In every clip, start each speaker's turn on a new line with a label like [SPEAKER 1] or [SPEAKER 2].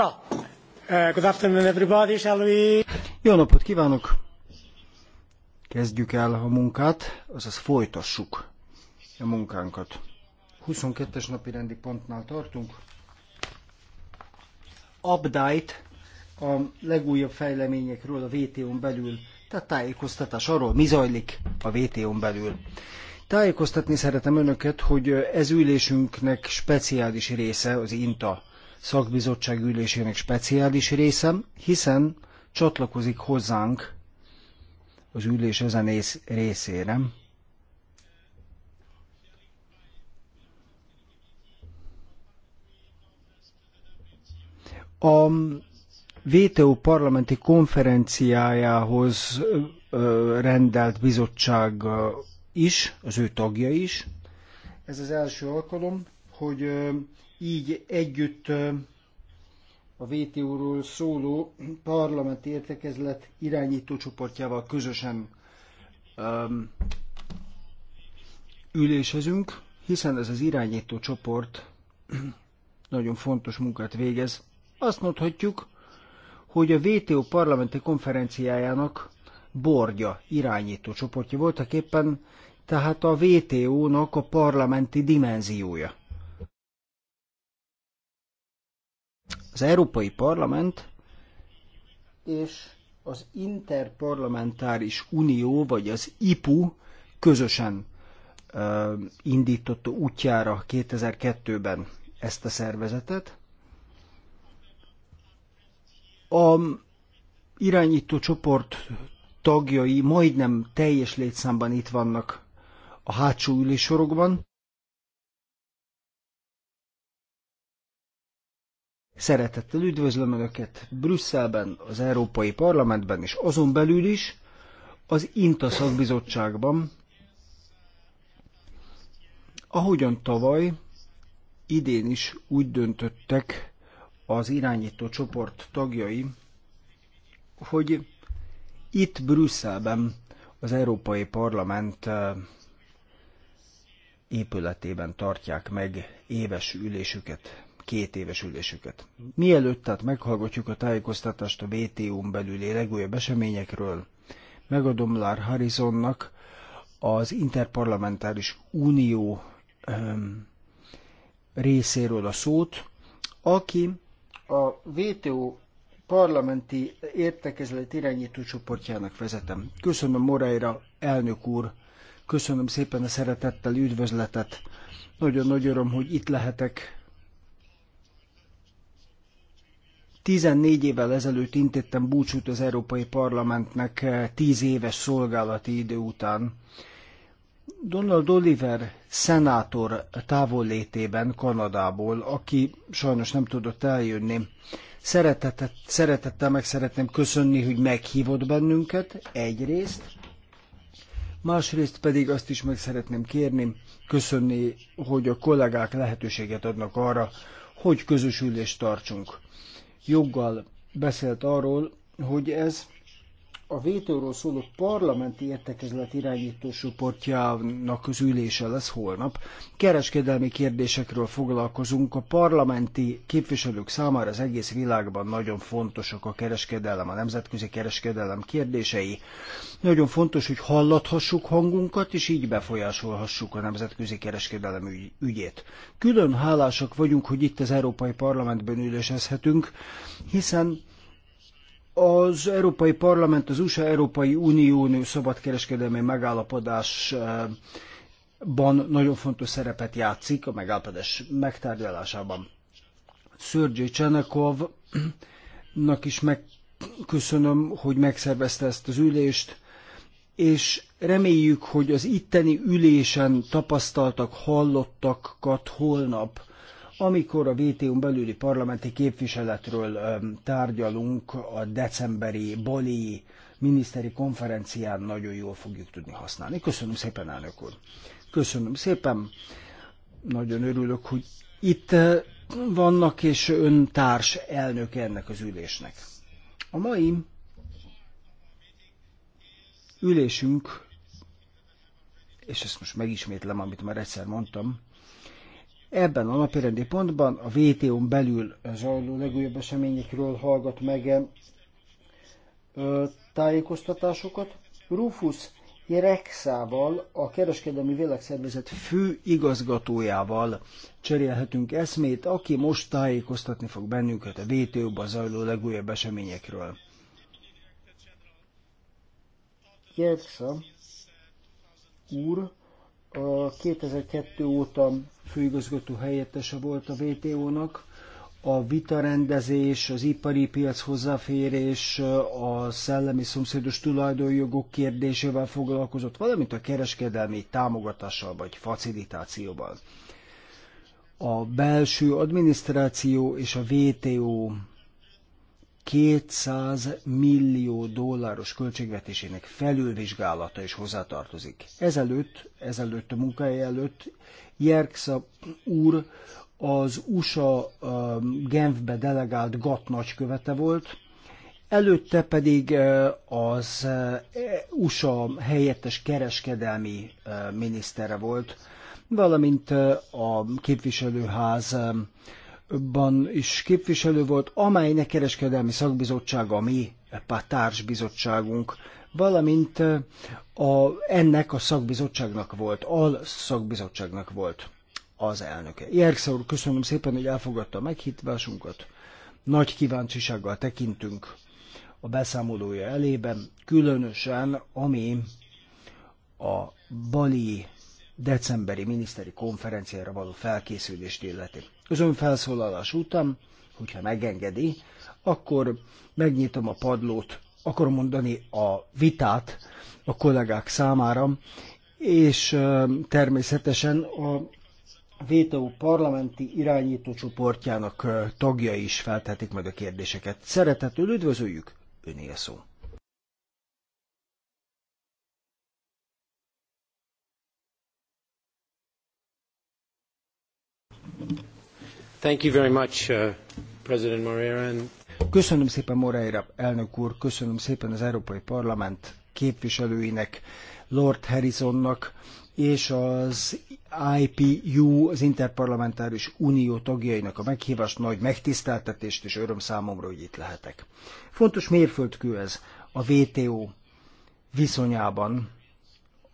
[SPEAKER 1] Uh, Jó napot kívánok! Kezdjük el a munkát, azaz folytassuk a munkánkat. 22-es napi rendi pontnál tartunk. Update a legújabb fejleményekről a VTO-n belül, tehát tájékoztatás arról, mi zajlik a VTO-n belül. Tájékoztatni szeretem önöket, hogy ez ülésünknek speciális része az INTA szakbizottság ülésének speciális része, hiszen csatlakozik hozzánk az ülés ezen részére. A VTO parlamenti konferenciájához rendelt bizottság is, az ő tagja is. Ez az első alkalom, hogy így együtt a WTO-ról szóló parlamenti értekezlet irányító csoportjával közösen um, ülésezünk, hiszen ez az irányító csoport nagyon fontos munkát végez. Azt mondhatjuk, hogy a WTO parlamenti konferenciájának borgya irányító csoportja voltak éppen, tehát a vto nak a parlamenti dimenziója. az Európai Parlament és az Interparlamentáris Unió, vagy az IPU közösen ö, indította útjára 2002-ben ezt a szervezetet. A irányító csoport tagjai majdnem teljes létszámban itt vannak a hátsó ülésorokban. Szeretettel üdvözlöm Önöket Brüsszelben, az Európai Parlamentben és azon belül is az INTA szakbizottságban. Ahogyan tavaly, idén is úgy döntöttek az irányító csoport tagjai, hogy itt Brüsszelben, az Európai Parlament eh, épületében tartják meg éves ülésüket két éves ülésüket. Mielőtt tehát meghallgatjuk a tájékoztatást a WTO-n belüli legújabb eseményekről, megadom Lár Harrisonnak az Interparlamentáris Unió um, részéről a szót, aki a WTO parlamenti értekezlet irányító csoportjának vezetem. Köszönöm Moreira, elnök úr, köszönöm szépen a szeretettel üdvözletet. Nagyon nagy öröm, hogy itt lehetek 14 évvel ezelőtt intettem búcsút az Európai Parlamentnek 10 eh, éves szolgálati idő után. Donald Oliver szenátor távollétében Kanadából, aki sajnos nem tudott eljönni, Szeretetet, szeretettel meg szeretném köszönni, hogy meghívott bennünket egyrészt, másrészt pedig azt is meg szeretném kérni, köszönni, hogy a kollégák lehetőséget adnak arra, hogy közös ülést tartsunk joggal beszélt arról, hogy ez a vétóról szóló parlamenti értekezlet irányító csoportjának az ülése lesz holnap. Kereskedelmi kérdésekről foglalkozunk. A parlamenti képviselők számára az egész világban nagyon fontosak a kereskedelem, a nemzetközi kereskedelem kérdései. Nagyon fontos, hogy hallathassuk hangunkat, és így befolyásolhassuk a nemzetközi kereskedelem ügy- ügyét. Külön hálásak vagyunk, hogy itt az Európai Parlamentben ülésezhetünk, hiszen az Európai Parlament az USA-Európai Unió szabadkereskedelmi megállapodásban nagyon fontos szerepet játszik a megállapodás megtárgyalásában. Szörgyi Csenekovnak is megköszönöm, hogy megszervezte ezt az ülést, és reméljük, hogy az itteni ülésen tapasztaltak, hallottakat holnap amikor a WTO-n belüli parlamenti képviseletről tárgyalunk a decemberi bali miniszteri konferencián nagyon jól fogjuk tudni használni. Köszönöm szépen, elnök úr. Köszönöm szépen. Nagyon örülök, hogy itt eh, vannak, és ön társ elnök ennek az ülésnek. A mai ülésünk, és ezt most megismétlem, amit már egyszer mondtam, Ebben a napirendi pontban a VTO-n belül zajló legújabb eseményekről hallgat meg eh, tájékoztatásokat. Rufus Rexával, a Kereskedelmi Világszervezet fő igazgatójával cserélhetünk eszmét, aki most tájékoztatni fog bennünket a vto ban zajló legújabb eseményekről. Jerxa úr a 2002 óta főigazgató helyettese volt a vto nak a vitarendezés, az ipari piac hozzáférés, a szellemi szomszédos tulajdonjogok kérdésével foglalkozott, valamint a kereskedelmi támogatással vagy facilitációval. A belső adminisztráció és a VTO 200 millió dolláros költségvetésének felülvizsgálata is hozzátartozik. Ezelőtt, ezelőtt a munkája előtt Jerksa úr az USA Genfbe delegált GATT nagykövete volt, előtte pedig az USA helyettes kereskedelmi minisztere volt, valamint a képviselőház ban is képviselő volt, amelynek kereskedelmi szakbizottsága a mi EPA társbizottságunk, valamint eh, a, ennek a szakbizottságnak volt, al szakbizottságnak volt az elnöke. Jerksza úr, köszönöm szépen, hogy elfogadta a meghívásunkat. Nagy kíváncsisággal tekintünk a beszámolója elében, különösen ami a bali decemberi miniszteri konferenciára való felkészülést illeti az önfelszólalás után, hogyha megengedi, akkor megnyitom a padlót, akarom mondani a vitát a kollégák számára, és természetesen a VTO parlamenti irányító csoportjának tagja is feltetik meg a kérdéseket. Szeretettel üdvözöljük, öné a szó.
[SPEAKER 2] Thank you. Thank you very much, uh, President Moreira. And...
[SPEAKER 1] Köszönöm szépen Moreira elnök úr, köszönöm szépen az Európai Parlament képviselőinek, Lord Harrisonnak és az IPU, az Interparlamentáris Unió tagjainak a meghívást nagy megtiszteltetést és öröm számomra, hogy itt lehetek. Fontos mérföldkő ez a WTO viszonyában,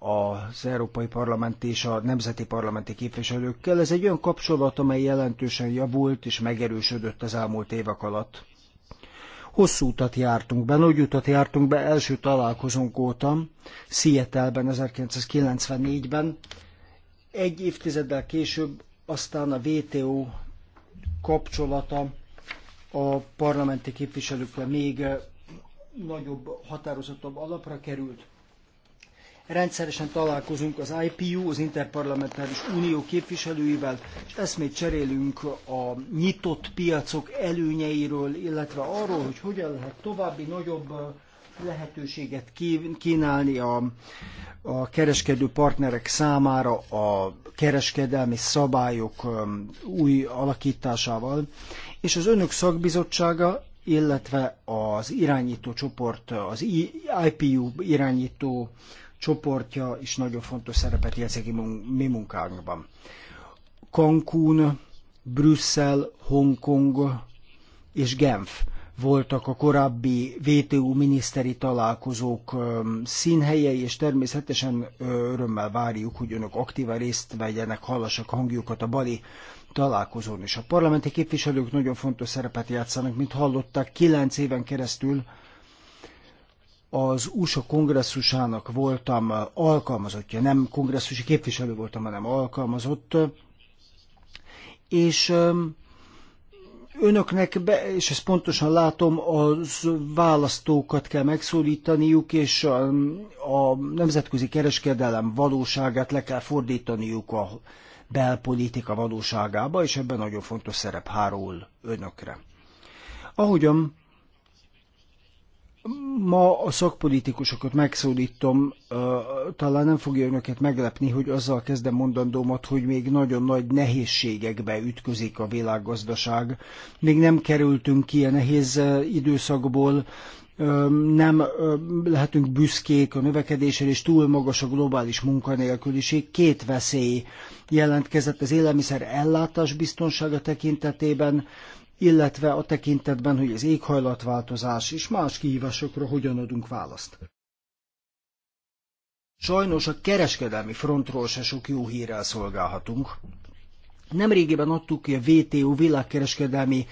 [SPEAKER 1] az Európai Parlament és a Nemzeti Parlamenti képviselőkkel. Ez egy olyan kapcsolat, amely jelentősen javult és megerősödött az elmúlt évek alatt. Hosszú utat jártunk be, nagy utat jártunk be, első találkozónk óta, Seattle-ben 1994-ben. Egy évtizeddel később aztán a WTO kapcsolata a parlamenti képviselőkkel még nagyobb, határozottabb alapra került Rendszeresen találkozunk az IPU, az Interparlamentáris Unió képviselőivel, és eszmét cserélünk a nyitott piacok előnyeiről, illetve arról, hogy hogyan lehet további nagyobb lehetőséget kínálni a, a kereskedő partnerek számára a kereskedelmi szabályok um, új alakításával, és az önök szakbizottsága, illetve az irányító csoport, az IPU irányító csoportja is nagyon fontos szerepet játszik mi munkánkban. Cancún, Brüsszel, Hongkong és Genf voltak a korábbi WTO miniszteri találkozók színhelyei, és természetesen örömmel várjuk, hogy önök aktívan részt vegyenek, hallassak hangjukat a bali találkozón is. A parlamenti képviselők nagyon fontos szerepet játszanak, mint hallották, kilenc éven keresztül az USA kongresszusának voltam alkalmazottja, nem kongresszusi képviselő voltam, hanem alkalmazott, és önöknek, be, és ezt pontosan látom, az választókat kell megszólítaniuk, és a, a nemzetközi kereskedelem valóságát le kell fordítaniuk a belpolitika valóságába, és ebben nagyon fontos szerep hárul önökre. Ahogyan Ma a szakpolitikusokat megszólítom, talán nem fogja önöket meglepni, hogy azzal kezdem mondandómat, hogy még nagyon nagy nehézségekbe ütközik a világgazdaság. Még nem kerültünk ki a nehéz időszakból, nem lehetünk büszkék a növekedésre, és túl magas a globális munkanélküliség. Két veszély jelentkezett az élelmiszer ellátás biztonsága tekintetében, illetve a tekintetben, hogy az éghajlatváltozás és más kihívásokra hogyan adunk választ. Sajnos a kereskedelmi frontról se sok jó hírrel szolgálhatunk. Nemrégiben adtuk ki a WTO világkereskedelmi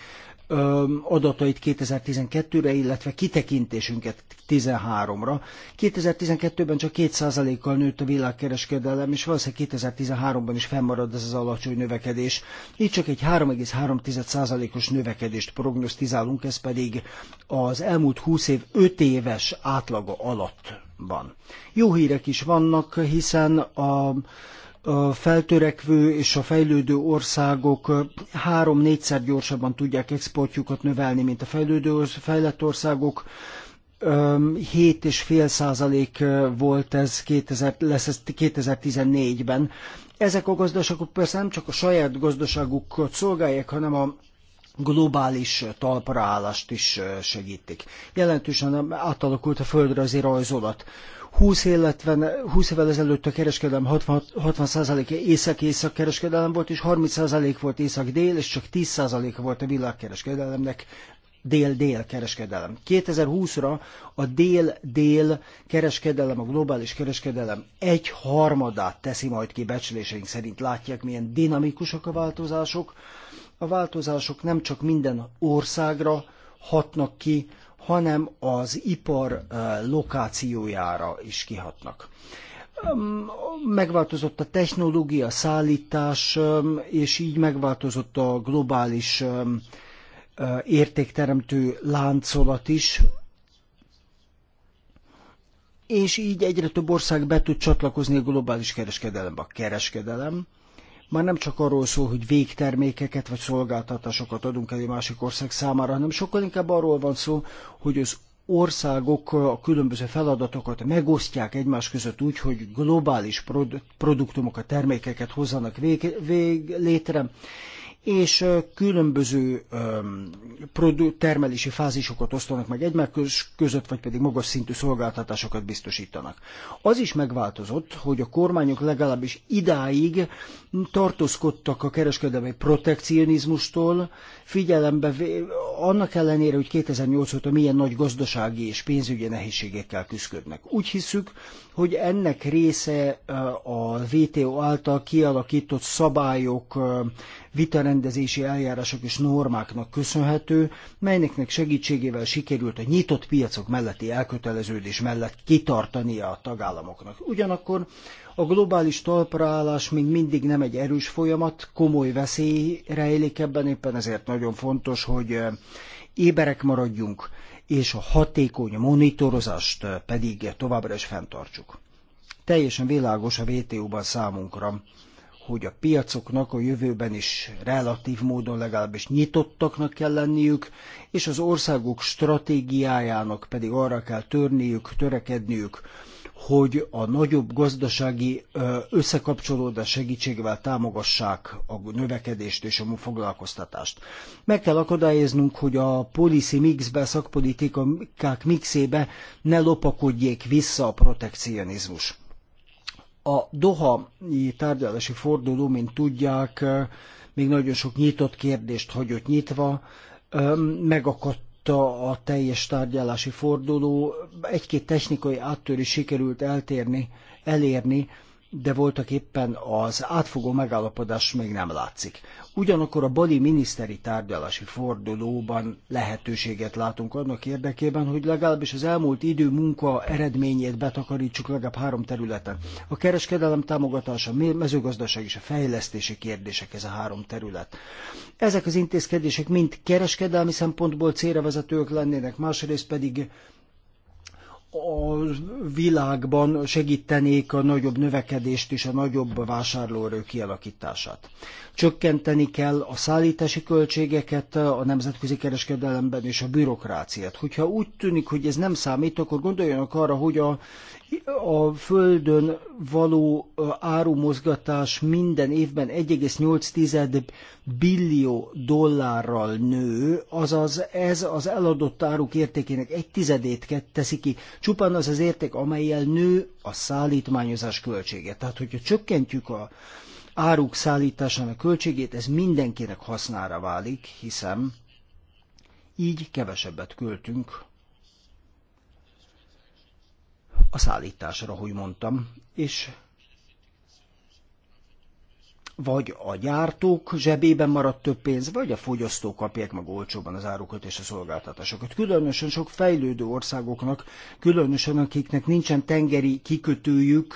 [SPEAKER 1] adatait 2012-re, illetve kitekintésünket 13-ra. 2012-ben csak 2%-kal nőtt a világkereskedelem, és valószínűleg 2013-ban is fennmarad ez az alacsony növekedés. Így csak egy 3,3%-os növekedést prognosztizálunk, ez pedig az elmúlt 20 év 5 éves átlaga alatt van. Jó hírek is vannak, hiszen a a feltörekvő és a fejlődő országok három-négyszer gyorsabban tudják exportjukat növelni, mint a fejlődő, fejlett országok. 7,5 százalék volt ez 2000, lesz ez 2014-ben. Ezek a gazdaságok persze nem csak a saját gazdaságukat szolgálják, hanem a globális talpraállást is segítik. Jelentősen átalakult a földrajzi rajzolat. 20, életven, 20 évvel ezelőtt a kereskedelem 60, a észak-észak kereskedelem volt, és 30% volt észak-dél, és csak 10% volt a világkereskedelemnek dél-dél kereskedelem. 2020-ra a dél-dél kereskedelem, a globális kereskedelem egy harmadát teszi majd ki becsléseink szerint. Látják, milyen dinamikusak a változások. A változások nem csak minden országra hatnak ki, hanem az ipar eh, lokációjára is kihatnak. Megváltozott a technológia, szállítás, és így megváltozott a globális eh, értékteremtő láncolat is, és így egyre több ország be tud csatlakozni a globális kereskedelembe. A kereskedelem már nem csak arról szól, hogy végtermékeket vagy szolgáltatásokat adunk el egy másik ország számára, hanem sokkal inkább arról van szó, hogy az országok a különböző feladatokat megosztják egymás között úgy, hogy globális produktumokat, termékeket hozzanak vég, vég létre, és különböző termelési fázisokat osztanak meg egymás között, vagy pedig magas szintű szolgáltatásokat biztosítanak. Az is megváltozott, hogy a kormányok legalábbis idáig tartózkodtak a kereskedelmi protekcionizmustól, figyelembe annak ellenére, hogy 2008 óta milyen nagy gazdasági és pénzügyi nehézségekkel küzdködnek. Úgy hiszük, hogy ennek része a VTO által kialakított szabályok vitarendezési eljárások és normáknak köszönhető, melynek segítségével sikerült a nyitott piacok melletti elköteleződés mellett kitartania a tagállamoknak. Ugyanakkor a globális talpraállás még mindig nem egy erős folyamat, komoly veszély rejlik ebben, éppen ezért nagyon fontos, hogy eh, éberek maradjunk, és a hatékony monitorozást eh, pedig továbbra is fenntartsuk. Teljesen világos a WTO-ban számunkra, hogy a piacoknak a jövőben is relatív módon legalábbis nyitottaknak kell lenniük, és az országok stratégiájának pedig arra kell törniük, törekedniük, hogy a nagyobb gazdasági összekapcsolódás segítségével támogassák a növekedést és a foglalkoztatást. Meg kell akadályoznunk, hogy a policy mixbe, a szakpolitikák mixébe ne lopakodjék vissza a protekcionizmus. A Doha-i tárgyalási forduló, mint tudják, még nagyon sok nyitott kérdést hagyott nyitva, megakadt a teljes tárgyalási forduló, egy-két technikai áttörés sikerült eltérni, elérni, de voltak éppen az átfogó megállapodás még nem látszik. Ugyanakkor a bali miniszteri tárgyalási fordulóban lehetőséget látunk annak érdekében, hogy legalábbis az elmúlt idő munka eredményét betakarítsuk legalább három területen. A kereskedelem támogatása, a mezőgazdaság és a fejlesztési kérdések ez a három terület. Ezek az intézkedések mind kereskedelmi szempontból célra vezetők lennének, másrészt pedig a világban segítenék a nagyobb növekedést és a nagyobb vásárlóerő kialakítását. Csökkenteni kell a szállítási költségeket a nemzetközi kereskedelemben és a bürokráciát. Hogyha úgy tűnik, hogy ez nem számít, akkor gondoljanak arra, hogy a a Földön való árumozgatás minden évben 1,8 billió dollárral nő, azaz ez az eladott áruk értékének egy tizedét teszi ki, csupán az az érték, amelyel nő a szállítmányozás költsége. Tehát, hogyha csökkentjük a áruk szállításának költségét, ez mindenkinek hasznára válik, hiszen így kevesebbet költünk a szállításra, hogy mondtam, és vagy a gyártók zsebében maradt több pénz, vagy a fogyasztók kapják meg olcsóban az árukat és a szolgáltatásokat. Különösen sok fejlődő országoknak, különösen akiknek nincsen tengeri kikötőjük,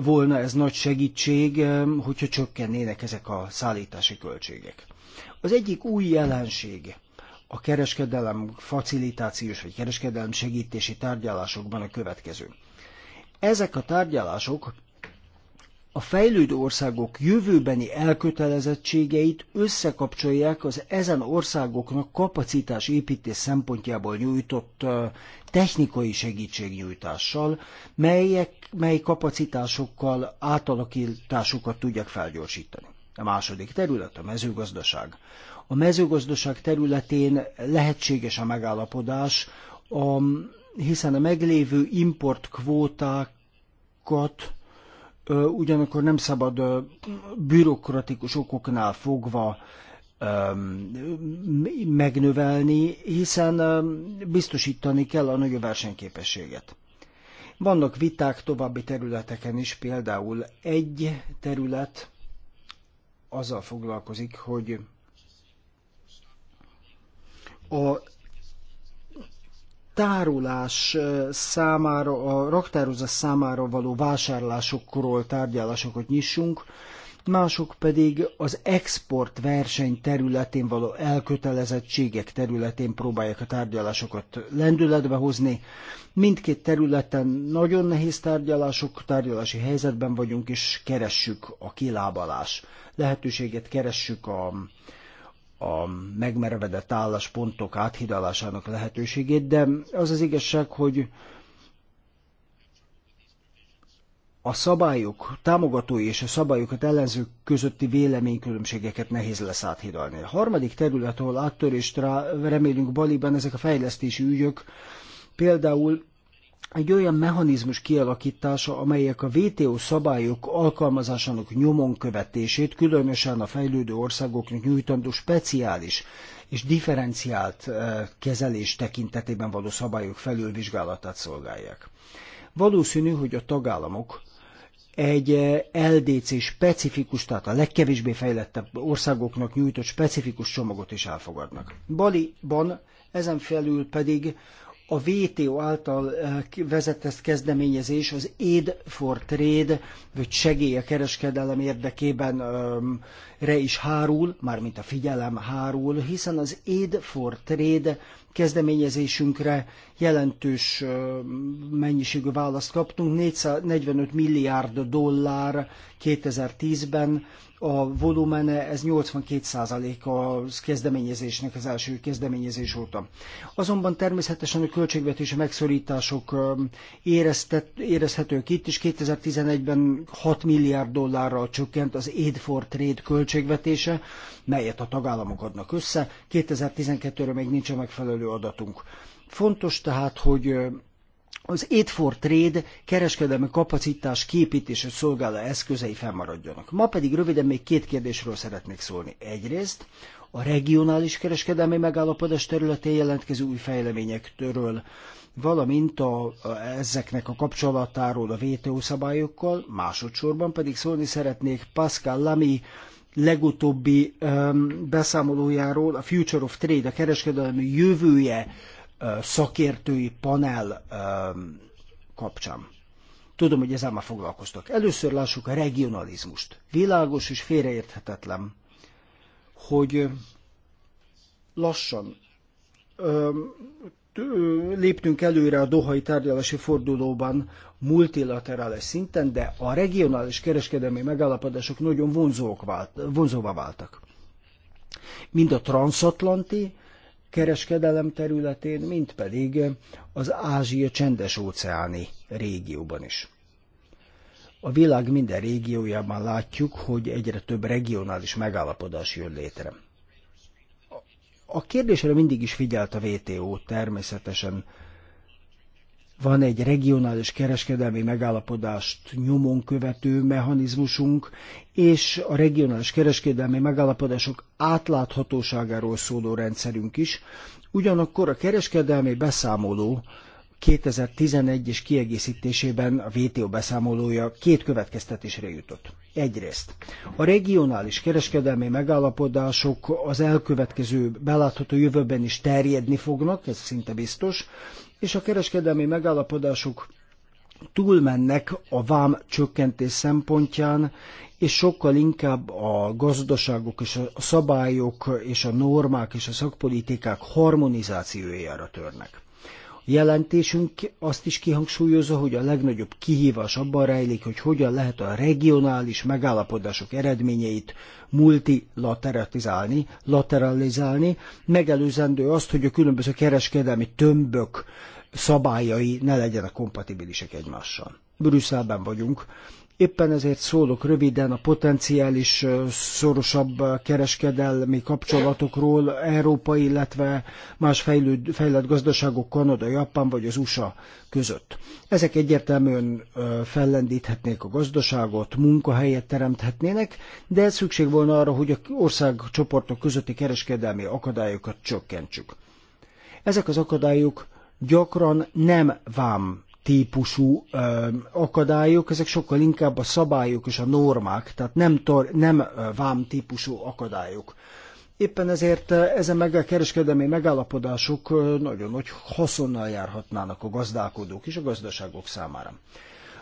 [SPEAKER 1] volna ez nagy segítség, hogyha csökkennének ezek a szállítási költségek. Az egyik új jelenség, a kereskedelem facilitációs vagy kereskedelem segítési tárgyalásokban a következő. Ezek a tárgyalások a fejlődő országok jövőbeni elkötelezettségeit összekapcsolják az ezen országoknak kapacitás építés szempontjából nyújtott technikai segítségnyújtással, melyek, mely kapacitásokkal átalakításukat tudják felgyorsítani. A második terület a mezőgazdaság. A mezőgazdaság területén lehetséges a megállapodás, a, hiszen a meglévő importkvótákat ugyanakkor nem szabad bürokratikus okoknál fogva megnövelni, hiszen biztosítani kell a nagyobb versenyképességet. Vannak viták további területeken is, például egy terület azzal foglalkozik, hogy a tárolás számára, a raktározás számára való vásárlásokról tárgyalásokat nyissunk, mások pedig az export verseny területén való elkötelezettségek területén próbálják a tárgyalásokat lendületbe hozni. Mindkét területen nagyon nehéz tárgyalások, tárgyalási helyzetben vagyunk, és keressük a kilábalás lehetőséget, keressük a a megmerevedett álláspontok áthidalásának lehetőségét, de az az igazság, hogy a szabályok támogatói és a szabályokat ellenzők közötti véleménykülönbségeket nehéz lesz áthidalni. A harmadik terület, ahol áttörést rá remélünk Baliban, ezek a fejlesztési ügyök, például egy olyan mechanizmus kialakítása, amelyek a WTO szabályok alkalmazásának nyomon követését, különösen a fejlődő országoknak nyújtandó speciális és differenciált eh, kezelés tekintetében való szabályok felülvizsgálatát szolgálják. Valószínű, hogy a tagállamok egy eh, LDC specifikus, tehát a legkevésbé fejlettebb országoknak nyújtott specifikus csomagot is elfogadnak. Baliban ezen felül pedig a VTO által eh, vezetett kezdeményezés az Aid for Trade, vagy segély a kereskedelem érdekében eh, re is hárul, mármint a figyelem hárul, hiszen az Aid for Trade kezdeményezésünkre jelentős eh, mennyiségű választ kaptunk, 45 milliárd dollár 2010-ben, a volumene, ez 82% a kezdeményezésnek az első kezdeményezés óta. Azonban természetesen a költségvetési megszorítások érezhetők itt is. 2011-ben 6 milliárd dollárral csökkent az Aid for Trade költségvetése, melyet a tagállamok adnak össze. 2012-re még nincs a megfelelő adatunk. Fontos tehát, hogy az Aid for Trade kereskedelmi kapacitás képítése szolgáló eszközei fennmaradjanak. Ma pedig röviden még két kérdésről szeretnék szólni. Egyrészt a regionális kereskedelmi megállapodás területén jelentkező új fejleményektől, valamint a, a, ezeknek a kapcsolatáról a WTO szabályokkal, másodszorban pedig szólni szeretnék Pascal Lamy legutóbbi um, beszámolójáról, a Future of Trade, a kereskedelmi jövője szakértői panel kapcsán. Tudom, hogy ezzel már foglalkoztak. Először lássuk a regionalizmust. Világos és félreérthetetlen, hogy lassan léptünk előre a dohai tárgyalási fordulóban multilaterális szinten, de a regionális kereskedelmi megállapodások nagyon vonzók vált, vonzóvá váltak. Mind a transatlanti, kereskedelem területén, mint pedig az Ázsia csendes óceáni régióban is. A világ minden régiójában látjuk, hogy egyre több regionális megállapodás jön létre. A kérdésre mindig is figyelt a WTO, természetesen van egy regionális kereskedelmi megállapodást nyomon követő mechanizmusunk, és a regionális kereskedelmi megállapodások átláthatóságáról szóló rendszerünk is. Ugyanakkor a kereskedelmi beszámoló 2011 és kiegészítésében a VTO beszámolója két következtetésre jutott. Egyrészt a regionális kereskedelmi megállapodások az elkövetkező belátható jövőben is terjedni fognak, ez szinte biztos, és a kereskedelmi megállapodások túlmennek a vám csökkentés szempontján, és sokkal inkább a gazdaságok és a szabályok és a normák és a szakpolitikák harmonizációjára törnek. Jelentésünk azt is kihangsúlyozza, hogy a legnagyobb kihívás abban rejlik, hogy hogyan lehet a regionális megállapodások eredményeit multilateralizálni, lateralizálni, megelőzendő azt, hogy a különböző kereskedelmi tömbök szabályai ne legyenek kompatibilisek egymással. Brüsszelben vagyunk, Éppen ezért szólok röviden a potenciális szorosabb kereskedelmi kapcsolatokról Európa, illetve más fejlőd, fejlett gazdaságok Kanada, Japán vagy az USA között. Ezek egyértelműen fellendíthetnék a gazdaságot, munkahelyet teremthetnének, de szükség volna arra, hogy a országcsoportok közötti kereskedelmi akadályokat csökkentsük. Ezek az akadályok gyakran nem vám típusú ö, akadályok, ezek sokkal inkább a szabályok és a normák, tehát nem, tor, nem vám típusú akadályok. Éppen ezért ezen meg a kereskedelmi megállapodások nagyon nagy haszonnal járhatnának a gazdálkodók és a gazdaságok számára.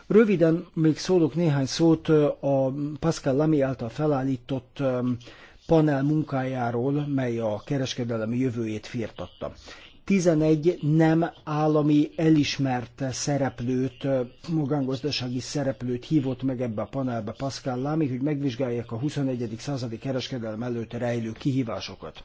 [SPEAKER 1] Röviden még szólok néhány szót a Pascal Lamy által felállított panel munkájáról, mely a kereskedelmi jövőjét firtatta. 11 nem állami elismert szereplőt, magángazdasági szereplőt hívott meg ebbe a panelbe Pascal Lamy, hogy megvizsgálják a 21. századi kereskedelem előtt rejlő kihívásokat.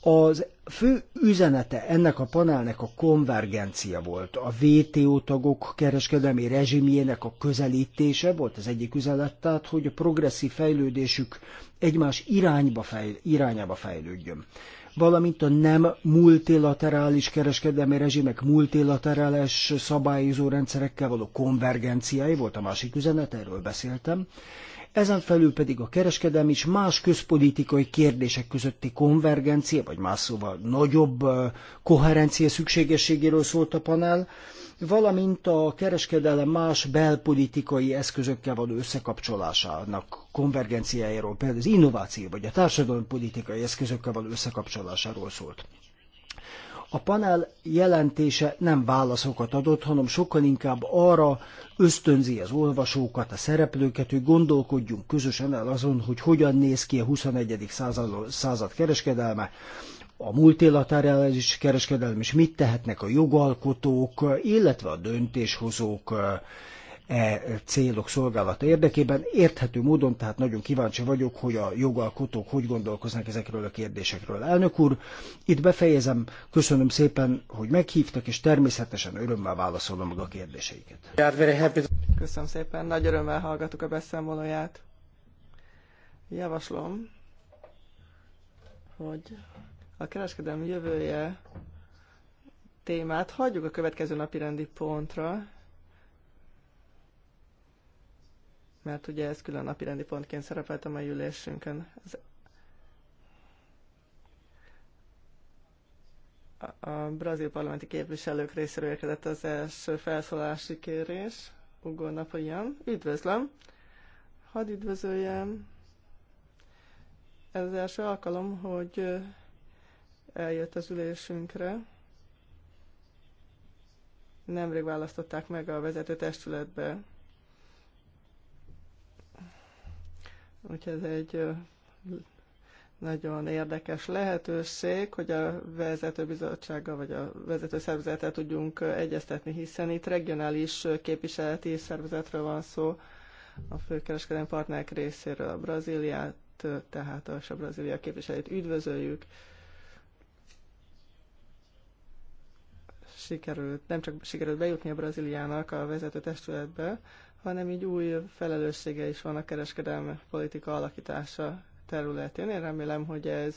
[SPEAKER 1] Az fő üzenete ennek a panelnek a konvergencia volt, a WTO tagok kereskedelmi rezsimjének a közelítése volt az egyik üzenet, tehát hogy a progresszív fejlődésük egymás irányba fejl, irányába fejlődjön valamint a nem multilaterális kereskedelmi rezsimek multilaterális szabályozó rendszerekkel való konvergenciái volt a másik üzenet, erről beszéltem. Ezen felül pedig a kereskedelmi és más közpolitikai kérdések közötti konvergencia, vagy más szóval nagyobb eh, koherencia szükségességéről szólt a panel, valamint a kereskedelem más belpolitikai eszközökkel való összekapcsolásának konvergenciájáról, például az innováció vagy a társadalompolitikai eszközökkel való összekapcsolásáról szólt. A panel jelentése nem válaszokat adott, hanem sokkal inkább arra ösztönzi az olvasókat, a szereplőket, hogy gondolkodjunk közösen el azon, hogy hogyan néz ki a 21. század, század kereskedelme, a multilaterális kereskedelem, és mit tehetnek a jogalkotók, illetve a döntéshozók e, e célok szolgálata érdekében. Érthető módon, tehát nagyon kíváncsi vagyok, hogy a jogalkotók hogy gondolkoznak ezekről a kérdésekről. Elnök úr, itt befejezem, köszönöm szépen, hogy meghívtak, és természetesen örömmel válaszolom meg a kérdéseiket.
[SPEAKER 3] Köszönöm szépen, nagy örömmel hallgatok a beszámolóját. Javaslom, hogy a kereskedelmi jövője témát hagyjuk a következő napi rendi pontra, mert ugye ez külön napi rendi pontként szerepelt a mai ülésünkön. Ez a brazil parlamenti képviselők részéről érkezett az első felszólási kérés. Ugor napolyan. Üdvözlöm! Hadd üdvözöljem! Ez az első alkalom, hogy eljött az ülésünkre. Nemrég választották meg a vezető testületbe. Úgyhogy ez egy nagyon érdekes lehetőség, hogy a vezetőbizottsággal vagy a vezető szervezettel tudjunk egyeztetni, hiszen itt regionális képviseleti szervezetről van szó a főkereskedelmi partnerek részéről, a Brazíliát, tehát a Brazília képviselőt üdvözöljük, sikerült, nem csak sikerült bejutni a Brazíliának a vezető testületbe, hanem így új felelőssége is van a kereskedelmi politika alakítása területén. Én remélem, hogy ez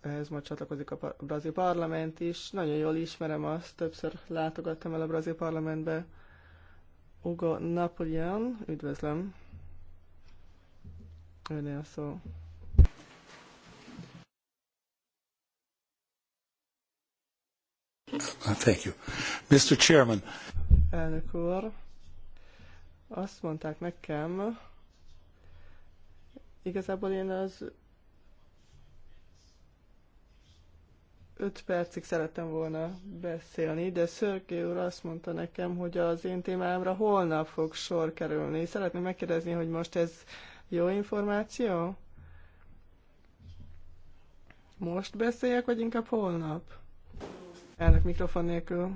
[SPEAKER 3] ehhez majd csatlakozik a brazil parlament is. Nagyon jól ismerem azt, többször látogattam el a brazil parlamentbe. Ugo Napoleon, üdvözlöm. Önél szó.
[SPEAKER 2] Thank you. Mr. Chairman.
[SPEAKER 3] Elnök úr, azt mondták nekem, igazából én az öt percig szerettem volna beszélni, de Szörgé úr azt mondta nekem, hogy az én témámra holnap fog sor kerülni. Szeretném megkérdezni, hogy most ez jó információ? Most beszéljek, vagy inkább holnap? Elnök mikrofon nélkül.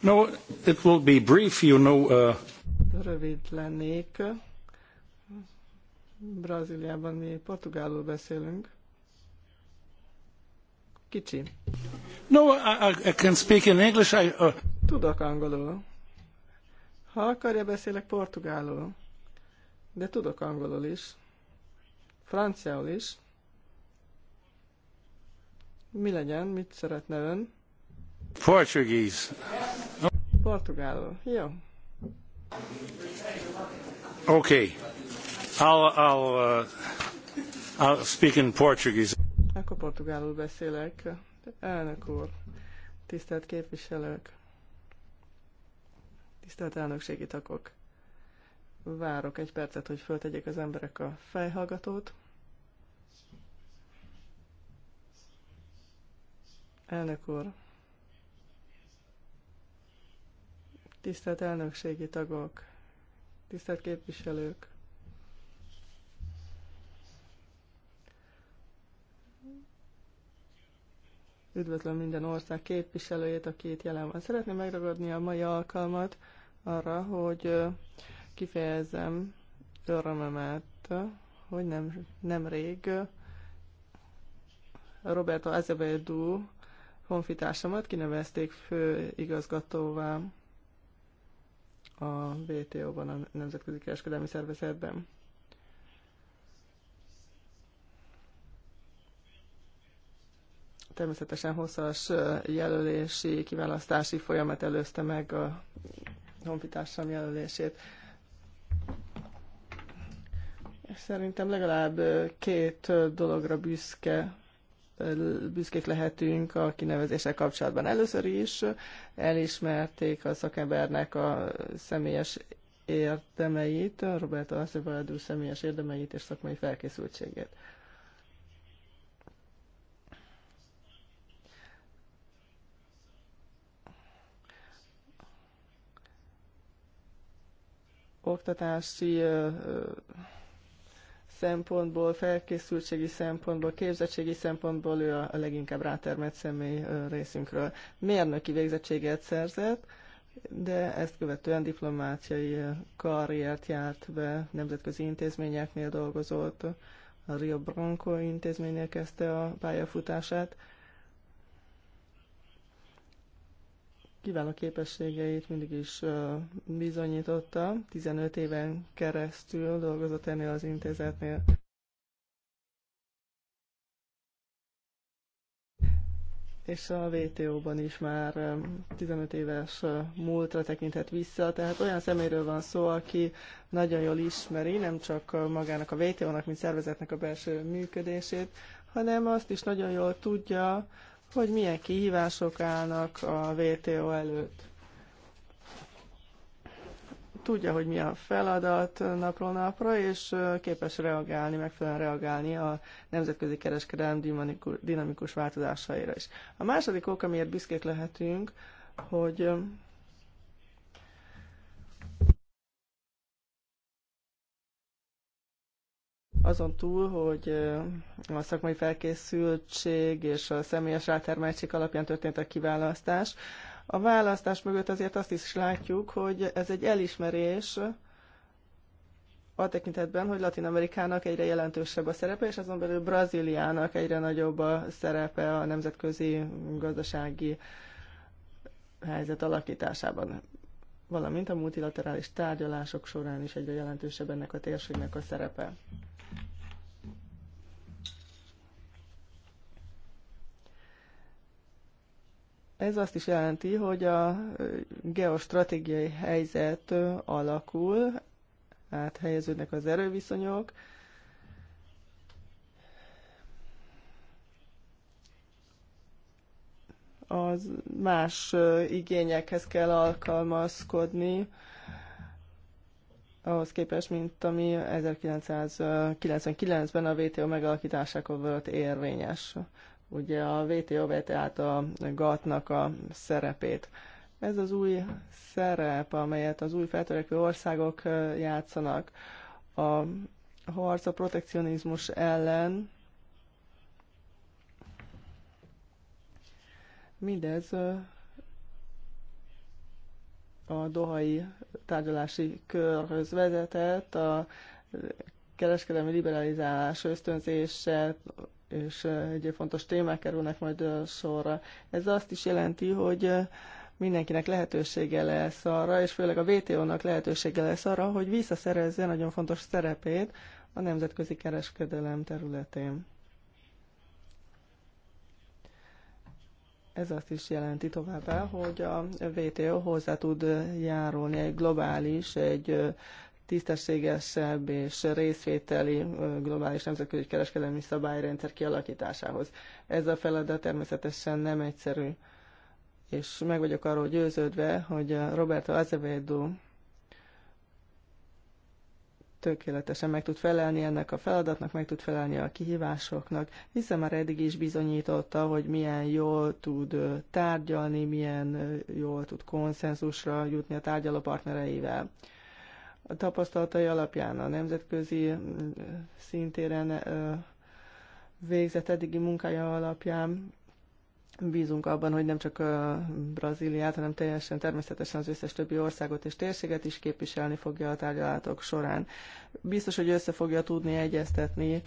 [SPEAKER 2] No, it will be brief, you know. Uh...
[SPEAKER 3] Rövid lennék. Brazíliában mi portugálul beszélünk. Kicsi.
[SPEAKER 1] No, I, I can speak in English. I, uh...
[SPEAKER 3] Tudok angolul. Ha akarja, beszélek portugálul. De tudok angolul is. Franciául is. Mi legyen, mit szeretne ön?
[SPEAKER 2] Portuguese.
[SPEAKER 3] Portugálul. Jó.
[SPEAKER 2] Okay. I'll, I'll, uh, I'll speak in Portuguese.
[SPEAKER 3] Akkor portugálul beszélek. Elnök úr, tisztelt képviselők, tisztelt elnökségi takok. Várok egy percet, hogy föltegyék az emberek a fejhallgatót. Elnök úr, tisztelt elnökségi tagok, tisztelt képviselők, üdvözlöm minden ország képviselőjét, aki itt jelen van. Szeretném megragadni a mai alkalmat arra, hogy kifejezem örömemet, hogy nem, nem rég Roberto Azevedo honfitársamat kinevezték főigazgatóvá a WTO-ban, a Nemzetközi Kereskedelmi Szervezetben. Természetesen hosszas jelölési, kiválasztási folyamat előzte meg a honfitársam jelölését. Szerintem legalább két dologra büszke büszkék lehetünk a kinevezéssel kapcsolatban. Először is elismerték a szakembernek a személyes érdemeit, Robert Acevedo személyes érdemeit és szakmai felkészültségét. Oktatási szempontból, felkészültségi szempontból, képzettségi szempontból ő a leginkább rátermett személy részünkről. Mérnöki végzettséget szerzett, de ezt követően diplomáciai karriert járt be, nemzetközi intézményeknél dolgozott, a Rio Branco intézménynél kezdte a pályafutását, kiváló képességeit mindig is bizonyította. 15 éven keresztül dolgozott ennél az intézetnél. és a vto ban is már 15 éves múltra tekinthet vissza, tehát olyan szeméről van szó, aki nagyon jól ismeri nem csak magának a vto nak mint szervezetnek a belső működését, hanem azt is nagyon jól tudja, hogy milyen kihívások állnak a WTO előtt. Tudja, hogy mi a feladat napról napra, és képes reagálni, megfelelően reagálni a nemzetközi kereskedelem dinamikus változásaira is. A második ok, amiért büszkék lehetünk, hogy Azon túl, hogy a szakmai felkészültség és a személyes rátermeltség alapján történt a kiválasztás, a választás mögött azért azt is látjuk, hogy ez egy elismerés a tekintetben, hogy Latin Amerikának egyre jelentősebb a szerepe, és azon belül Brazíliának egyre nagyobb a szerepe a nemzetközi gazdasági helyzet alakításában, valamint a multilaterális tárgyalások során is egyre jelentősebb ennek a térségnek a szerepe. Ez azt is jelenti, hogy a geostratégiai helyzet alakul, áthelyeződnek az erőviszonyok, az más igényekhez kell alkalmazkodni, ahhoz képest, mint ami 1999-ben a WTO megalakításakor volt érvényes ugye a WTO vette át a GATT-nak a szerepét. Ez az új szerep, amelyet az új feltörekvő országok játszanak. A harc a protekcionizmus ellen mindez a dohai tárgyalási körhöz vezetett, a kereskedelmi liberalizálás ösztönzése és egyéb fontos témák kerülnek majd sorra. Ez azt is jelenti, hogy mindenkinek lehetősége lesz arra, és főleg a WTO-nak lehetősége lesz arra, hogy visszaszerezze nagyon fontos szerepét a nemzetközi kereskedelem területén. Ez azt is jelenti továbbá, hogy a WTO hozzá tud járulni egy globális, egy tisztességesebb és részvételi globális nemzetközi kereskedelmi szabályrendszer kialakításához. Ez a feladat természetesen nem egyszerű, és meg vagyok arról győződve, hogy Roberto Azevedo tökéletesen meg tud felelni ennek a feladatnak, meg tud felelni a kihívásoknak, hiszen már eddig is bizonyította, hogy milyen jól tud tárgyalni, milyen jól tud konszenzusra jutni a tárgyaló partnereivel a tapasztalatai alapján a nemzetközi szintéren végzett eddigi munkája alapján bízunk abban, hogy nem csak a Brazíliát, hanem teljesen természetesen az összes többi országot és térséget is képviselni fogja a tárgyalatok során. Biztos, hogy össze fogja tudni egyeztetni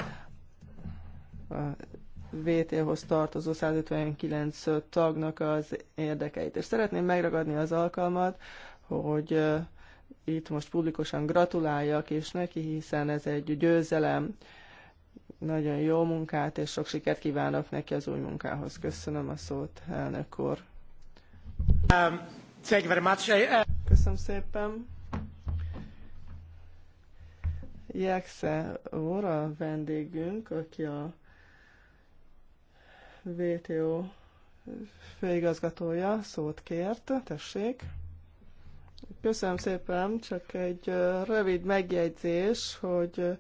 [SPEAKER 3] a VT-hoz tartozó 159 tagnak az érdekeit. És szeretném megragadni az alkalmat, hogy itt most publikusan gratuláljak is neki, hiszen ez egy győzelem. Nagyon jó munkát, és sok sikert kívánok neki az új munkához. Köszönöm a szót, elnök úr. Um, uh, Köszönöm szépen. Jekse úr a vendégünk, aki a VTO főigazgatója, szót kért. Tessék. Köszönöm szépen, csak egy rövid megjegyzés, hogy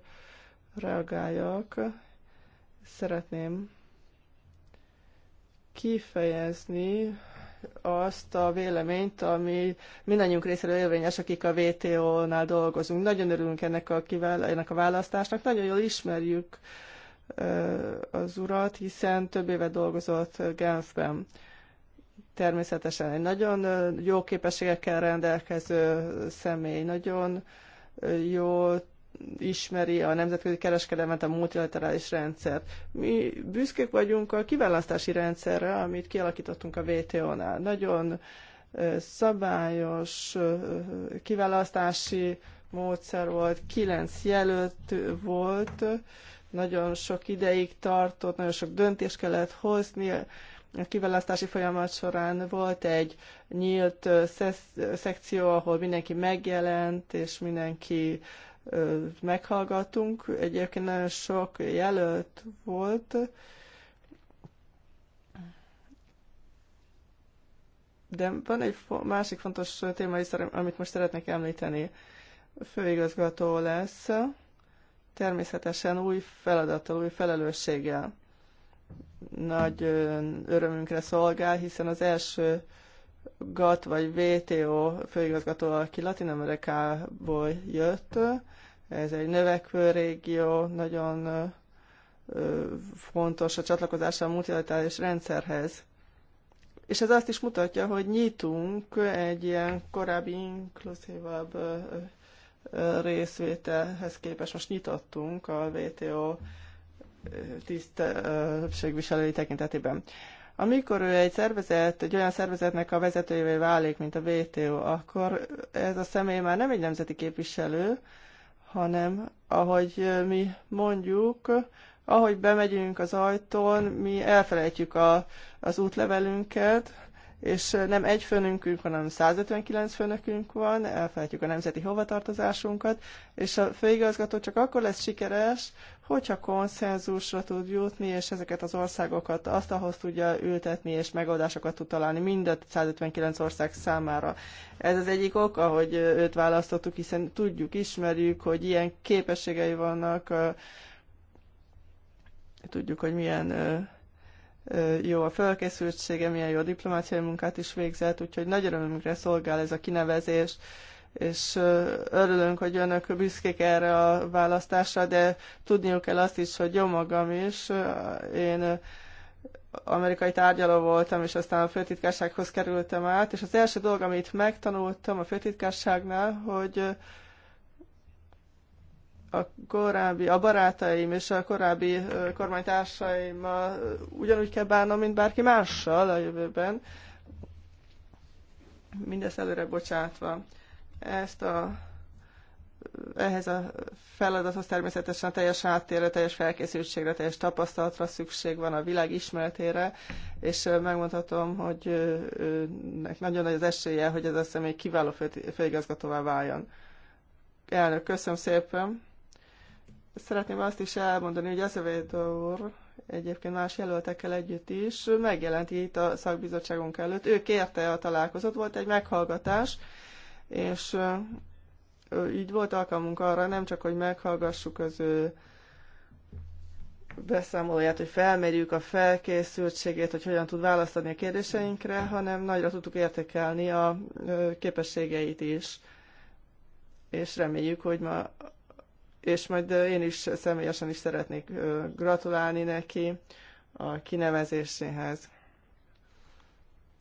[SPEAKER 3] reagáljak. Szeretném kifejezni azt a véleményt, ami mindannyiunk részéről érvényes, akik a vto nál dolgozunk. Nagyon örülünk ennek a, kivál, ennek a választásnak, nagyon jól ismerjük az urat, hiszen több éve dolgozott Genfben természetesen egy nagyon jó képességekkel rendelkező személy, nagyon jó ismeri a nemzetközi kereskedelmet, a multilaterális rendszert. Mi büszkék vagyunk a kiválasztási rendszerre, amit kialakítottunk a WTO-nál. Nagyon szabályos kiválasztási módszer volt, kilenc jelölt volt, nagyon sok ideig tartott, nagyon sok döntést kellett hozni, a kiválasztási folyamat során volt egy nyílt szekció, ahol mindenki megjelent, és mindenki meghallgatunk. Egyébként nagyon sok jelölt volt, de van egy másik fontos téma is, amit most szeretnék említeni. Főigazgató lesz, természetesen új feladattal, új felelősséggel nagy örömünkre szolgál, hiszen az első GAT vagy VTO főigazgató, aki Latin Amerikából jött, ez egy növekvő régió, nagyon fontos a csatlakozása a multilaterális rendszerhez. És ez azt is mutatja, hogy nyitunk egy ilyen korábbi inkluzívabb részvételhez képest. Most nyitottunk a VTO többségviselői tekintetében. Amikor ő egy szervezet, egy olyan szervezetnek a vezetőjévé válik, mint a WTO, akkor ez a személy már nem egy nemzeti képviselő, hanem ahogy mi mondjuk, ahogy bemegyünk az ajtón, mi elfelejtjük a, az útlevelünket, és nem egy főnökünk, hanem 159 főnökünk van, elfelejtjük a nemzeti hovatartozásunkat, és a főigazgató csak akkor lesz sikeres, hogyha konszenzusra tud jutni, és ezeket az országokat azt ahhoz tudja ültetni, és megoldásokat tud találni mind a 159 ország számára. Ez az egyik oka, hogy őt választottuk, hiszen tudjuk, ismerjük, hogy ilyen képességei vannak, tudjuk, hogy milyen jó a fölkészültsége, milyen jó diplomáciai munkát is végzett, úgyhogy nagy örömünkre szolgál ez a kinevezés, és örülünk, hogy önök büszkék erre a választásra, de tudniuk kell azt is, hogy jó magam is, én amerikai tárgyaló voltam, és aztán a főtitkársághoz kerültem át, és az első dolog, amit megtanultam a főtitkárságnál, hogy a korábbi, a barátaim és a korábbi kormánytársaimmal ugyanúgy kell bánnom, mint bárki mással a jövőben. Mindezt előre bocsátva. Ezt a ehhez a feladathoz természetesen teljes háttérre, teljes felkészültségre, teljes tapasztalatra szükség van a világ ismeretére, és megmondhatom, hogy nagyon nagy az esélye, hogy ez a személy kiváló főigazgatóvá váljon. Elnök, köszönöm szépen! szeretném azt is elmondani, hogy Azevedo úr egyébként más jelöltekkel együtt is megjelent itt a szakbizottságunk előtt. Ő kérte a találkozót, volt egy meghallgatás, és így volt alkalmunk arra, nem csak, hogy meghallgassuk az ő beszámolóját, hogy felmerjük a felkészültségét, hogy hogyan tud választani a kérdéseinkre, hanem nagyra tudtuk értékelni a képességeit is. És reméljük, hogy ma és majd én is személyesen is szeretnék gratulálni neki a kinevezéséhez,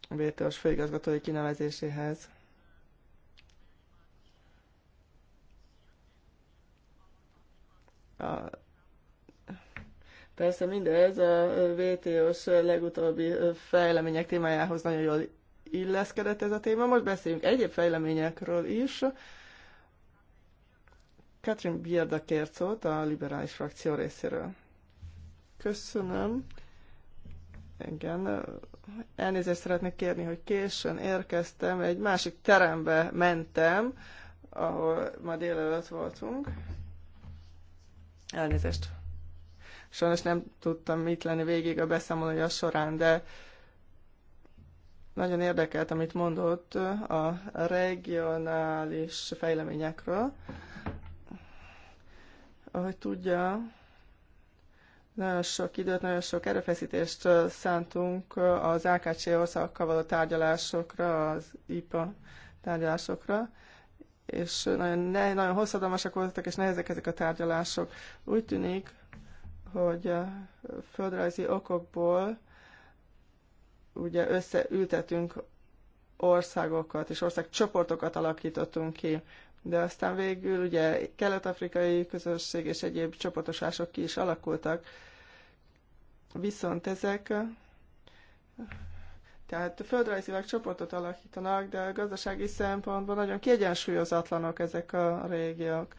[SPEAKER 3] a BTOS főigazgatói kinevezéséhez. A Persze mindez a VTO-s legutóbbi fejlemények témájához nagyon jól illeszkedett ez a téma. Most beszéljünk egyéb fejleményekről is. Katrin Bierda Kércót a liberális frakció részéről. Köszönöm. Igen, elnézést szeretnék kérni, hogy későn érkeztem, egy másik terembe mentem, ahol ma délelőtt voltunk. Elnézést. Sajnos nem tudtam itt lenni végig a beszámolója során, de nagyon érdekelt, amit mondott a regionális fejleményekről. Ahogy tudja, nagyon sok időt, nagyon sok erőfeszítést szántunk az AKC országokkal való tárgyalásokra, az IPA tárgyalásokra, és nagyon, ne, nagyon hosszadalmasak voltak, és nehezek ezek a tárgyalások. Úgy tűnik, hogy földrajzi okokból ugye összeültetünk országokat és országcsoportokat alakítottunk ki de aztán végül ugye kelet-afrikai közösség és egyéb csoportosulások ki is alakultak. Viszont ezek tehát földrajzilag csoportot alakítanak, de a gazdasági szempontból nagyon kiegyensúlyozatlanok ezek a régiók.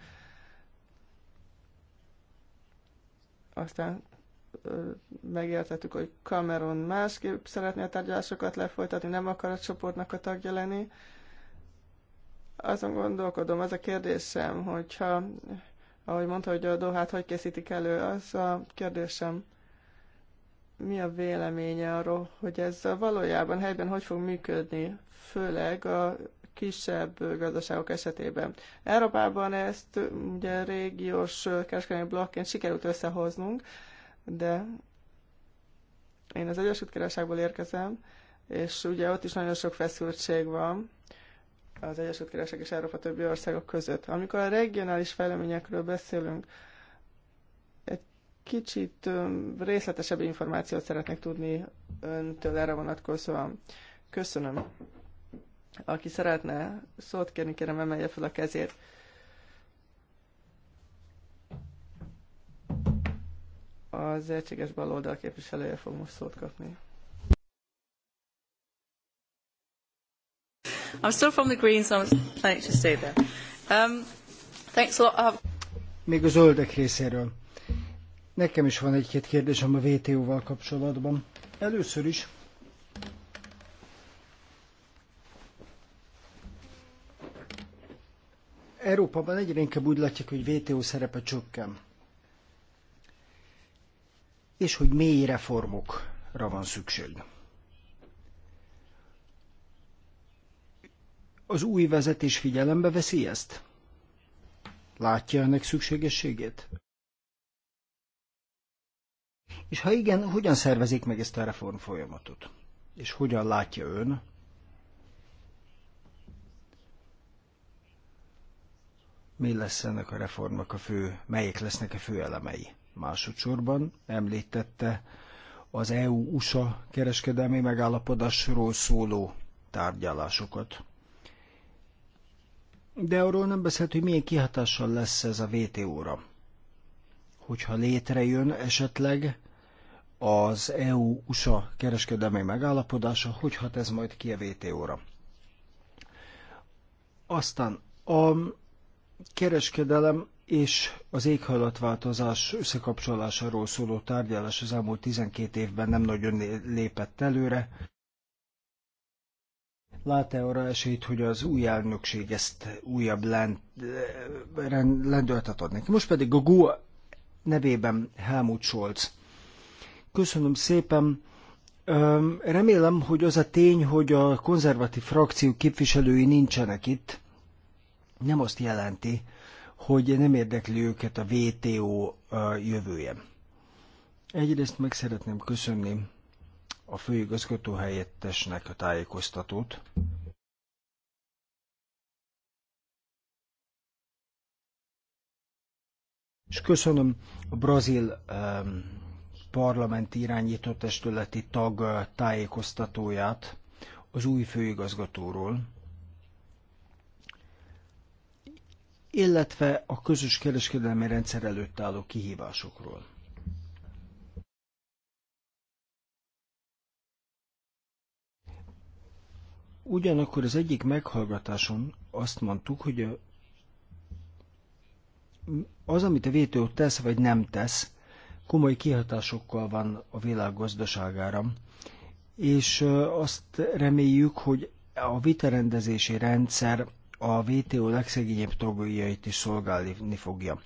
[SPEAKER 3] Aztán megértettük, hogy Cameron másképp szeretné a tárgyalásokat lefolytatni, nem akar a csoportnak a tagja lenni azon gondolkodom, az a kérdésem, hogyha, ahogy mondta, hogy a dohát hogy készítik elő, az a kérdésem, mi a véleménye arról, hogy ez valójában helyben hogy fog működni, főleg a kisebb gazdaságok esetében. Európában ezt ugye régiós kereskedelmi blokként sikerült összehoznunk, de én az Egyesült Királyságból érkezem, és ugye ott is nagyon sok feszültség van, az Egyesült Királyság és Európa többi országok között. Amikor a regionális fejleményekről beszélünk, egy kicsit részletesebb információt szeretnék tudni öntől erre vonatkozóan. Köszönöm. Aki szeretne szót kérni, kérem emelje fel a kezét. Az egységes baloldal képviselője fog most szót kapni. I'm still from the Greens, so I'm planning to stay there. Um, thanks a lot. Uh,
[SPEAKER 1] Még a zöldek részéről. Nekem is van egy-két kérdésem a vto val kapcsolatban. Először is Európában egyre inkább úgy látják, hogy VTO szerepe csökken. És hogy mély reformokra van szükség. Az új vezetés figyelembe veszi ezt? Látja ennek szükségességét? És ha igen, hogyan szervezik meg ezt a reform folyamatot? És hogyan látja ön? Mi lesz ennek a reformnak a fő, melyik lesznek a fő elemei? Másodszorban említette az EU-USA kereskedelmi megállapodásról szóló tárgyalásokat de arról nem beszélt, hogy milyen kihatással lesz ez a VTO-ra. Hogyha létrejön esetleg az EU-USA kereskedelmi megállapodása, hogy hat ez majd ki a VTO-ra. Aztán a kereskedelem és az éghajlatváltozás összekapcsolásáról szóló tárgyalás az elmúlt 12 évben nem nagyon lépett előre. Lát-e arra esélyt, hogy az új elnökség ezt újabb lend, lendületet ad neki? Most pedig a GUA nevében Helmut Scholz. Köszönöm szépen. Remélem, hogy az a tény, hogy a konzervatív frakció képviselői nincsenek itt, nem azt jelenti, hogy nem érdekli őket a VTO jövője. Egyrészt meg szeretném köszönni a főigazgató helyettesnek a tájékoztatót. És köszönöm a brazil um, parlamenti irányító testületi tag eh, tájékoztatóját az új főigazgatóról, illetve a közös kereskedelmi rendszer előtt álló kihívásokról. Ugyanakkor az egyik meghallgatáson azt mondtuk, hogy a, az, amit a vétő tesz vagy nem tesz, komoly kihatásokkal van a világ gazdaságára, és azt reméljük, hogy a vitarendezési rendszer a VTO legszegényebb tagjait is szolgálni fogja.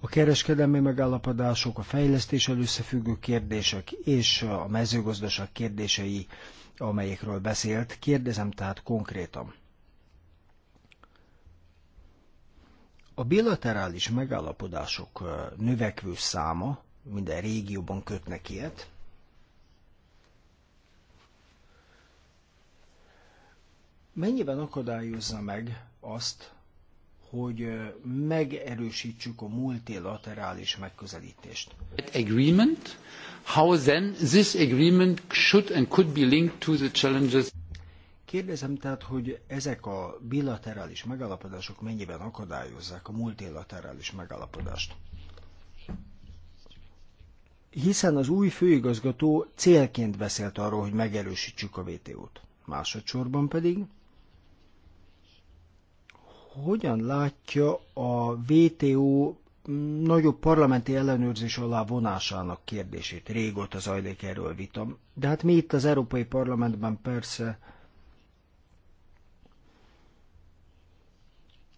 [SPEAKER 1] A kereskedelmi megállapodások, a fejlesztés összefüggő kérdések és a mezőgazdaság kérdései amelyekről beszélt. Kérdezem tehát konkrétan. A bilaterális megállapodások növekvő száma, minden régióban kötnek ilyet, mennyiben akadályozza meg azt, hogy megerősítsük a multilaterális megközelítést? Agreement How then this agreement
[SPEAKER 2] should and could be linked to the challenges?
[SPEAKER 1] Kérdezem tehát, hogy ezek a bilaterális megállapodások mennyiben akadályozzák a multilaterális megállapodást? Hiszen az új főigazgató célként beszélt arról, hogy megerősítsük a WTO-t. Másodszorban pedig, hogyan látja a WTO nagyobb parlamenti ellenőrzés alá vonásának kérdését. Régóta zajlik erről vitam. De hát mi itt az Európai Parlamentben persze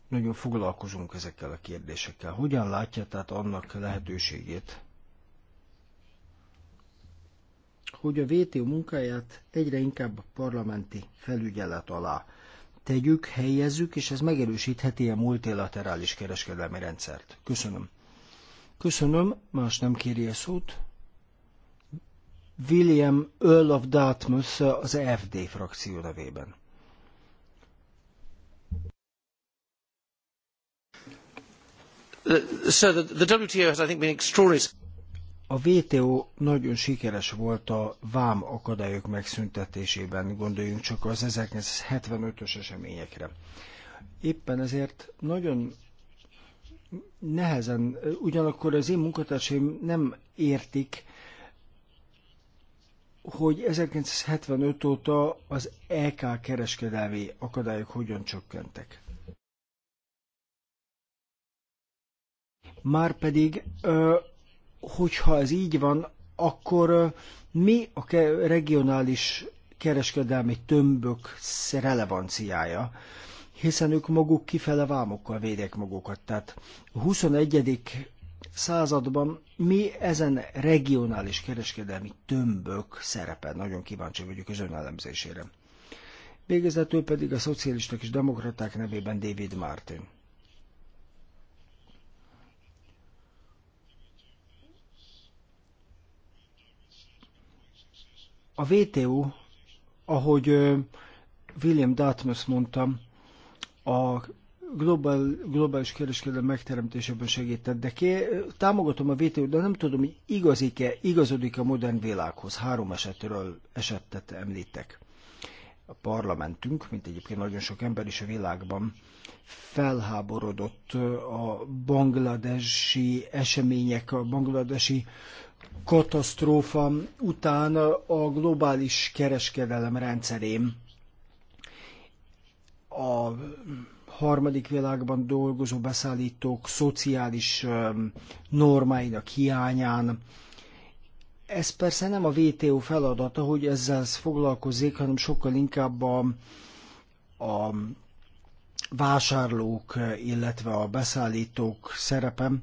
[SPEAKER 1] nagyon foglalkozunk ezekkel a kérdésekkel. Hogyan látja tehát annak lehetőségét, hogy a VTO munkáját egyre inkább parlamenti felügyelet alá tegyük, helyezzük, és ez megerősítheti a multilaterális kereskedelmi rendszert. Köszönöm. Köszönöm, más nem kéri a szót. William Earl of Dartmouth az FD frakció nevében. Uh, so the, the WTO
[SPEAKER 3] has, I think, been extraordinary.
[SPEAKER 1] A WTO nagyon sikeres volt a vám akadályok megszüntetésében, gondoljunk csak az 1975-ös eseményekre. Éppen ezért nagyon nehezen, ugyanakkor az én munkatársaim nem értik, hogy 1975 óta az EK kereskedelmi akadályok hogyan csökkentek. Márpedig hogyha ez így van, akkor mi a regionális kereskedelmi tömbök relevanciája? hiszen ők maguk kifele vámokkal védek magukat. Tehát a 21. században mi ezen regionális kereskedelmi tömbök szerepe? Nagyon kíváncsi vagyok az ön elemzésére. Végezetül pedig a szocialisták és demokraták nevében David Martin. A VTU, ahogy William Dartmouth mondta, a global, globális kereskedelem megteremtésében segített, de ké, támogatom a VTO, de nem tudom, hogy igazik-e, igazodik a modern világhoz. Három esetről esettet említek. A parlamentünk, mint egyébként nagyon sok ember is a világban, felháborodott a bangladesi események, a bangladesi katasztrófa után a globális kereskedelem rendszerén a harmadik világban dolgozó beszállítók szociális normáinak hiányán. Ez persze nem a VTO feladata, hogy ezzel foglalkozzék, hanem sokkal inkább a, a vásárlók, illetve a beszállítók szerepem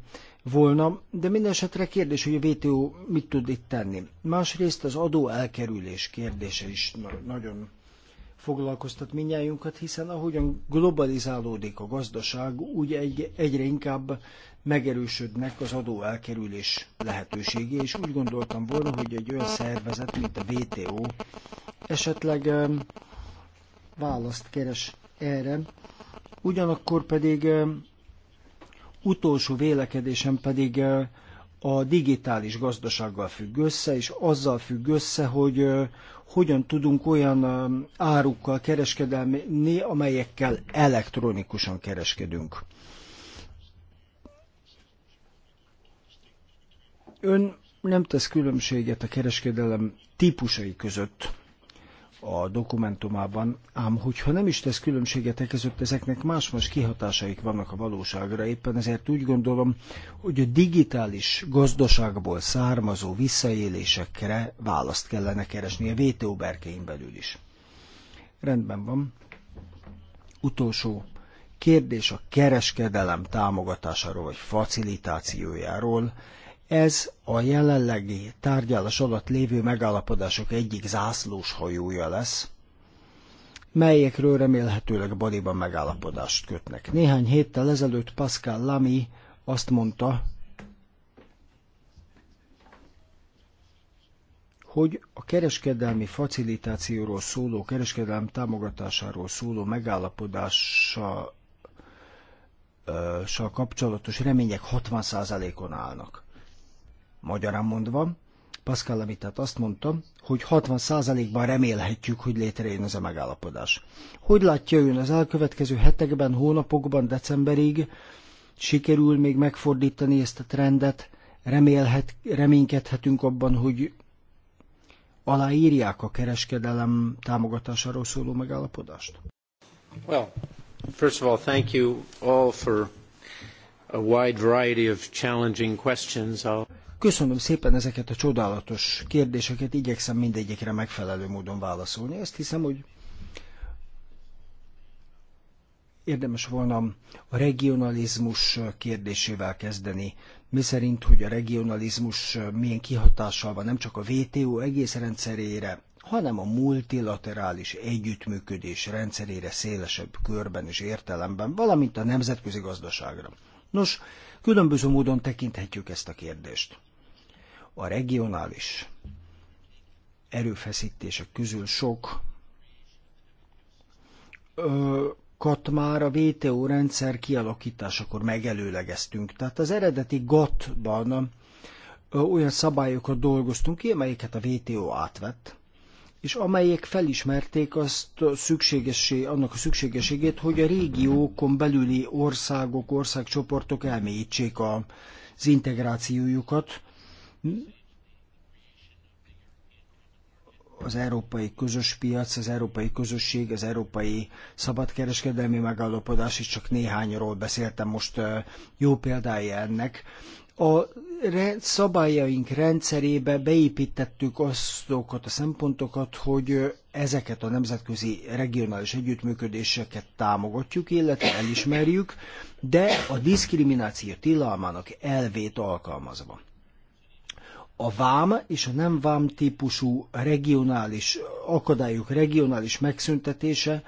[SPEAKER 1] volna, de minden esetre kérdés, hogy a WTO mit tud itt tenni. Másrészt az adó elkerülés kérdése is nagyon foglalkoztat minnyájunkat, hiszen ahogyan globalizálódik a gazdaság, úgy egy, egyre inkább megerősödnek az adó elkerülés lehetőségé, és úgy gondoltam volna, hogy egy olyan szervezet, mint a WTO esetleg választ keres erre, ugyanakkor pedig utolsó vélekedésem pedig a digitális gazdasággal függ össze, és azzal függ össze, hogy hogyan tudunk olyan árukkal kereskedelni, amelyekkel elektronikusan kereskedünk. Ön nem tesz különbséget a kereskedelem típusai között a dokumentumában, ám hogyha nem is tesz különbséget e között, ezeknek más-más kihatásaik vannak a valóságra. Éppen ezért úgy gondolom, hogy a digitális gazdaságból származó visszaélésekre választ kellene keresni a VTO berkein belül is. Rendben van. Utolsó kérdés a kereskedelem támogatásáról vagy facilitációjáról ez a jelenlegi tárgyalás alatt lévő megállapodások egyik zászlós hajója lesz, melyekről remélhetőleg Baliban megállapodást kötnek. Néhány héttel ezelőtt Pascal Lamy azt mondta, hogy a kereskedelmi facilitációról szóló, kereskedelem támogatásáról szóló megállapodással kapcsolatos remények 60%-on állnak. Magyarán mondva, Pascal Amitát azt mondta, hogy 60%-ban remélhetjük, hogy létrejön ez a megállapodás. Hogy látja ön az elkövetkező hetekben, hónapokban, decemberig sikerül még megfordítani ezt a trendet? Remélhet, reménykedhetünk abban, hogy aláírják a kereskedelem támogatásáról szóló megállapodást?
[SPEAKER 2] Well, first of all, thank you all for a wide variety of challenging questions. I'll...
[SPEAKER 1] Köszönöm szépen ezeket a csodálatos kérdéseket, igyekszem mindegyikre megfelelő módon válaszolni. ezt hiszem, hogy érdemes volna a regionalizmus kérdésével kezdeni, mi szerint, hogy a regionalizmus milyen kihatással van nem csak a WTO egész rendszerére, hanem a multilaterális együttműködés rendszerére szélesebb körben és értelemben, valamint a nemzetközi gazdaságra. Nos, Különböző módon tekinthetjük ezt a kérdést. A regionális erőfeszítések közül sok ö, kat már a VTO rendszer kialakításakor megelőlegeztünk. Tehát az eredeti GATT-ban olyan szabályokat dolgoztunk ki, amelyeket a VTO átvett, és amelyek felismerték azt a szükségessé, annak a szükségességét, hogy a régiókon belüli országok, országcsoportok elmélyítsék a, az integrációjukat az európai közös piac, az európai közösség, az európai szabadkereskedelmi megállapodás, és csak néhányról beszéltem most jó példája ennek a szabályaink rendszerébe beépítettük azokat a szempontokat, hogy ezeket a nemzetközi regionális együttműködéseket támogatjuk, illetve elismerjük, de a diszkrimináció tilalmának elvét alkalmazva. A vám és a nem vám típusú regionális akadályok regionális megszüntetése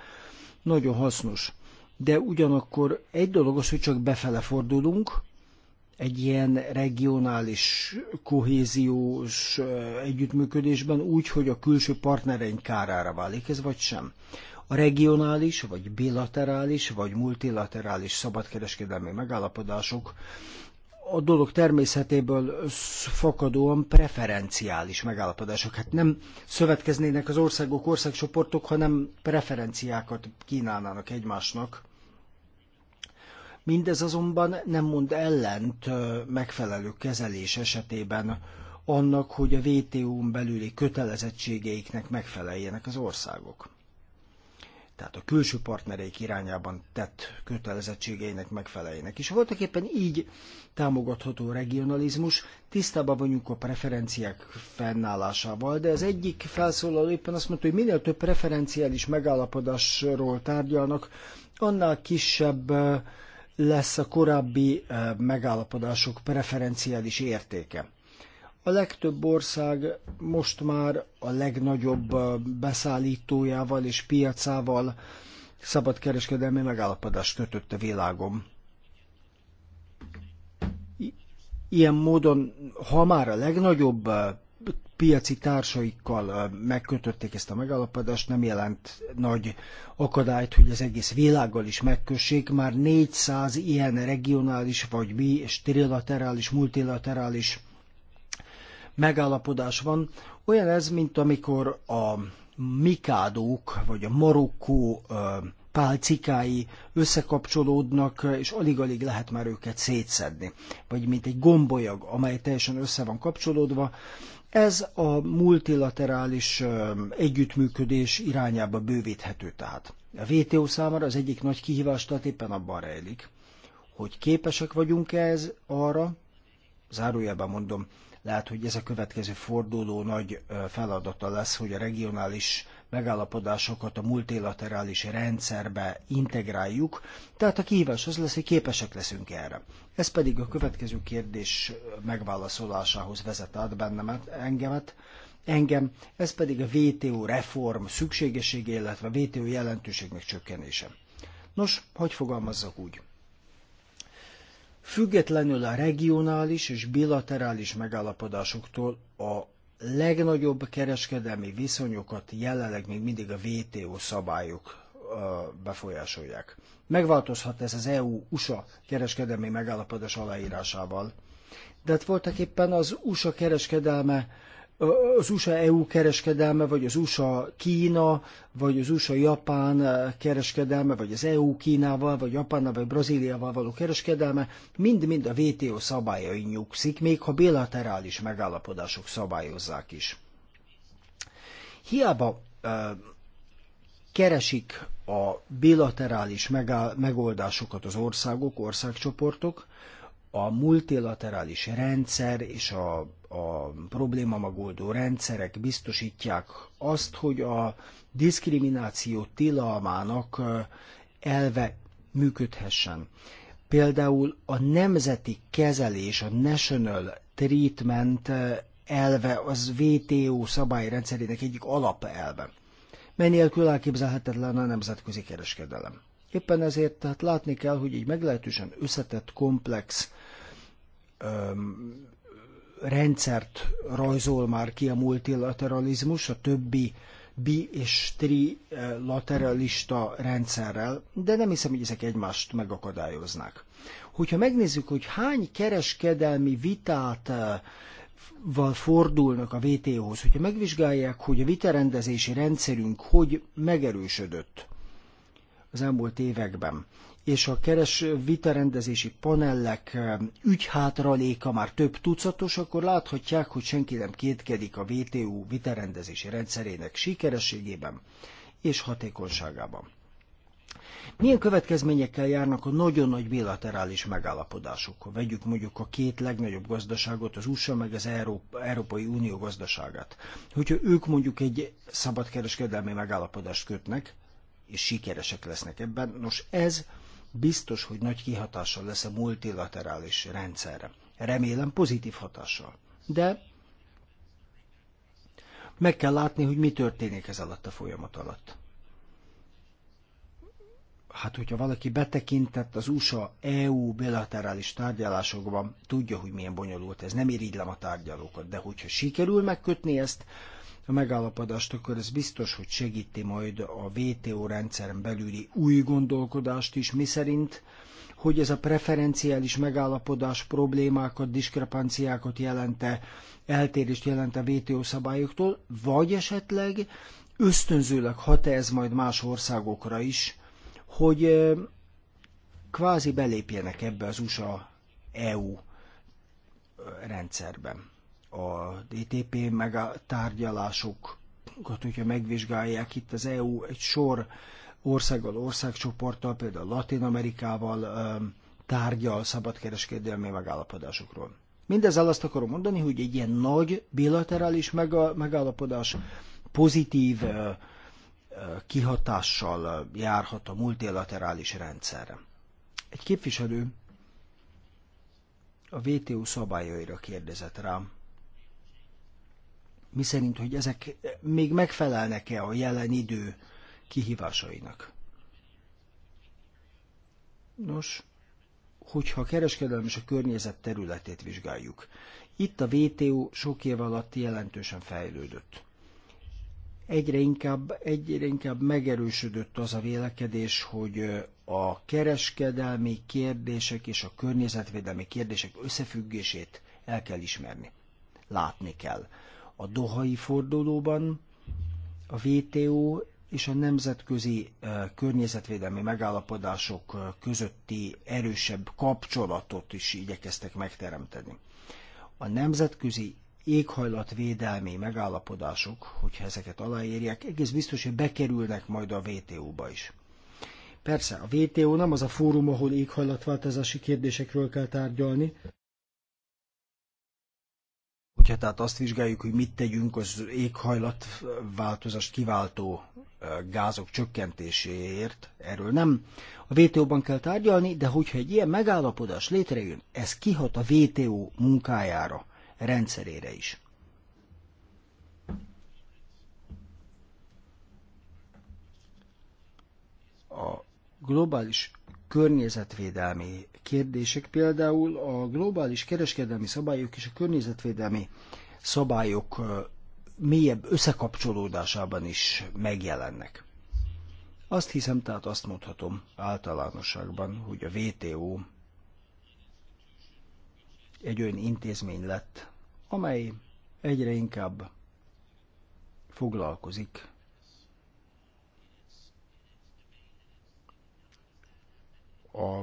[SPEAKER 1] nagyon hasznos. De ugyanakkor egy dolog az, hogy csak befele fordulunk, egy ilyen regionális kohéziós együttműködésben úgy, hogy a külső partnereink kárára válik ez, vagy sem. A regionális, vagy bilaterális, vagy multilaterális szabadkereskedelmi megállapodások a dolog természetéből fakadóan preferenciális megállapodások. Hát nem szövetkeznének az országok, országcsoportok, hanem preferenciákat kínálnának egymásnak Mindez azonban nem mond ellent megfelelő kezelés esetében annak, hogy a WTO-n belüli kötelezettségeiknek megfeleljenek az országok. Tehát a külső partnereik irányában tett kötelezettségeinek megfeleljenek. És voltak éppen így támogatható regionalizmus, tisztában vagyunk a preferenciák fennállásával, de az egyik felszólaló éppen azt mondta, hogy minél több preferenciális megállapodásról tárgyalnak, annál kisebb lesz a korábbi eh, megállapodások preferenciális értéke. A legtöbb ország most már a legnagyobb eh, beszállítójával és piacával szabadkereskedelmi megállapodást kötött a világon. Ilyen módon, ha már a legnagyobb eh, piaci társaikkal megkötötték ezt a megállapodást, nem jelent nagy akadályt, hogy az egész világgal is megkössék. Már 400 ilyen regionális, vagy bi- és trilaterális, multilaterális megállapodás van. Olyan ez, mint amikor a mikádók, vagy a marokkó pálcikái összekapcsolódnak, és alig-alig lehet már őket szétszedni. Vagy mint egy gombolyag, amely teljesen össze van kapcsolódva, ez a multilaterális együttműködés irányába bővíthető tehát. A WTO számára az egyik nagy kihívás tehát éppen abban rejlik, hogy képesek vagyunk-e ez arra, zárójelben mondom, lehet, hogy ez a következő forduló nagy feladata lesz, hogy a regionális megállapodásokat a multilaterális rendszerbe integráljuk, tehát a kihívás az lesz, hogy képesek leszünk erre. Ez pedig a következő kérdés megválaszolásához vezet át bennemet, engemet, engem, ez pedig a WTO reform szükségessége, illetve a WTO jelentőségnek csökkenése. Nos, hogy fogalmazzak úgy? Függetlenül a regionális és bilaterális megállapodásoktól a legnagyobb kereskedelmi viszonyokat jelenleg még mindig a WTO szabályok befolyásolják. Megváltozhat ez az EU-USA kereskedelmi megállapodás aláírásával. De hát voltak éppen az USA kereskedelme az USA-EU kereskedelme, vagy az USA-Kína, vagy az USA-Japán eh, kereskedelme, vagy az EU Kínával, vagy Japánnal, vagy Brazíliával való kereskedelme, mind-mind a WTO szabályai nyugszik, még ha bilaterális megállapodások szabályozzák is. Hiába eh, keresik a bilaterális megoldásokat az országok, országcsoportok, a multilaterális rendszer és a a problémamagoldó rendszerek biztosítják azt, hogy a diszkrimináció tilalmának elve működhessen. Például a nemzeti kezelés, a national treatment elve az WTO szabályrendszerének egyik alapelve, mely elképzelhetetlen a nemzetközi kereskedelem. Éppen ezért tehát látni kell, hogy egy meglehetősen összetett, komplex öm, rendszert rajzol már ki a multilateralizmus a többi bi- és trilateralista eh, rendszerrel, de nem hiszem, hogy ezek egymást megakadályoznák. Hogyha megnézzük, hogy hány kereskedelmi vitát eh, val fordulnak a VTO-hoz, hogyha megvizsgálják, hogy a vitarendezési rendszerünk hogy megerősödött az elmúlt években, és a keres vitarendezési panellek ügyhátraléka már több tucatos, akkor láthatják, hogy senki nem kétkedik a VTU vitarendezési rendszerének sikerességében és hatékonyságában. Milyen következményekkel járnak a nagyon nagy bilaterális megállapodások? Ha vegyük mondjuk a két legnagyobb gazdaságot, az USA meg az Európa, Európai Unió gazdaságát. Hogyha ők mondjuk egy szabadkereskedelmi megállapodást kötnek, és sikeresek lesznek ebben, nos ez biztos, hogy nagy kihatással lesz a multilaterális rendszerre. Remélem pozitív hatással. De meg kell látni, hogy mi történik ez alatt a folyamat alatt. Hát, hogyha valaki betekintett az USA-EU bilaterális tárgyalásokban, tudja, hogy milyen bonyolult ez, nem irigylem a tárgyalókat, de hogyha sikerül megkötni ezt, a megállapodást, akkor ez biztos, hogy segíti majd a WTO rendszeren belüli új gondolkodást is, miszerint hogy ez a preferenciális megállapodás problémákat, diskrepanciákat jelente, eltérést jelent a WTO szabályoktól, vagy esetleg ösztönzőleg hat -e ez majd más országokra is, hogy kvázi belépjenek ebbe az USA-EU e rendszerben a DTP meg a tárgyalásokat, hogyha megvizsgálják itt az EU egy sor országgal, országcsoporttal, például Latin Amerikával tárgyal szabadkereskedelmi megállapodásokról. Mindezzel azt akarom mondani, hogy egy ilyen nagy bilaterális megállapodás pozitív kihatással járhat a multilaterális rendszerre. Egy képviselő a WTO szabályaira kérdezett rám. Mi szerint, hogy ezek még megfelelnek-e a jelen idő kihívásainak. Nos, hogyha a kereskedelem és a környezet területét vizsgáljuk, itt a WTO sok év alatt jelentősen fejlődött. Egyre inkább, egyre inkább megerősödött az a vélekedés, hogy a kereskedelmi kérdések és a környezetvédelmi kérdések összefüggését el kell ismerni. Látni kell a Dohai fordulóban a WTO és a nemzetközi környezetvédelmi megállapodások közötti erősebb kapcsolatot is igyekeztek megteremteni. A nemzetközi éghajlatvédelmi megállapodások, hogyha ezeket aláírják, egész biztos, hogy bekerülnek majd a WTO-ba is. Persze, a WTO nem az a fórum, ahol éghajlatváltozási kérdésekről kell tárgyalni, Hogyha tehát azt vizsgáljuk, hogy mit tegyünk az éghajlatváltozást kiváltó gázok csökkentéséért, erről nem a WTO-ban kell tárgyalni, de hogyha egy ilyen megállapodás létrejön, ez kihat a WTO munkájára, rendszerére is. A globális környezetvédelmi kérdések, például a globális kereskedelmi szabályok és a környezetvédelmi szabályok mélyebb összekapcsolódásában is megjelennek. Azt hiszem, tehát azt mondhatom általánosságban, hogy a WTO egy olyan intézmény lett, amely egyre inkább foglalkozik a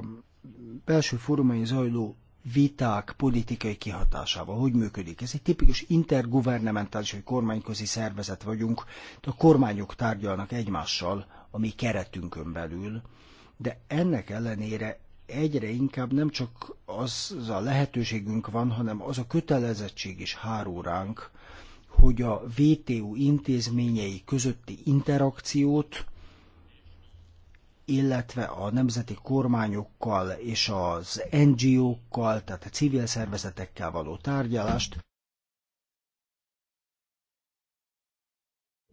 [SPEAKER 1] belső fórumain zajló viták politikai kihatásával, hogy működik. Ez egy tipikus intergovernamentális vagy kormányközi szervezet vagyunk, de a kormányok tárgyalnak egymással a mi keretünkön belül, de ennek ellenére egyre inkább nem csak az, az a lehetőségünk van, hanem az a kötelezettség is háró ránk, hogy a VTU intézményei közötti interakciót illetve a nemzeti kormányokkal és az NGO-kkal, tehát a civil szervezetekkel való tárgyalást,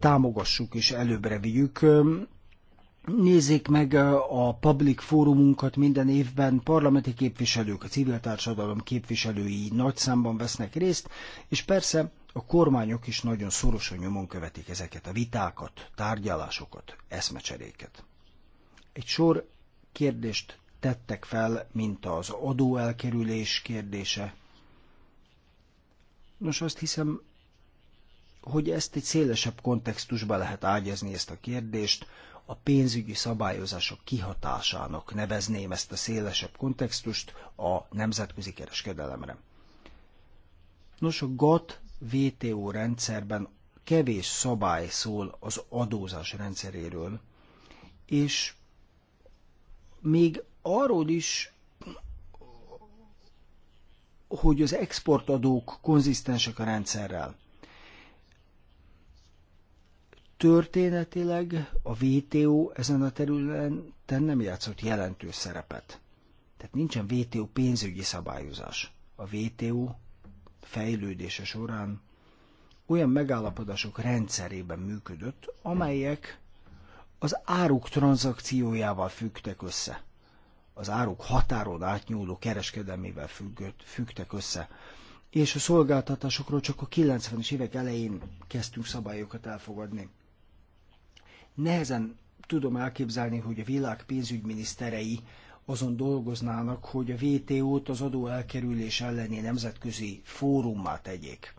[SPEAKER 1] támogassuk és előbbre vigyük. Nézzék meg a public fórumunkat minden évben, parlamenti képviselők, a civil társadalom képviselői nagy számban vesznek részt, és persze a kormányok is nagyon szorosan nyomon követik ezeket a vitákat, tárgyalásokat, eszmecseréket egy sor kérdést tettek fel, mint az adóelkerülés kérdése. Nos, azt hiszem, hogy ezt egy szélesebb kontextusba lehet ágyazni ezt a kérdést, a pénzügyi szabályozások kihatásának nevezném ezt a szélesebb kontextust a nemzetközi kereskedelemre. Nos, a GATT VTO rendszerben kevés szabály szól az adózás rendszeréről, és még arról is, hogy az exportadók konzisztensek a rendszerrel. Történetileg a VTO ezen a területen nem játszott jelentős szerepet. Tehát nincsen VTO pénzügyi szabályozás. A VTO fejlődése során olyan megállapodások rendszerében működött, amelyek az áruk tranzakciójával fügtek össze. Az áruk határon átnyúló kereskedelmével függött, fügtek össze. És a szolgáltatásokról csak a 90-es évek elején kezdtünk szabályokat elfogadni. Nehezen tudom elképzelni, hogy a világ pénzügyminiszterei azon dolgoznának, hogy a WTO-t az adó elleni nemzetközi fórummá tegyék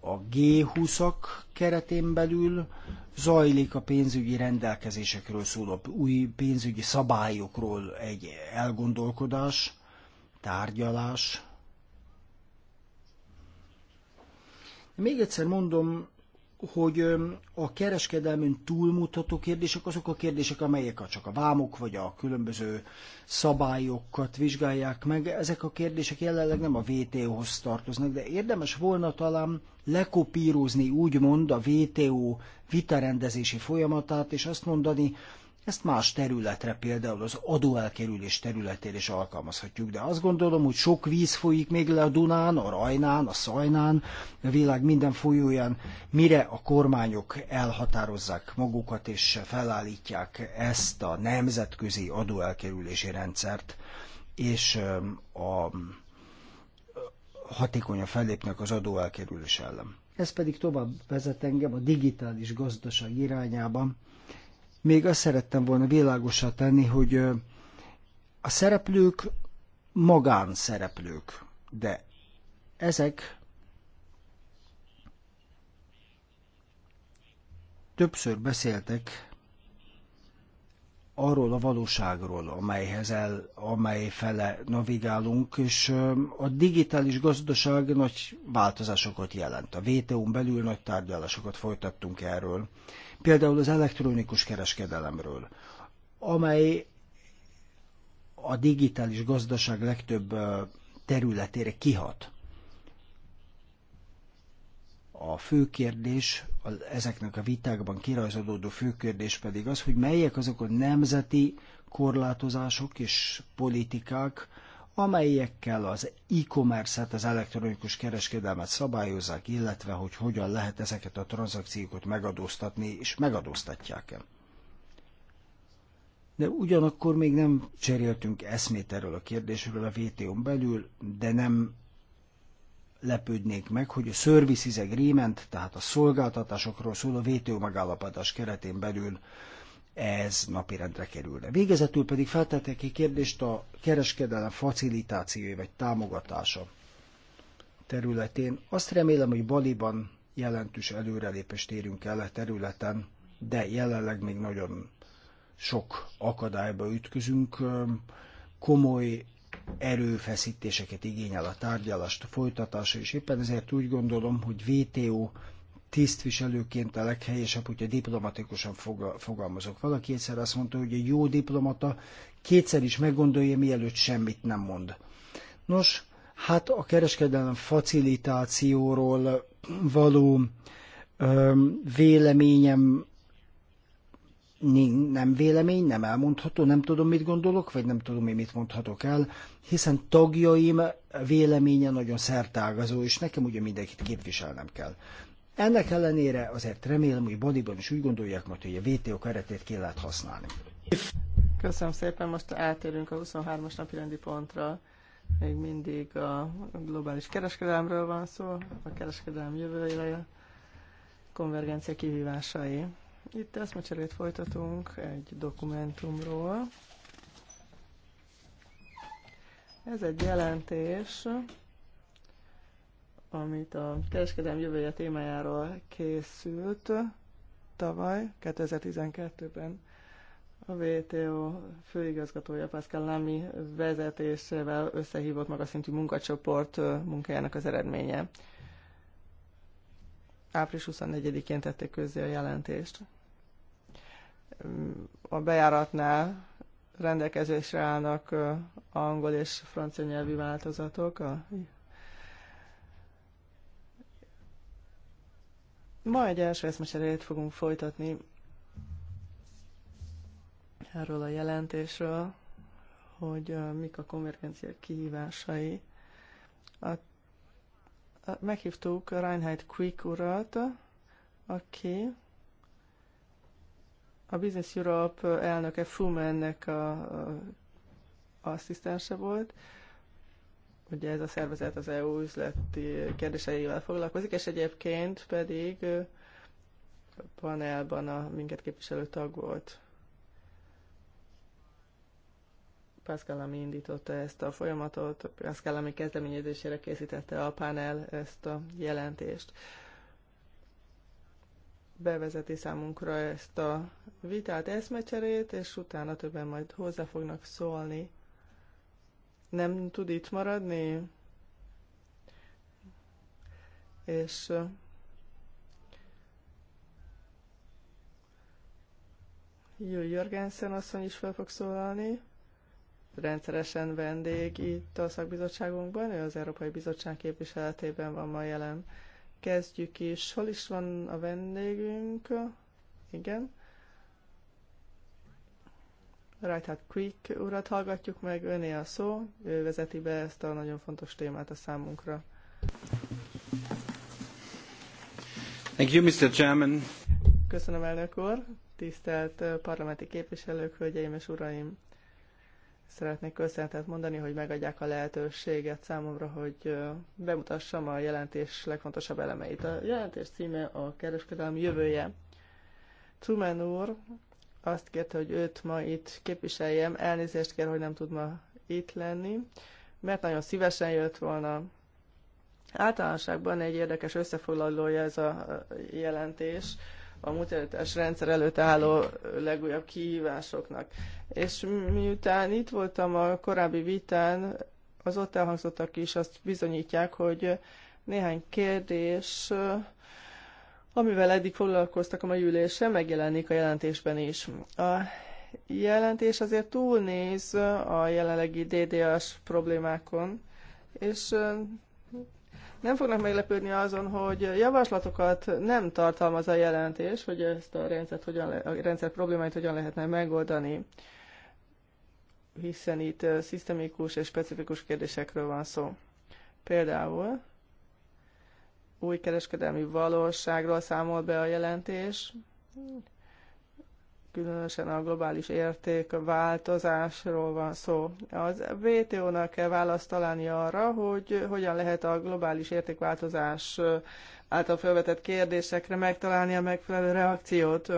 [SPEAKER 1] a G20-ak keretén belül zajlik a pénzügyi rendelkezésekről szóló új pénzügyi szabályokról egy elgondolkodás, tárgyalás. Még egyszer mondom, hogy a kereskedelmünk túlmutató kérdések azok a kérdések, amelyek csak a vámok vagy a különböző szabályokat vizsgálják meg. Ezek a kérdések jelenleg nem a vto hoz tartoznak, de érdemes volna talán lekopírozni úgymond a VTO vitarendezési folyamatát, és azt mondani, ezt más területre, például az adóelkerülés területére is alkalmazhatjuk, de azt gondolom, hogy sok víz folyik még le a Dunán, a Rajnán, a Szajnán, a világ minden folyóján, mire a kormányok elhatározzák magukat és felállítják ezt a nemzetközi adóelkerülési rendszert, és a hatékonyan fellépnek az adóelkerülés ellen. Ez pedig tovább vezet engem a digitális gazdaság irányába, még azt szerettem volna világosá tenni, hogy a szereplők magánszereplők, de ezek többször beszéltek arról a valóságról, amelyhez el, amely fele navigálunk, és a digitális gazdaság nagy változásokat jelent. A WTO-n belül nagy tárgyalásokat folytattunk erről, például az elektronikus kereskedelemről, amely a digitális gazdaság legtöbb területére kihat. A fő kérdés, az, ezeknek a vitákban kirajzolódó fő kérdés pedig az, hogy melyek azok a nemzeti korlátozások és politikák, amelyekkel az e-commerce-et, az elektronikus kereskedelmet szabályozzák, illetve hogy hogyan lehet ezeket a tranzakciókat megadóztatni, és megadóztatják-e. De ugyanakkor még nem cseréltünk eszmét erről a kérdésről a VTO-n belül, de nem lepődnék meg, hogy a Services Agreement, tehát a szolgáltatásokról szóló WTO megállapodás keretén belül ez napirendre kerülne. Végezetül pedig feltettek egy kérdést a kereskedelem facilitációja vagy támogatása területén. Azt remélem, hogy Baliban jelentős előrelépést érünk el a területen, de jelenleg még nagyon sok akadályba ütközünk. Komoly erőfeszítéseket igényel a tárgyalást a folytatása, és éppen ezért úgy gondolom, hogy VTO tisztviselőként a leghelyesebb, hogyha diplomatikusan fogalmazok. Valaki egyszer azt mondta, hogy egy jó diplomata kétszer is meggondolja, mielőtt semmit nem mond. Nos, hát a kereskedelem facilitációról való öm, véleményem nem vélemény, nem elmondható, nem tudom, mit gondolok, vagy nem tudom, én mit mondhatok el, hiszen tagjaim véleménye nagyon szertágazó, és nekem ugye mindenkit képviselnem kell. Ennek ellenére azért remélem, hogy Baliban is úgy gondolják majd, hogy a VTO keretét ki lehet használni.
[SPEAKER 3] Köszönöm szépen, most eltérünk a 23-as napi rendi pontra. Még mindig a globális kereskedelemről van szó, a kereskedelem jövőjére, konvergencia kihívásai. Itt eszmecserét folytatunk egy dokumentumról. Ez egy jelentés, amit a kereskedelem jövője témájáról készült tavaly, 2012-ben. A WTO főigazgatója Pascal Lamy vezetésével összehívott magaszintű munkacsoport munkájának az eredménye. Április 24-én tették közzé a jelentést a bejáratnál rendelkezésre állnak angol és francia nyelvi változatok. Ma egy első eszmeserét fogunk folytatni erről a jelentésről, hogy mik a konvergencia kihívásai. A, meghívtuk Reinhard Quick urat, aki a Business Europe elnöke Fumennek a, a asszisztense volt. Ugye ez a szervezet az EU üzleti kérdéseivel foglalkozik, és egyébként pedig panelban a minket képviselő tag volt. Pascal Ami indította ezt a folyamatot, Pascal Ami kezdeményezésére készítette a panel ezt a jelentést bevezeti számunkra ezt a vitát, eszmecserét, és utána többen majd hozzá fognak szólni. Nem tud itt maradni? És Jó, Jörgensen asszony is fel fog szólalni. Rendszeresen vendég itt a szakbizottságunkban, ő az Európai Bizottság képviseletében van ma jelen kezdjük is. Hol is van a vendégünk? Igen. Reinhard Quick urat hallgatjuk meg, öné a szó, ő vezeti be ezt a nagyon fontos témát a számunkra.
[SPEAKER 2] Thank you, Mr. Chairman.
[SPEAKER 3] Köszönöm, elnök úr, tisztelt parlamenti képviselők, hölgyeim és uraim! Szeretnék köszönetet mondani, hogy megadják a lehetőséget számomra, hogy bemutassam a jelentés legfontosabb elemeit. A jelentés címe a kereskedelem jövője. Truman úr azt kérte, hogy őt ma itt képviseljem. Elnézést kér, hogy nem tud ma itt lenni, mert nagyon szívesen jött volna. Általánosságban egy érdekes összefoglalója ez a jelentés a mutatás rendszer előtt álló legújabb kihívásoknak. És miután itt voltam a korábbi vitán, az ott elhangzottak is azt bizonyítják, hogy néhány kérdés, amivel eddig foglalkoztak a mai ülésre, megjelenik a jelentésben is. A jelentés azért túlnéz a jelenlegi DDS problémákon, és nem fognak meglepődni azon, hogy javaslatokat nem tartalmaz a jelentés, hogy ezt a, rendszer, hogyan, a rendszer problémáit hogyan lehetne megoldani, hiszen itt szisztemikus és specifikus kérdésekről van szó. Például új kereskedelmi valóságról számol be a jelentés, különösen a globális érték változásról van szó. Az WTO-nak kell választ találni arra, hogy hogyan lehet a globális értékváltozás által felvetett kérdésekre megtalálni a megfelelő reakciót.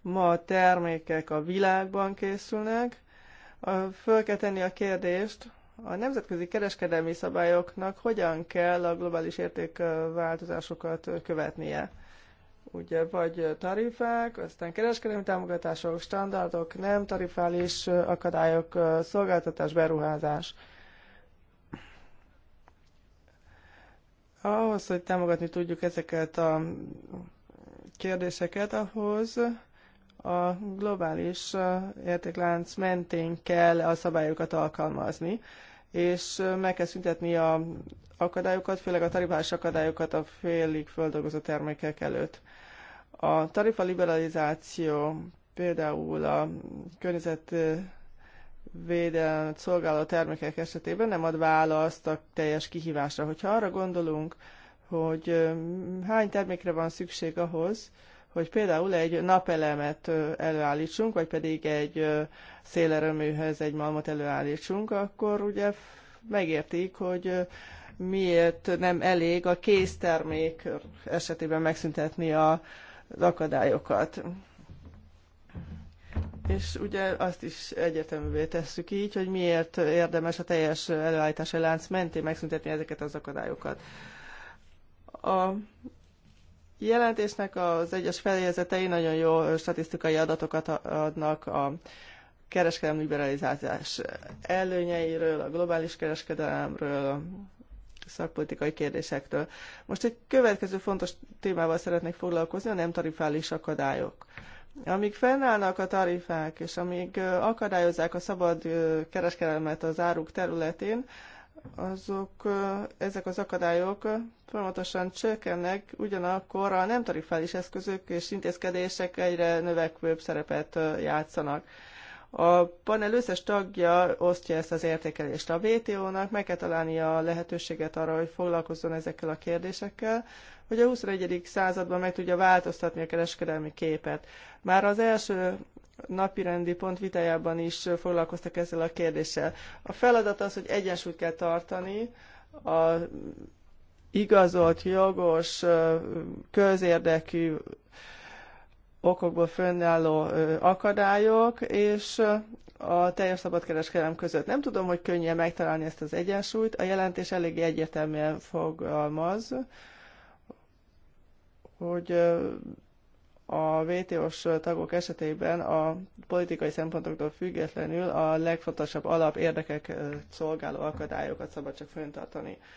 [SPEAKER 3] Ma a termékek a világban készülnek. Föl kell tenni a kérdést, a nemzetközi kereskedelmi szabályoknak hogyan kell a globális értékváltozásokat követnie ugye vagy tarifák, aztán kereskedelmi támogatások, standardok, nem tarifális akadályok, szolgáltatás, beruházás. Ahhoz, hogy támogatni tudjuk ezeket a kérdéseket, ahhoz a globális értéklánc mentén kell a szabályokat alkalmazni, és meg kell szüntetni a akadályokat, főleg a tarifás akadályokat a félig földolgozó termékek előtt a tarifa liberalizáció például a védelmet szolgáló termékek esetében nem ad választ a teljes kihívásra. Hogyha arra gondolunk, hogy hány termékre van szükség ahhoz, hogy például egy napelemet előállítsunk, vagy pedig egy szélerőműhöz egy malmot előállítsunk, akkor ugye megértik, hogy miért nem elég a kéztermék esetében megszüntetni a az akadályokat. És ugye azt is egyértelművé tesszük így, hogy miért érdemes a teljes előállítási lánc mentén megszüntetni ezeket az akadályokat. A jelentésnek az egyes feljezetei nagyon jó statisztikai adatokat adnak a kereskedelmi liberalizálás előnyeiről, a globális kereskedelemről, szakpolitikai kérdésektől. Most egy következő fontos témával szeretnék foglalkozni, a nem tarifális akadályok. Amíg fennállnak a tarifák, és amíg akadályozzák a szabad kereskedelmet az áruk területén, azok, ezek az akadályok folyamatosan csökkennek, ugyanakkor a nem tarifális eszközök és intézkedések egyre növekvőbb szerepet játszanak. A panel összes tagja osztja ezt az értékelést. A WTO-nak meg kell találnia a lehetőséget arra, hogy foglalkozzon ezekkel a kérdésekkel, hogy a 21. században meg tudja változtatni a kereskedelmi képet. Már az első napirendi pont vitájában is foglalkoztak ezzel a kérdéssel. A feladat az, hogy egyensúlyt kell tartani a igazolt, jogos, közérdekű okokból fönnálló akadályok, és a teljes szabadkereskedelem között. Nem tudom, hogy könnyen megtalálni ezt az egyensúlyt. A jelentés eléggé egyértelműen fogalmaz, hogy a VTO-s tagok esetében a politikai szempontoktól függetlenül a legfontosabb alap érdekek szolgáló akadályokat szabad csak föntartani. tartani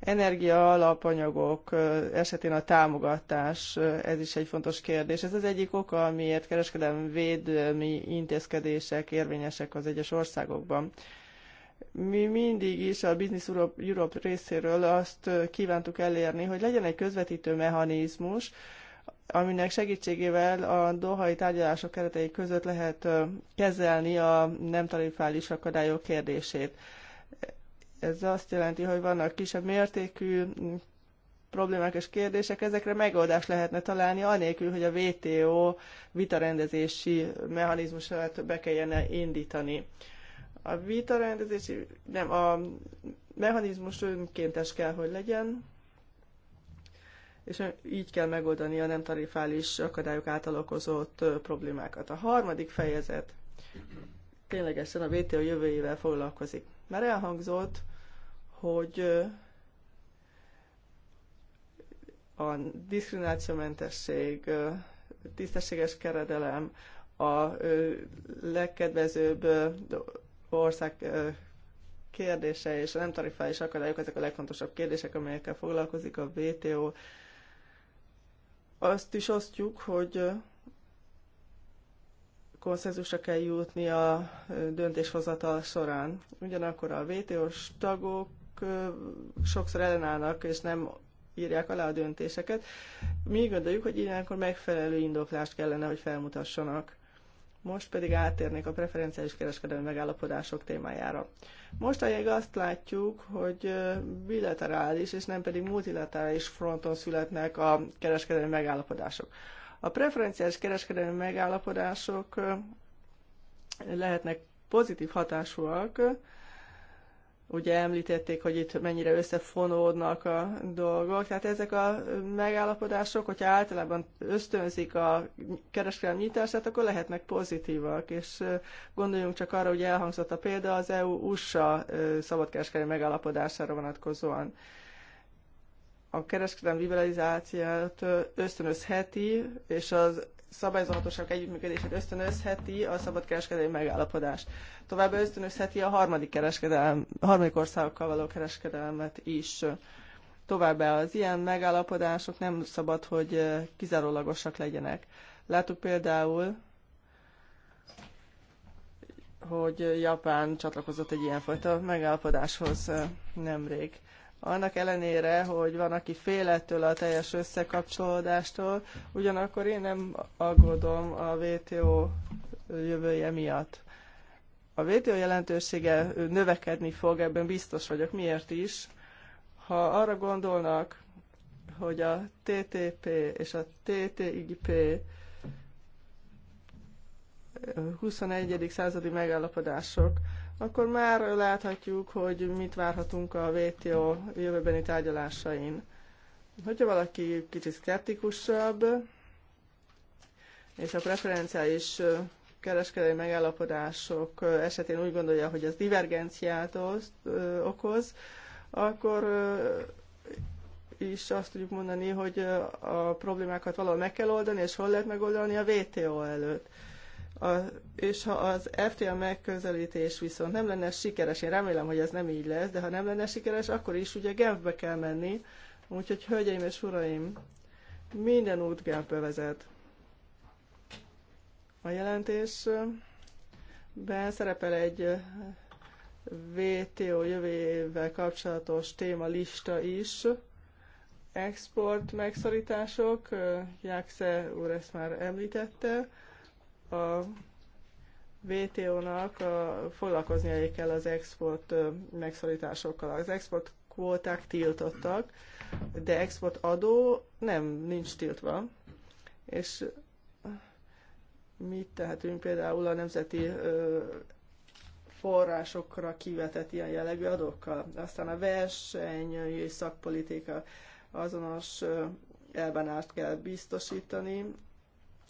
[SPEAKER 3] Energia alapanyagok esetén a támogatás, ez is egy fontos kérdés. Ez az egyik oka, amiért kereskedelmi védelmi intézkedések érvényesek az egyes országokban. Mi mindig is a Business Europe, Europe részéről azt kívántuk elérni, hogy legyen egy közvetítő mechanizmus, aminek segítségével a dohai tárgyalások keretei között lehet kezelni a nem tarifális akadályok kérdését. Ez azt jelenti, hogy vannak kisebb mértékű problémák és kérdések, ezekre megoldást lehetne találni, anélkül, hogy a WTO vitarendezési mechanizmusát be kelljene indítani. A vitarendezési, nem, a mechanizmus önkéntes kell, hogy legyen, és így kell megoldani a nem tarifális akadályok által okozott problémákat. A harmadik fejezet ténylegesen a WTO jövőjével foglalkozik. Már elhangzott, hogy a diszkriminációmentesség, tisztességes keredelem, a legkedvezőbb ország kérdése és a nem tarifális akadályok, ezek a legfontosabb kérdések, amelyekkel foglalkozik a WTO. Azt is osztjuk, hogy konszenzusra kell jutni a döntéshozatal során. Ugyanakkor a vto s tagok sokszor ellenállnak, és nem írják alá a döntéseket. Mi gondoljuk, hogy ilyenkor megfelelő indoklást kellene, hogy felmutassanak. Most pedig átérnék a preferenciális kereskedelmi megállapodások témájára. Mostanáig azt látjuk, hogy bilaterális és nem pedig multilaterális fronton születnek a kereskedelmi megállapodások. A preferenciás kereskedelmi megállapodások lehetnek pozitív hatásúak. Ugye említették, hogy itt mennyire összefonódnak a dolgok. Tehát ezek a megállapodások, hogyha általában ösztönzik a kereskedelmi nyitását, akkor lehetnek pozitívak. És gondoljunk csak arra, hogy elhangzott a példa az EU-USA szabadkereskedelmi megállapodására vonatkozóan a kereskedelmi liberalizációt ösztönözheti, és az szabályozhatóság együttműködését ösztönözheti a szabadkereskedelmi megállapodás. Továbbá ösztönözheti a harmadik, kereskedelm, a harmadik országokkal való kereskedelmet is. Továbbá az ilyen megállapodások nem szabad, hogy kizárólagosak legyenek. Láttuk például, hogy Japán csatlakozott egy ilyenfajta megállapodáshoz nemrég annak ellenére, hogy van, aki fél ettől a teljes összekapcsolódástól, ugyanakkor én nem aggódom a WTO jövője miatt. A WTO jelentősége növekedni fog, ebben biztos vagyok. Miért is? Ha arra gondolnak, hogy a TTP és a TTIP 21. századi megállapodások akkor már láthatjuk, hogy mit várhatunk a WTO jövőbeni tárgyalásain. Hogyha valaki kicsit szkeptikusabb, és a preferenciális kereskedelmi megállapodások esetén úgy gondolja, hogy ez divergenciát okoz, akkor is azt tudjuk mondani, hogy a problémákat valahol meg kell oldani, és hol lehet megoldani a WTO előtt. A, és ha az FTA megközelítés viszont nem lenne sikeres, én remélem, hogy ez nem így lesz, de ha nem lenne sikeres, akkor is ugye Genfbe kell menni. Úgyhogy, hölgyeim és uraim, minden út Genfbe vezet. A jelentésben szerepel egy VTO jövővel kapcsolatos téma lista is. Export megszorítások, Jákse úr ezt már említette, a WTO-nak foglalkoznia kell az export megszorításokkal. Az export kvóták tiltottak, de export adó nem, nincs tiltva. És mit tehetünk például a nemzeti forrásokra kivetett ilyen jellegű adókkal. Aztán a verseny és szakpolitika azonos elbánást kell biztosítani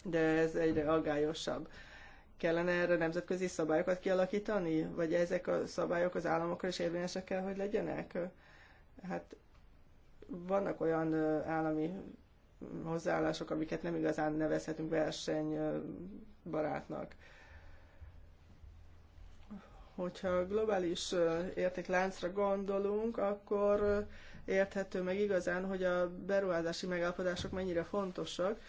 [SPEAKER 3] de ez egyre aggályosabb. Kellene erre nemzetközi szabályokat kialakítani? Vagy ezek a szabályok az államokra is érvényesek kell, hogy legyenek? Hát vannak olyan állami hozzáállások, amiket nem igazán nevezhetünk versenybarátnak. Hogyha globális értékláncra gondolunk, akkor érthető meg igazán, hogy a beruházási megállapodások mennyire fontosak,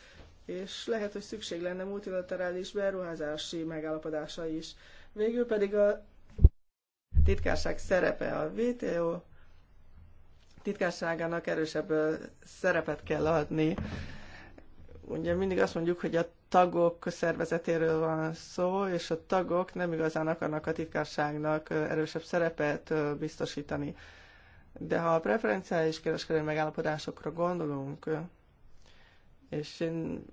[SPEAKER 3] és lehet, hogy szükség lenne multilaterális beruházási megállapodása is. Végül pedig a titkárság szerepe a VTO titkárságának erősebb szerepet kell adni. Ugye mindig azt mondjuk, hogy a tagok szervezetéről van szó, és a tagok nem igazán akarnak a titkárságnak erősebb szerepet biztosítani. De ha a preferenciális kereskedelmi megállapodásokra gondolunk, és én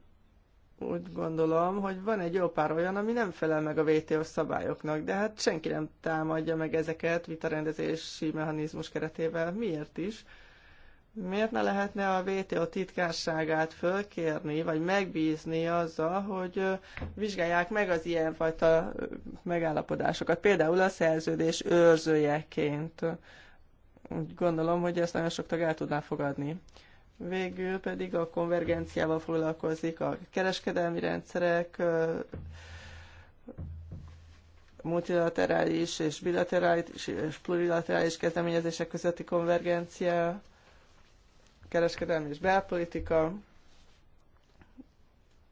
[SPEAKER 3] úgy gondolom, hogy van egy jó pár olyan, ami nem felel meg a WTO szabályoknak, de hát senki nem támadja meg ezeket vitarendezési mechanizmus keretével. Miért is? Miért ne lehetne a WTO titkárságát fölkérni, vagy megbízni azzal, hogy vizsgálják meg az ilyenfajta megállapodásokat, például a szerződés őrzőjeként? Úgy gondolom, hogy ezt nagyon sok tag el tudná fogadni. Végül pedig a konvergenciával foglalkozik a kereskedelmi rendszerek, multilaterális és bilaterális és plurilaterális kezdeményezések közötti konvergencia, kereskedelmi és belpolitika,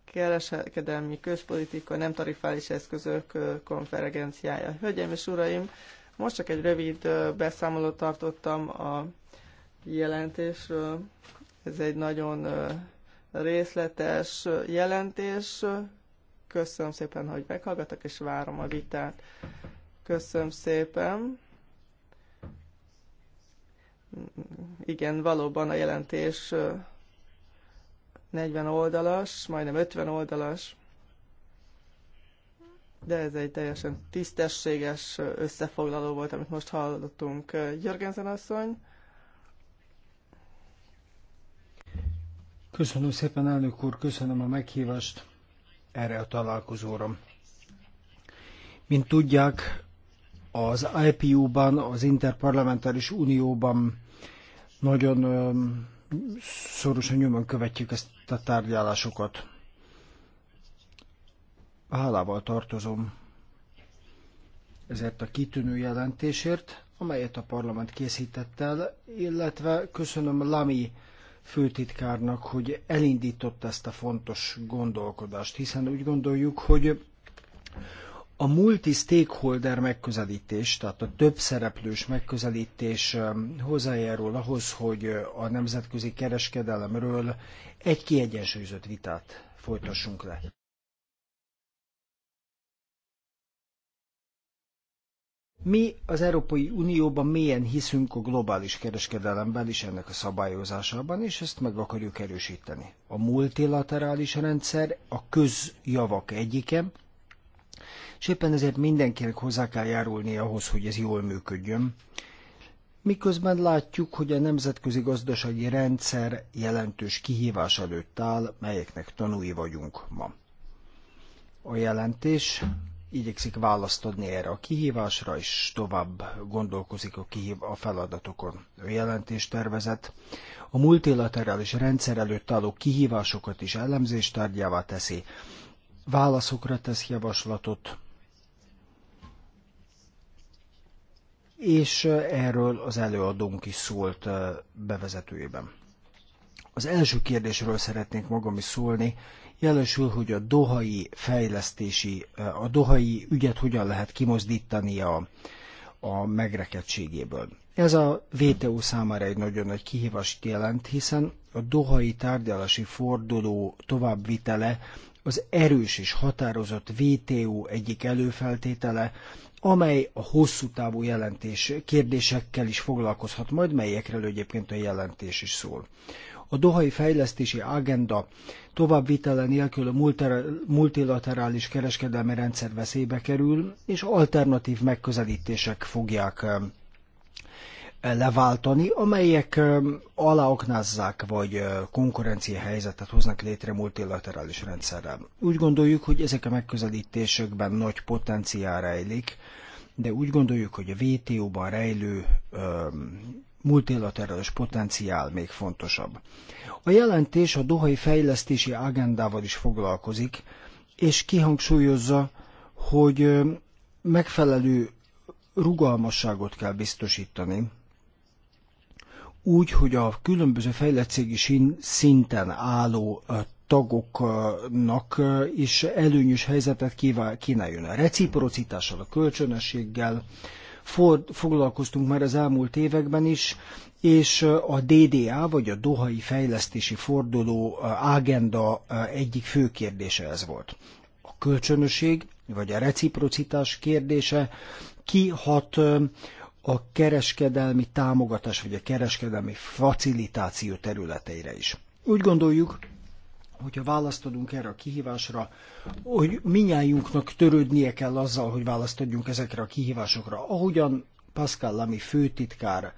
[SPEAKER 3] kereskedelmi közpolitika, nem tarifális eszközök konvergenciája Hölgyeim és uraim, most csak egy rövid beszámolót tartottam a jelentésről, ez egy nagyon részletes jelentés. Köszönöm szépen, hogy meghallgattak, és várom a vitát. Köszönöm szépen. Igen, valóban a jelentés 40 oldalas, majdnem 50 oldalas, de ez egy teljesen tisztességes összefoglaló volt, amit most hallottunk. Jörgensen asszony.
[SPEAKER 1] Köszönöm szépen, elnök úr, köszönöm a meghívást erre a találkozóra. Mint tudják, az IPU-ban, az Interparlamentáris Unióban nagyon szorosan nyomon követjük ezt a tárgyalásokat. Hálával tartozom ezért a kitűnő jelentésért, amelyet a parlament készített el, illetve köszönöm Lami főtitkárnak, hogy elindított ezt a fontos gondolkodást, hiszen úgy gondoljuk, hogy a multi-stakeholder megközelítés, tehát a több szereplős megközelítés um, hozzájárul ahhoz, hogy a nemzetközi kereskedelemről egy kiegyensúlyozott vitát folytassunk le. Mi az Európai Unióban mélyen hiszünk a globális kereskedelemben és ennek a szabályozásában, és ezt meg akarjuk erősíteni. A multilaterális rendszer a közjavak egyike, és éppen ezért mindenkinek hozzá kell járulni ahhoz, hogy ez jól működjön. Miközben látjuk, hogy a nemzetközi gazdasági rendszer jelentős kihívás előtt áll, melyeknek tanúi vagyunk ma. A jelentés igyekszik választ adni erre a kihívásra, és tovább gondolkozik a, kihív a feladatokon. A jelentés tervezet a multilaterális rendszer előtt álló kihívásokat is elemzést tárgyává teszi, válaszokra tesz javaslatot, és eh, erről az előadónk is szólt eh, bevezetőjében. Az első kérdésről szeretnék magam is szólni, jelesül, hogy a dohai fejlesztési, eh, a dohai ügyet hogyan lehet kimozdítani a, a megrekedtségéből. Ez a VTO számára egy nagyon nagy kihívást jelent, hiszen a dohai tárgyalási forduló továbbvitele az erős és határozott VTO egyik előfeltétele, amely a hosszú távú jelentés kérdésekkel is foglalkozhat majd, melyekről egyébként a jelentés is szól. A Dohai Fejlesztési Agenda továbbvitele nélkül a multilaterális kereskedelmi rendszer veszélybe kerül, és alternatív megközelítések fogják e, leváltani, amelyek e, aláoknázzák vagy e, konkurencia helyzetet hoznak létre multilaterális rendszerrel. Úgy gondoljuk, hogy ezek a megközelítésekben nagy potenciál rejlik, de úgy gondoljuk, hogy a WTO-ban rejlő multilaterális potenciál még fontosabb. A jelentés a Dohai fejlesztési agendával is foglalkozik, és kihangsúlyozza, hogy megfelelő rugalmasságot kell biztosítani, úgy, hogy a különböző fejlettségi szinten álló tagoknak is előnyös helyzetet kínáljon a reciprocitással, a kölcsönösséggel, foglalkoztunk már az elmúlt években is, és a DDA, vagy a Dohai Fejlesztési Forduló ágenda egyik fő kérdése ez volt. A kölcsönösség, vagy a reciprocitás kérdése kihat a kereskedelmi támogatás, vagy a kereskedelmi facilitáció területeire is. Úgy gondoljuk, hogyha választ adunk erre a kihívásra, hogy minnyájunknak törődnie kell azzal, hogy választ adjunk ezekre a kihívásokra. Ahogyan Pascal Lamy főtitkár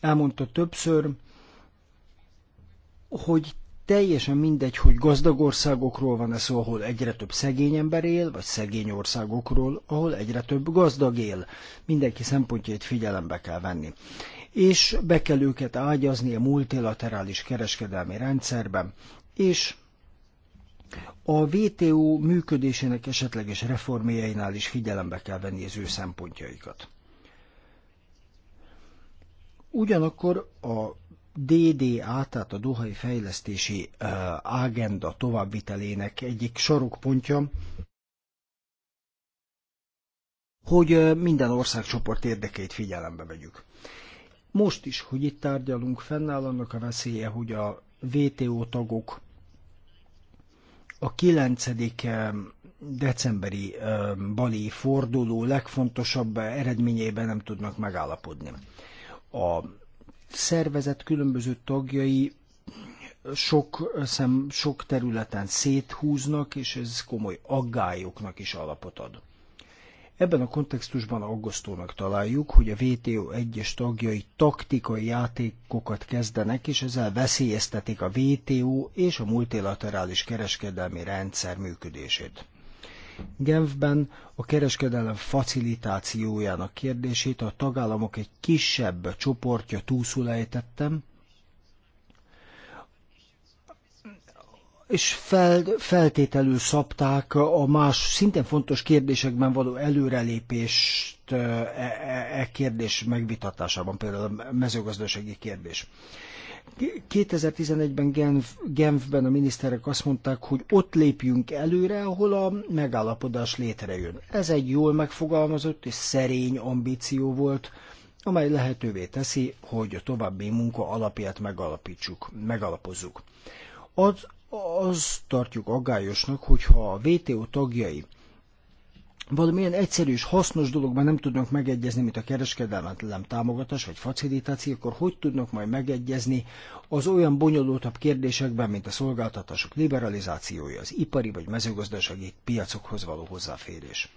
[SPEAKER 1] elmondta többször, hogy teljesen mindegy, hogy gazdag országokról van ez szó, ahol egyre több szegény ember él, vagy szegény országokról, ahol egyre több gazdag él. Mindenki szempontjait figyelembe kell venni. És be kell őket ágyazni a multilaterális kereskedelmi rendszerben, és a WTO működésének esetleges reformjainál is figyelembe kell venni az ő szempontjaikat. Ugyanakkor a DDA, tehát a Dohai Fejlesztési Ágenda továbbvitelének egyik sarokpontja, hogy minden országcsoport érdekeit figyelembe vegyük. Most is, hogy itt tárgyalunk, fennáll annak a veszélye, hogy a WTO tagok a 9. decemberi bali forduló legfontosabb eredményeiben nem tudnak megállapodni. A szervezet különböző tagjai sok, szem, sok területen széthúznak, és ez komoly aggályoknak is alapot ad. Ebben a kontextusban aggasztónak találjuk, hogy a WTO egyes tagjai taktikai játékokat kezdenek, és ezzel veszélyeztetik a WTO és a multilaterális kereskedelmi rendszer működését. Genfben a kereskedelem facilitációjának kérdését a tagállamok egy kisebb csoportja túlszulejtettem, és fel, feltételül szabták a más szintén fontos kérdésekben való előrelépést e, e, e kérdés megvitatásában, például a mezőgazdasági kérdés. 2011-ben Genf, Genfben a miniszterek azt mondták, hogy ott lépjünk előre, ahol a megállapodás létrejön. Ez egy jól megfogalmazott és szerény ambíció volt, amely lehetővé teszi, hogy a további munka alapját megalapítsuk, megalapozzuk. Az az tartjuk aggályosnak, hogyha a WTO tagjai valamilyen egyszerű és hasznos dologban nem tudnak megegyezni, mint a kereskedelmetlen támogatás vagy facilitáció, akkor hogy tudnak majd megegyezni az olyan bonyolultabb kérdésekben, mint a szolgáltatások liberalizációja, az ipari vagy mezőgazdasági piacokhoz való hozzáférés.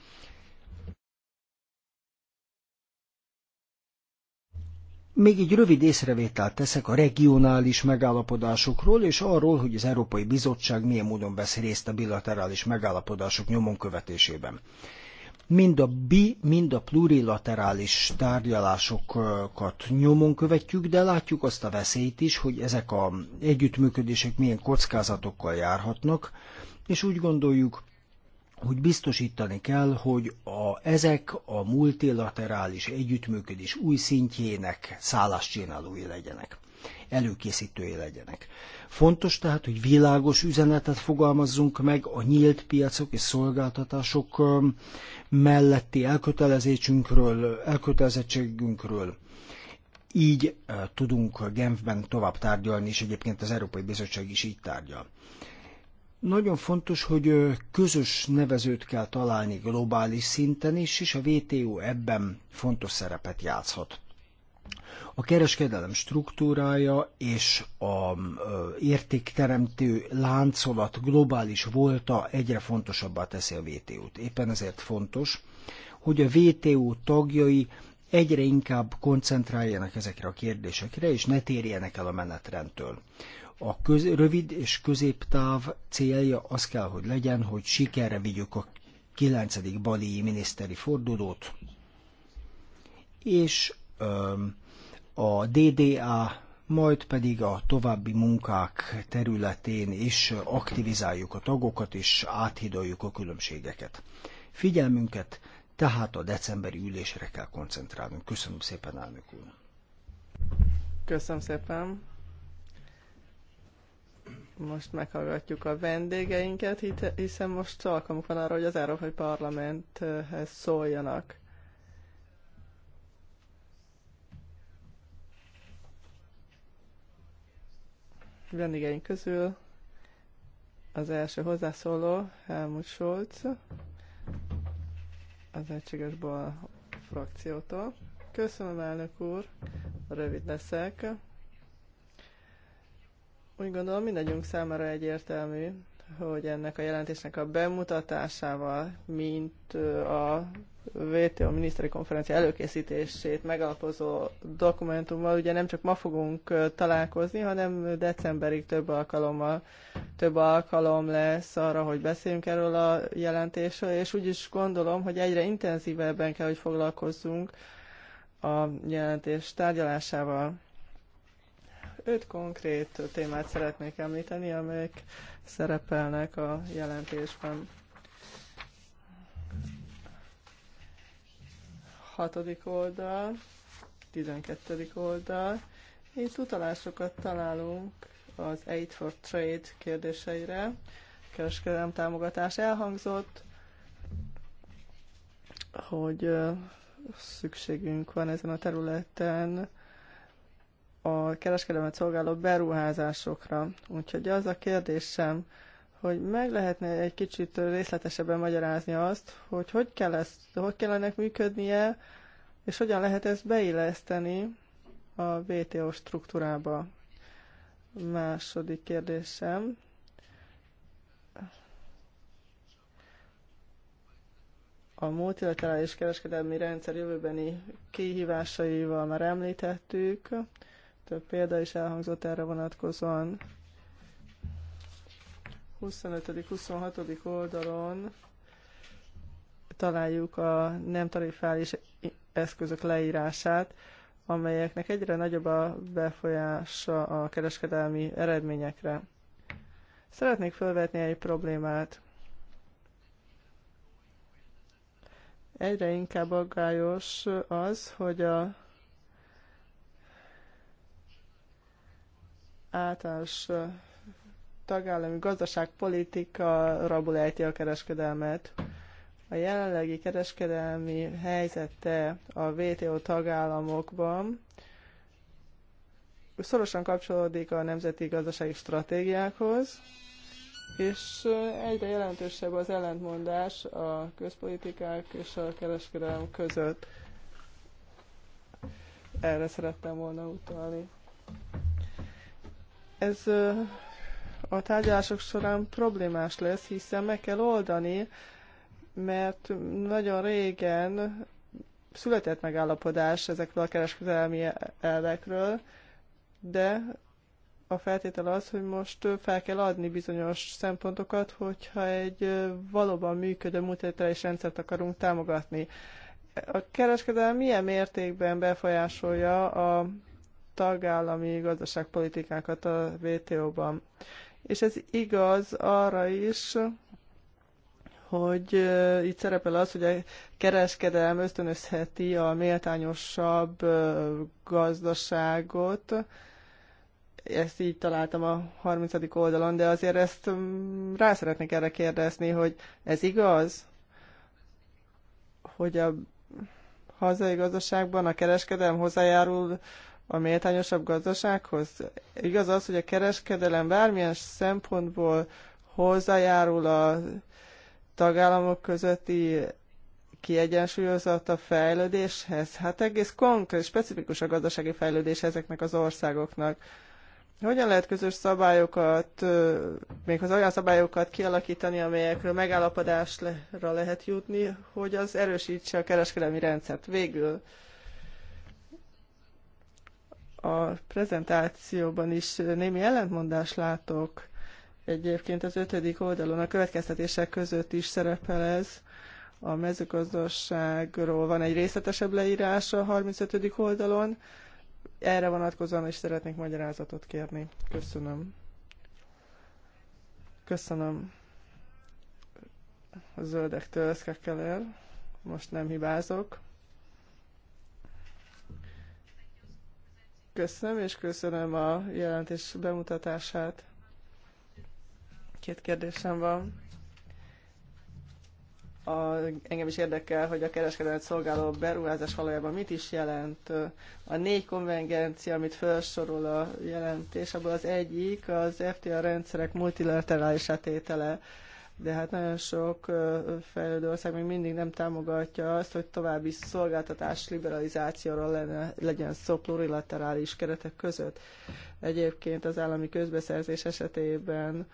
[SPEAKER 1] Még egy rövid észrevételt teszek a regionális megállapodásokról, és arról, hogy az Európai Bizottság milyen módon vesz részt a bilaterális megállapodások nyomon követésében. Mind a bi, mind a plurilaterális tárgyalásokat nyomon követjük, de látjuk azt a veszélyt is, hogy ezek az együttműködések milyen kockázatokkal járhatnak, és úgy gondoljuk, hogy biztosítani kell, hogy a, ezek a multilaterális együttműködés új szintjének szálláscsinálói legyenek, előkészítői legyenek. Fontos tehát, hogy világos üzenetet fogalmazzunk meg a nyílt piacok és szolgáltatások um, melletti elkötelezettségünkről, elkötelezettségünkről. Így uh, tudunk Genfben tovább tárgyalni, és egyébként az Európai Bizottság is így tárgyal. Nagyon fontos, hogy közös nevezőt kell találni globális szinten is, és a WTO ebben fontos szerepet játszhat. A kereskedelem struktúrája és a értékteremtő láncolat globális volta egyre fontosabbá teszi a WTO-t. Éppen ezért fontos, hogy a WTO tagjai egyre inkább koncentráljanak ezekre a kérdésekre, és ne térjenek el a menetrendtől a köz, rövid és középtáv célja az kell, hogy legyen, hogy sikerre vigyük a 9. baléi miniszteri fordulót, és a DDA, majd pedig a további munkák területén is aktivizáljuk a tagokat, és áthidaljuk a különbségeket. Figyelmünket tehát a decemberi ülésre kell
[SPEAKER 3] koncentrálnunk. Köszönöm szépen, elnök úr! Köszönöm szépen! Most meghallgatjuk a vendégeinket, hiszen most alkalmuk van arra, hogy az Európai Parlamenthez szóljanak. Vendégeink közül az első hozzászóló Helmut Scholz, az Egységes Bal frakciótól. Köszönöm, elnök úr, rövid leszek. Úgy gondolom mindegyünk számára egyértelmű, hogy ennek a jelentésnek a bemutatásával, mint a VTO miniszteri konferencia előkészítését megalapozó dokumentummal, ugye nem csak ma fogunk találkozni, hanem decemberig több alkalommal, több alkalom lesz arra, hogy beszéljünk erről a jelentésről, és úgy is gondolom, hogy egyre intenzívebben kell, hogy foglalkozzunk a jelentés tárgyalásával Öt konkrét témát szeretnék említeni, amelyek szerepelnek a jelentésben. Hatodik oldal, tizenkettedik oldal. Itt utalásokat találunk az Aid for Trade kérdéseire. Kereskedelem támogatás elhangzott, hogy szükségünk van ezen a területen a kereskedelmet szolgáló beruházásokra. Úgyhogy az a kérdésem, hogy meg lehetne egy kicsit részletesebben magyarázni azt, hogy hogy, kell ezt, hogy kell ennek működnie, és hogyan lehet ezt beilleszteni a VTO struktúrába. Második kérdésem. A multilaterális kereskedelmi rendszer jövőbeni kihívásaival már említettük. Több példa is elhangzott erre vonatkozóan. 25.-26. oldalon találjuk a nem tarifális eszközök leírását, amelyeknek egyre nagyobb a befolyása a kereskedelmi eredményekre. Szeretnék felvetni egy problémát. Egyre inkább aggályos az, hogy a általános tagállami gazdaságpolitika rabul ejti a kereskedelmet. A jelenlegi kereskedelmi helyzete a WTO tagállamokban szorosan kapcsolódik a nemzeti gazdasági stratégiákhoz, és egyre jelentősebb az ellentmondás a közpolitikák és a kereskedelem között. Erre szerettem volna utalni. Ez a tárgyalások során problémás lesz, hiszen meg kell oldani, mert nagyon régen született megállapodás ezekről a kereskedelmi elvekről, de a feltétel az, hogy most fel kell adni bizonyos szempontokat, hogyha egy valóban működő multilaterális rendszert akarunk támogatni. A kereskedelem milyen mértékben befolyásolja a tagállami gazdaságpolitikákat a WTO-ban. És ez igaz arra is, hogy uh, itt szerepel az, hogy a kereskedelem ösztönözheti a méltányosabb uh, gazdaságot. Ezt így találtam a 30. oldalon, de azért ezt um, rá szeretnék erre kérdezni, hogy ez igaz, hogy a hazai gazdaságban a kereskedelem hozzájárul a méltányosabb gazdasághoz? Igaz az, hogy a kereskedelem bármilyen szempontból hozzájárul a tagállamok közötti kiegyensúlyozott a fejlődéshez? Hát egész konkrét, specifikus a gazdasági fejlődés ezeknek az országoknak. Hogyan lehet közös szabályokat, méghozzá olyan szabályokat kialakítani, amelyekről megállapodásra lehet jutni, hogy az erősítse a kereskedelmi rendszert? Végül a prezentációban is némi ellentmondást látok. Egyébként az ötödik oldalon a következtetések között is szerepel ez. A mezőgazdaságról van egy részletesebb leírás a 35. oldalon. Erre vonatkozóan is szeretnék magyarázatot kérni. Köszönöm. Köszönöm a zöldektől, el. Most nem hibázok. Köszönöm, és köszönöm a jelentés bemutatását. Két kérdésem van. A, engem is érdekel, hogy a kereskedelmet szolgáló beruházás valójában mit is jelent. A négy konvengencia, amit felsorol a jelentés, abból az egyik az FTA rendszerek multilaterális tétele de hát nagyon sok fejlődő ország még mindig nem támogatja azt, hogy további szolgáltatás liberalizációra lenne, legyen szó plurilaterális keretek között. Egyébként az állami közbeszerzés esetében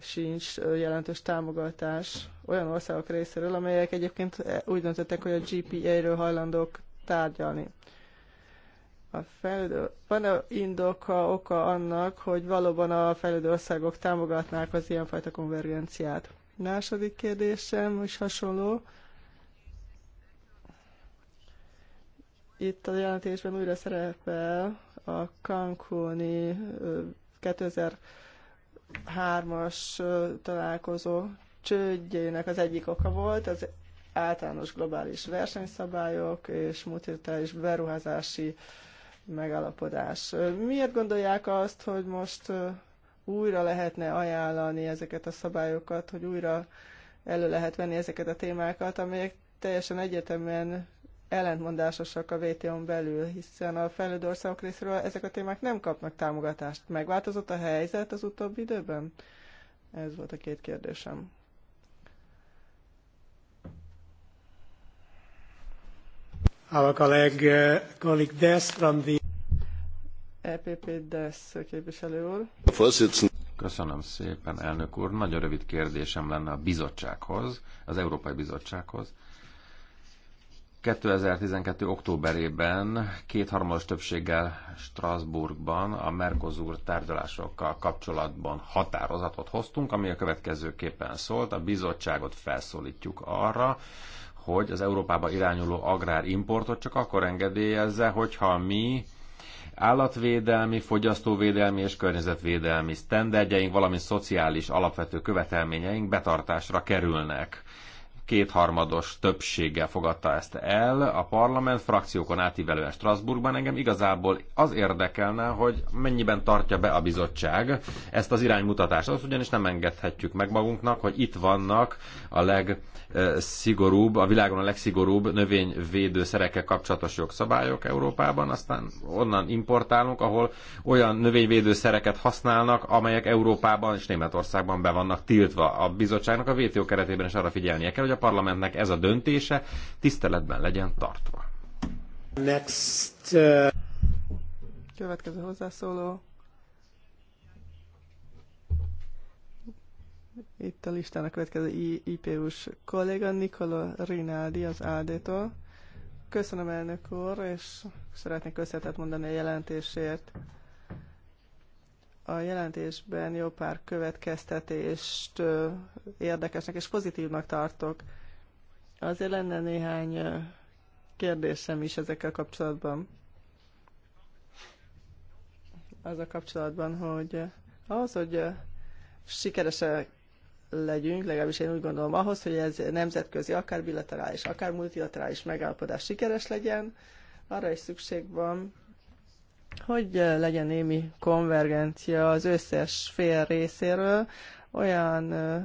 [SPEAKER 3] sincs jelentős támogatás olyan országok részéről, amelyek egyébként úgy döntöttek, hogy a GPA-ről hajlandók tárgyalni. A fejlődő, van -e indoka, oka annak, hogy valóban a fejlődő országok támogatnák az ilyenfajta konvergenciát? Második kérdésem is hasonló. Itt a jelentésben újra szerepel a Cancúni 2003-as találkozó csődjének az egyik oka volt, az általános globális versenyszabályok és multilaterális beruházási megállapodás. Miért gondolják azt, hogy most újra lehetne ajánlani ezeket a szabályokat, hogy újra elő lehet venni ezeket a témákat, amelyek teljesen egyetemen ellentmondásosak a WTO-n belül, hiszen a fejlődő országok részéről ezek a témák nem kapnak támogatást. Megváltozott a helyzet az utóbbi időben? Ez volt a két kérdésem.
[SPEAKER 1] Our colleague,
[SPEAKER 3] uh, colleague Des from the EPP DESZ képviselő úr.
[SPEAKER 2] Köszönöm szépen, elnök úr. Nagyon rövid kérdésem lenne a bizottsághoz, az Európai Bizottsághoz. 2012. októberében kétharmados többséggel Strasbourgban a Mercosur tárgyalásokkal kapcsolatban határozatot hoztunk, ami a következőképpen szólt. A bizottságot felszólítjuk arra, hogy az Európába irányuló agrárimportot csak akkor engedélyezze, hogyha mi Állatvédelmi, fogyasztóvédelmi és környezetvédelmi sztenderdjeink, valamint szociális alapvető követelményeink betartásra kerülnek kétharmados többséggel fogadta ezt el a parlament frakciókon átívelően Strasbourgban. Engem igazából az érdekelne, hogy mennyiben tartja be a bizottság ezt az iránymutatást. Azt ugyanis nem engedhetjük meg magunknak, hogy itt vannak a legszigorúbb, a világon a legszigorúbb szerekkel kapcsolatos jogszabályok Európában, aztán onnan importálunk, ahol olyan szereket használnak, amelyek Európában és Németországban be vannak tiltva. A bizottságnak a WTO keretében és arra figyelnie kell, hogy a parlamentnek ez a döntése tiszteletben legyen tartva. Next. Uh...
[SPEAKER 3] Következő hozzászóló. Itt a listán a következő IPU-s kolléga Nikola Rinaldi az AD-tól. Köszönöm elnök úr, és szeretnék összetett mondani a jelentésért a jelentésben jó pár következtetést érdekesnek és pozitívnak tartok. Azért lenne néhány kérdésem is ezekkel kapcsolatban. Az a kapcsolatban, hogy ahhoz, hogy sikeresek legyünk, legalábbis én úgy gondolom, ahhoz, hogy ez nemzetközi, akár bilaterális, akár multilaterális megállapodás sikeres legyen, arra is szükség van, hogy eh, legyen némi konvergencia az összes fél részéről olyan eh,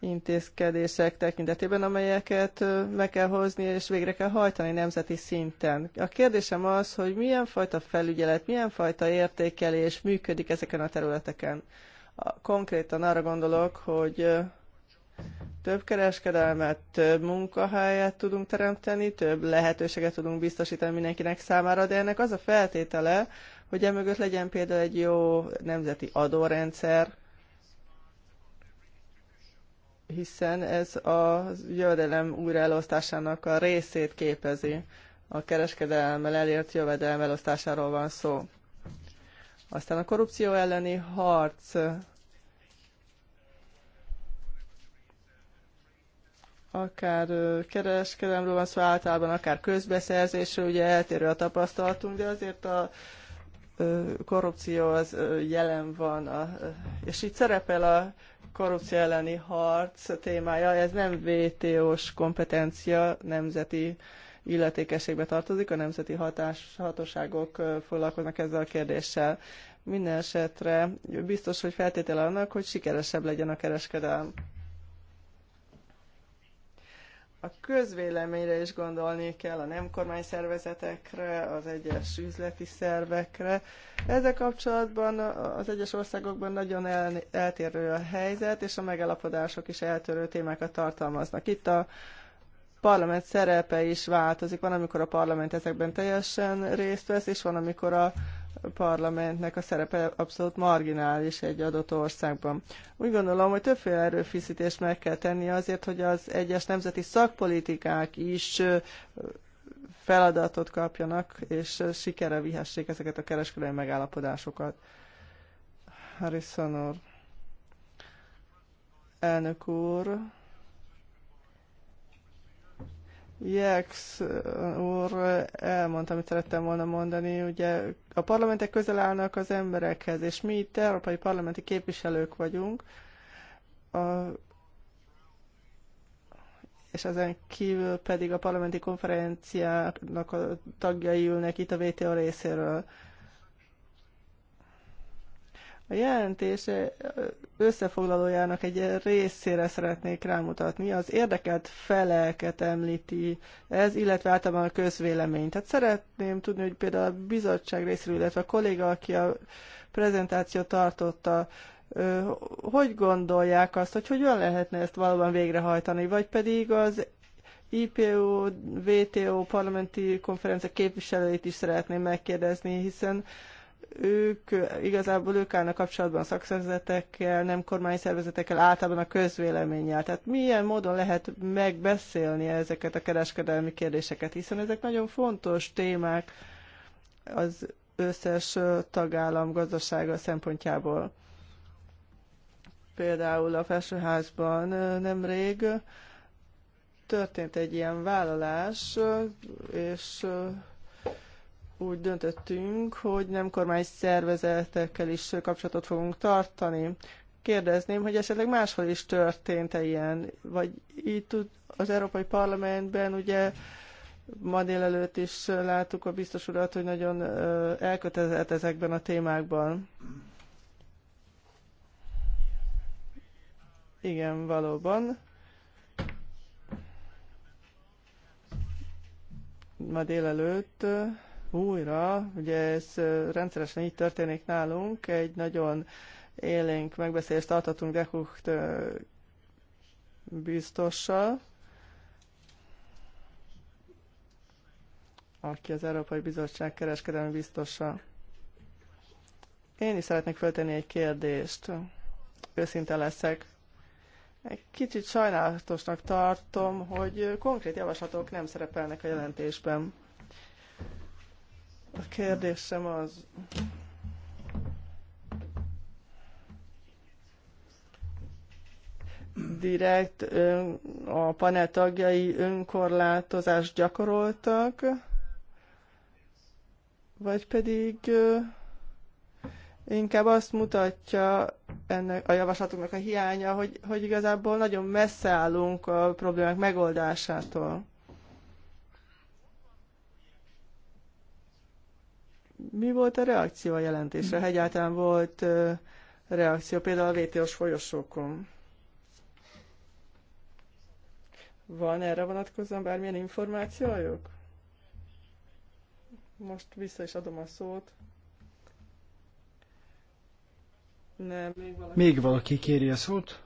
[SPEAKER 3] intézkedések tekintetében, amelyeket eh, meg kell hozni és végre kell hajtani nemzeti szinten. A kérdésem az, hogy milyen fajta felügyelet, milyen fajta értékelés működik ezeken a területeken. Konkrétan arra gondolok, hogy több kereskedelmet, több munkahelyet tudunk teremteni, több lehetőséget tudunk biztosítani mindenkinek számára, de ennek az a feltétele, hogy emögött legyen például egy jó nemzeti adórendszer, hiszen ez a jövedelem újraelosztásának a részét képezi. A kereskedelemmel elért jövedelem elosztásáról van szó. Aztán a korrupció elleni harc akár kereskedelemről van szó általában, akár közbeszerzésről, ugye eltérő a tapasztalatunk, de azért a korrupció az jelen van. A, és itt szerepel a korrupció elleni harc témája, ez nem VTO-s kompetencia, nemzeti illetékességbe tartozik, a nemzeti hatás, hatóságok foglalkoznak ezzel a kérdéssel. Minden esetre biztos, hogy feltétele annak, hogy sikeresebb legyen a kereskedelem. A közvéleményre is gondolni kell, a nem szervezetekre, az egyes üzleti szervekre. Ezzel kapcsolatban az egyes országokban nagyon el, eltérő a helyzet, és a megalapodások is eltérő témákat tartalmaznak. Itt a parlament szerepe is változik. Van, amikor a parlament ezekben teljesen részt vesz, és van, amikor a parlamentnek a szerepe abszolút marginális egy adott országban. Úgy gondolom, hogy többféle erőfeszítést meg kell tenni azért, hogy az egyes nemzeti szakpolitikák is feladatot kapjanak, és sikere vihessék ezeket a kereskedelmi megállapodásokat. Harrison úr. Elnök úr. Jex eh, úr elmondta, amit szerettem volna mondani. Ugye a parlamentek közel állnak az emberekhez, és mi itt európai parlamenti képviselők vagyunk, a, és ezen kívül pedig a parlamenti konferenciának a tagjai ülnek itt a VTO részéről. A jelentés összefoglalójának egy részére szeretnék rámutatni. Az érdekelt feleket említi ez, illetve általában a közvéleményt. Tehát szeretném tudni, hogy például a bizottság részéről, illetve a kolléga, aki a prezentációt tartotta, hogy gondolják azt, hogy hogyan lehetne ezt valóban végrehajtani, vagy pedig az IPO, VTO parlamenti konferencia képviselőit is szeretném megkérdezni, hiszen ők igazából ők állnak kapcsolatban a szakszervezetekkel, nem kormányszervezetekkel, általában a közvéleménnyel. Tehát milyen módon lehet megbeszélni ezeket a kereskedelmi kérdéseket, hiszen ezek nagyon fontos témák az összes tagállam gazdasága szempontjából. Például a felsőházban nemrég történt egy ilyen vállalás, és úgy döntöttünk, hogy nem kormány szervezetekkel is kapcsolatot fogunk tartani. Kérdezném, hogy esetleg máshol is történt-e ilyen, vagy itt az Európai Parlamentben ugye ma délelőtt is láttuk a biztos urat, hogy nagyon elkötelezett ezekben a témákban. Igen, valóban. Ma délelőtt újra, ugye ez rendszeresen így történik nálunk, egy nagyon élénk megbeszélést tartottunk Dehucht biztossal, aki az Európai Bizottság kereskedelmi biztosa. Én is szeretnék föltenni egy kérdést. Őszinte leszek. Egy kicsit sajnálatosnak tartom, hogy konkrét javaslatok nem szerepelnek a jelentésben. A kérdésem az, direkt ön, a panel tagjai önkorlátozást gyakoroltak, vagy pedig inkább azt mutatja ennek a javaslatunknak a hiánya, hogy, hogy igazából nagyon messze állunk a problémák megoldásától. mi volt a reakció a jelentésre? Ha egyáltalán volt reakció például a VTO-s folyosókon? Van erre vonatkozóan bármilyen információjuk? Most vissza is adom a szót. Nem, még valaki, még
[SPEAKER 1] valaki kéri a szót?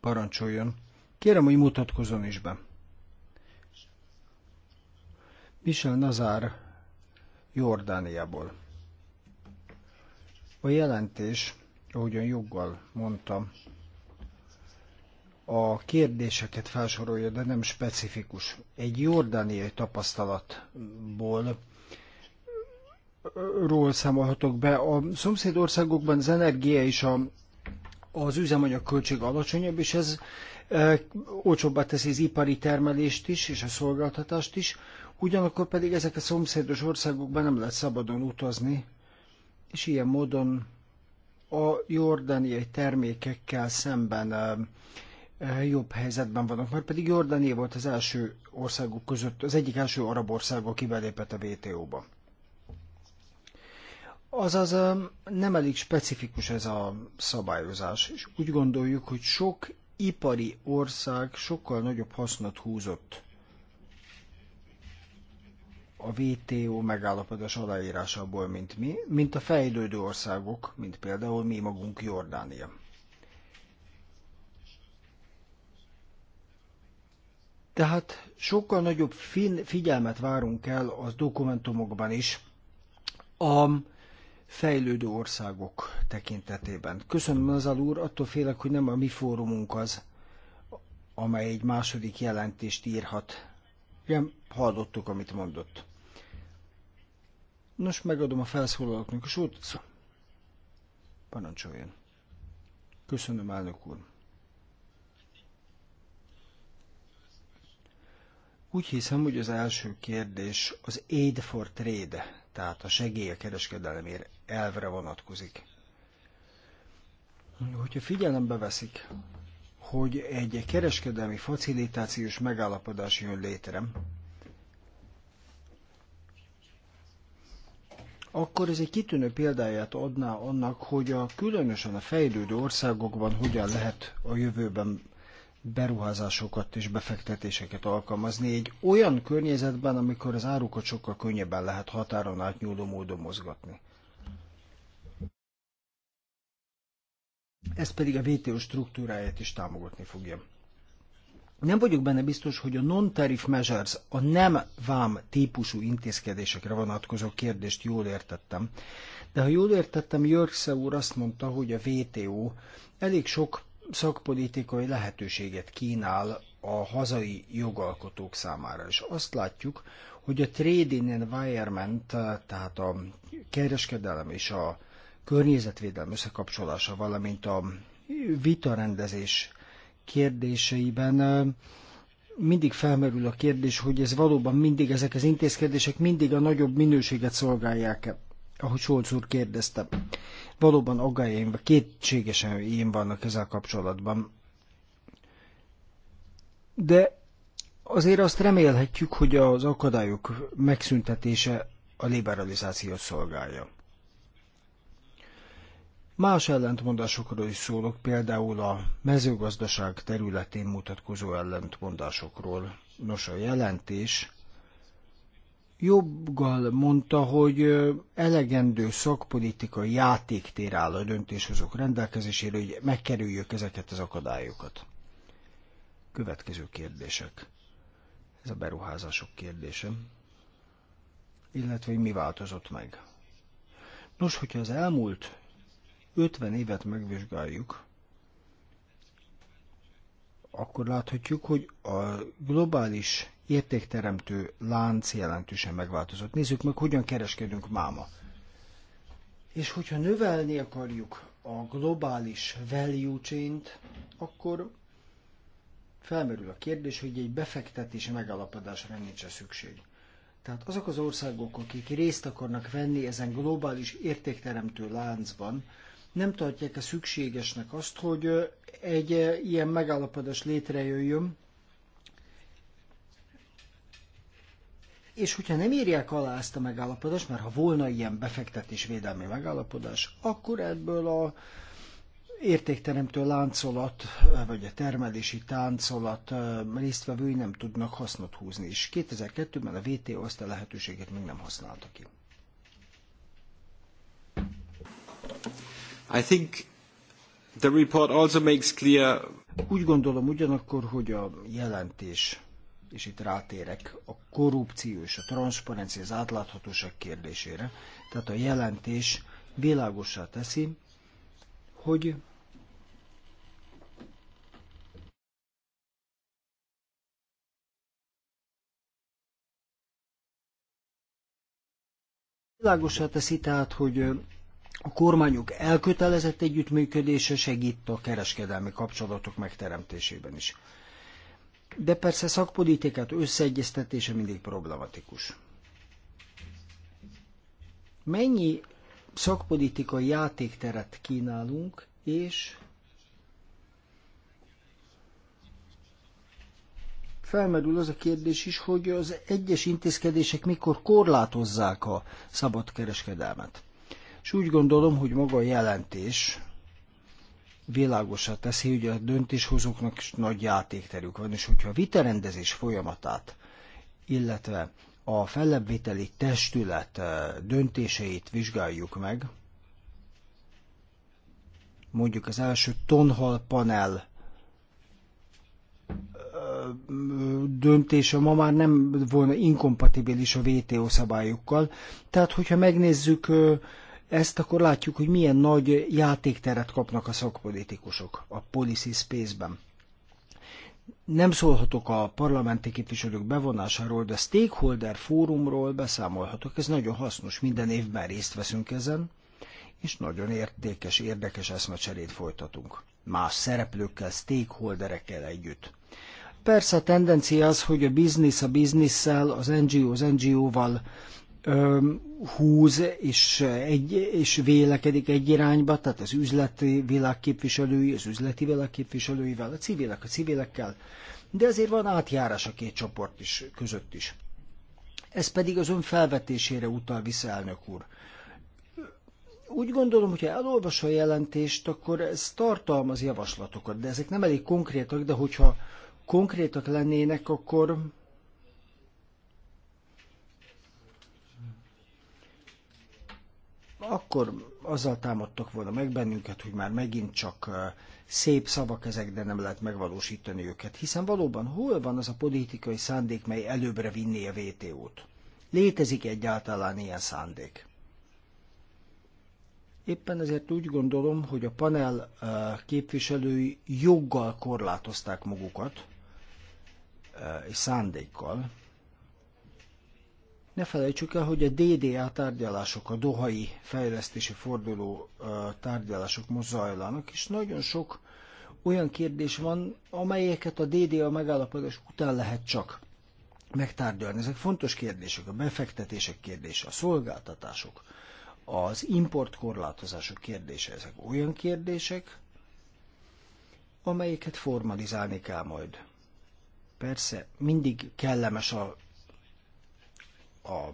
[SPEAKER 1] Parancsoljon. Kérem, hogy mutatkozom is be. Michel Nazar Jordániából. A jelentés, ahogyan joggal mondtam, a kérdéseket felsorolja, de nem specifikus. Egy jordániai tapasztalatból ról számolhatok be. A szomszéd országokban az energia és a, az üzemanyag költség alacsonyabb, és ez e, olcsóbbá teszi az ipari termelést is, és a szolgáltatást is. Ugyanakkor pedig ezek a szomszédos országokban nem lehet szabadon utazni, és ilyen módon a jordániai termékekkel szemben jobb helyzetben vannak, mert pedig Jordánia volt az első országok között, az egyik első arab ország, aki belépett a WTO-ba. Azaz nem elég specifikus ez a szabályozás, és úgy gondoljuk, hogy sok ipari ország sokkal nagyobb hasznot húzott a WTO megállapodás aláírásából, mint mi, mint a fejlődő országok, mint például mi magunk Jordánia. Tehát sokkal nagyobb figyelmet várunk el az dokumentumokban is a fejlődő országok tekintetében. Köszönöm az úr, attól félek, hogy nem a mi fórumunk az, amely egy második jelentést írhat. Igen, hallottuk, amit mondott. Nos, megadom a felszólalóknak a sót. Parancsoljon. Köszönöm, elnök úr. Úgy hiszem, hogy az első kérdés az aid for trade, tehát a kereskedelemért elvre vonatkozik. Hogyha figyelembe veszik, hogy egy kereskedelmi facilitációs megállapodás jön létre, akkor ez egy kitűnő példáját adná annak, hogy a különösen a fejlődő országokban hogyan lehet a jövőben beruházásokat és befektetéseket alkalmazni egy olyan környezetben, amikor az árukat sokkal könnyebben lehet határon átnyúló módon mozgatni. Ez pedig a VTO struktúráját is támogatni fogja. Nem vagyok benne biztos, hogy a non-tariff measures, a nem vám típusú intézkedésekre vonatkozó kérdést jól értettem. De ha jól értettem, Jörgsze úr azt mondta, hogy a WTO elég sok szakpolitikai lehetőséget kínál a hazai jogalkotók számára, és azt látjuk, hogy a trading environment, tehát a kereskedelem és a környezetvédelem összekapcsolása, valamint a vitarendezés kérdéseiben mindig felmerül a kérdés, hogy ez valóban mindig, ezek az intézkedések mindig a nagyobb minőséget szolgálják-e, ahogy Solc úr kérdezte. Valóban aggájaim, vagy kétségesen én vannak ezzel kapcsolatban. De azért azt remélhetjük, hogy az akadályok megszüntetése a liberalizációt szolgálja. Más ellentmondásokról is szólok, például a mezőgazdaság területén mutatkozó ellentmondásokról. Nos, a jelentés joggal mondta, hogy elegendő szakpolitikai játéktér áll a döntéshozók rendelkezésére, hogy megkerüljük ezeket az akadályokat. Következő kérdések. Ez a beruházások kérdése. Illetve, hogy mi változott meg. Nos, hogyha az elmúlt 50 évet megvizsgáljuk, akkor láthatjuk, hogy a globális értékteremtő lánc jelentősen megváltozott. Nézzük meg, hogyan kereskedünk máma. És hogyha növelni akarjuk a globális value chain akkor felmerül a kérdés, hogy egy befektetési megállapodásra nincs -e szükség. Tehát azok az országok, akik részt akarnak venni ezen globális értékteremtő láncban, nem tartják-e szükségesnek azt, hogy egy ilyen megállapodás létrejöjjön, és hogyha nem írják alá ezt a megállapodást, mert ha volna ilyen befektetésvédelmi megállapodás, akkor ebből a értékteremtő láncolat, vagy a termelési táncolat résztvevői nem tudnak hasznot húzni, és 2002-ben a VTO azt a lehetőséget még nem használta ki.
[SPEAKER 2] I think the report also makes clear...
[SPEAKER 1] Úgy gondolom ugyanakkor, hogy a jelentés, és itt rátérek, a korrupció és a transzparencia, az átláthatóság kérdésére, tehát a jelentés világosá teszi, hogy Világosá teszi tehát, hogy a kormányok elkötelezett együttműködése segít a kereskedelmi kapcsolatok megteremtésében is. De persze szakpolitikát összeegyeztetése mindig problematikus. Mennyi szakpolitikai játékteret kínálunk, és felmerül az a kérdés is, hogy az egyes intézkedések mikor korlátozzák a szabad kereskedelmet és úgy gondolom, hogy maga a jelentés világosá teszi, hogy a döntéshozóknak is nagy játékterük van, és hogyha a vitarendezés folyamatát, illetve a fellebbvételi testület eh, döntéseit vizsgáljuk meg, mondjuk az első tonhal panel eh, döntése ma már nem volna inkompatibilis a VTO szabályokkal. Tehát, hogyha megnézzük eh, ezt, akkor látjuk, hogy milyen nagy játékteret kapnak a szakpolitikusok a policy space-ben. Nem szólhatok a parlamenti képviselők bevonásáról, de a stakeholder fórumról beszámolhatok. Ez nagyon hasznos, minden évben részt veszünk ezen, és nagyon értékes, érdekes eszmecserét folytatunk. Más szereplőkkel, stakeholderekkel együtt. Persze a tendencia az, hogy a biznisz a bizniszsel, az NGO az NGO-val húz és, egy, és vélekedik egy irányba, tehát az üzleti világ képviselői, az üzleti világ a civilek, a civilekkel, de azért van átjárás a két csoport is, között is. Ez pedig az ön felvetésére utal vissza, elnök úr. Úgy gondolom, hogyha elolvas a jelentést, akkor ez tartalmaz javaslatokat, de ezek nem elég konkrétak, de hogyha konkrétak lennének, akkor akkor azzal támadtak volna meg bennünket, hogy már megint csak szép szavak ezek, de nem lehet megvalósítani őket. Hiszen valóban hol van az a politikai szándék, mely előbbre vinné a VTO-t? Létezik egyáltalán ilyen szándék? Éppen ezért úgy gondolom, hogy a panel képviselői joggal korlátozták magukat, és szándékkal, ne felejtsük el, hogy a DDA tárgyalások, a dohai fejlesztési forduló tárgyalások most zajlanak, és nagyon sok olyan kérdés van, amelyeket a DDA megállapodás után lehet csak megtárgyalni. Ezek fontos kérdések, a befektetések kérdése, a szolgáltatások, az importkorlátozások kérdése, ezek olyan kérdések, amelyeket formalizálni kell majd. Persze, mindig kellemes a a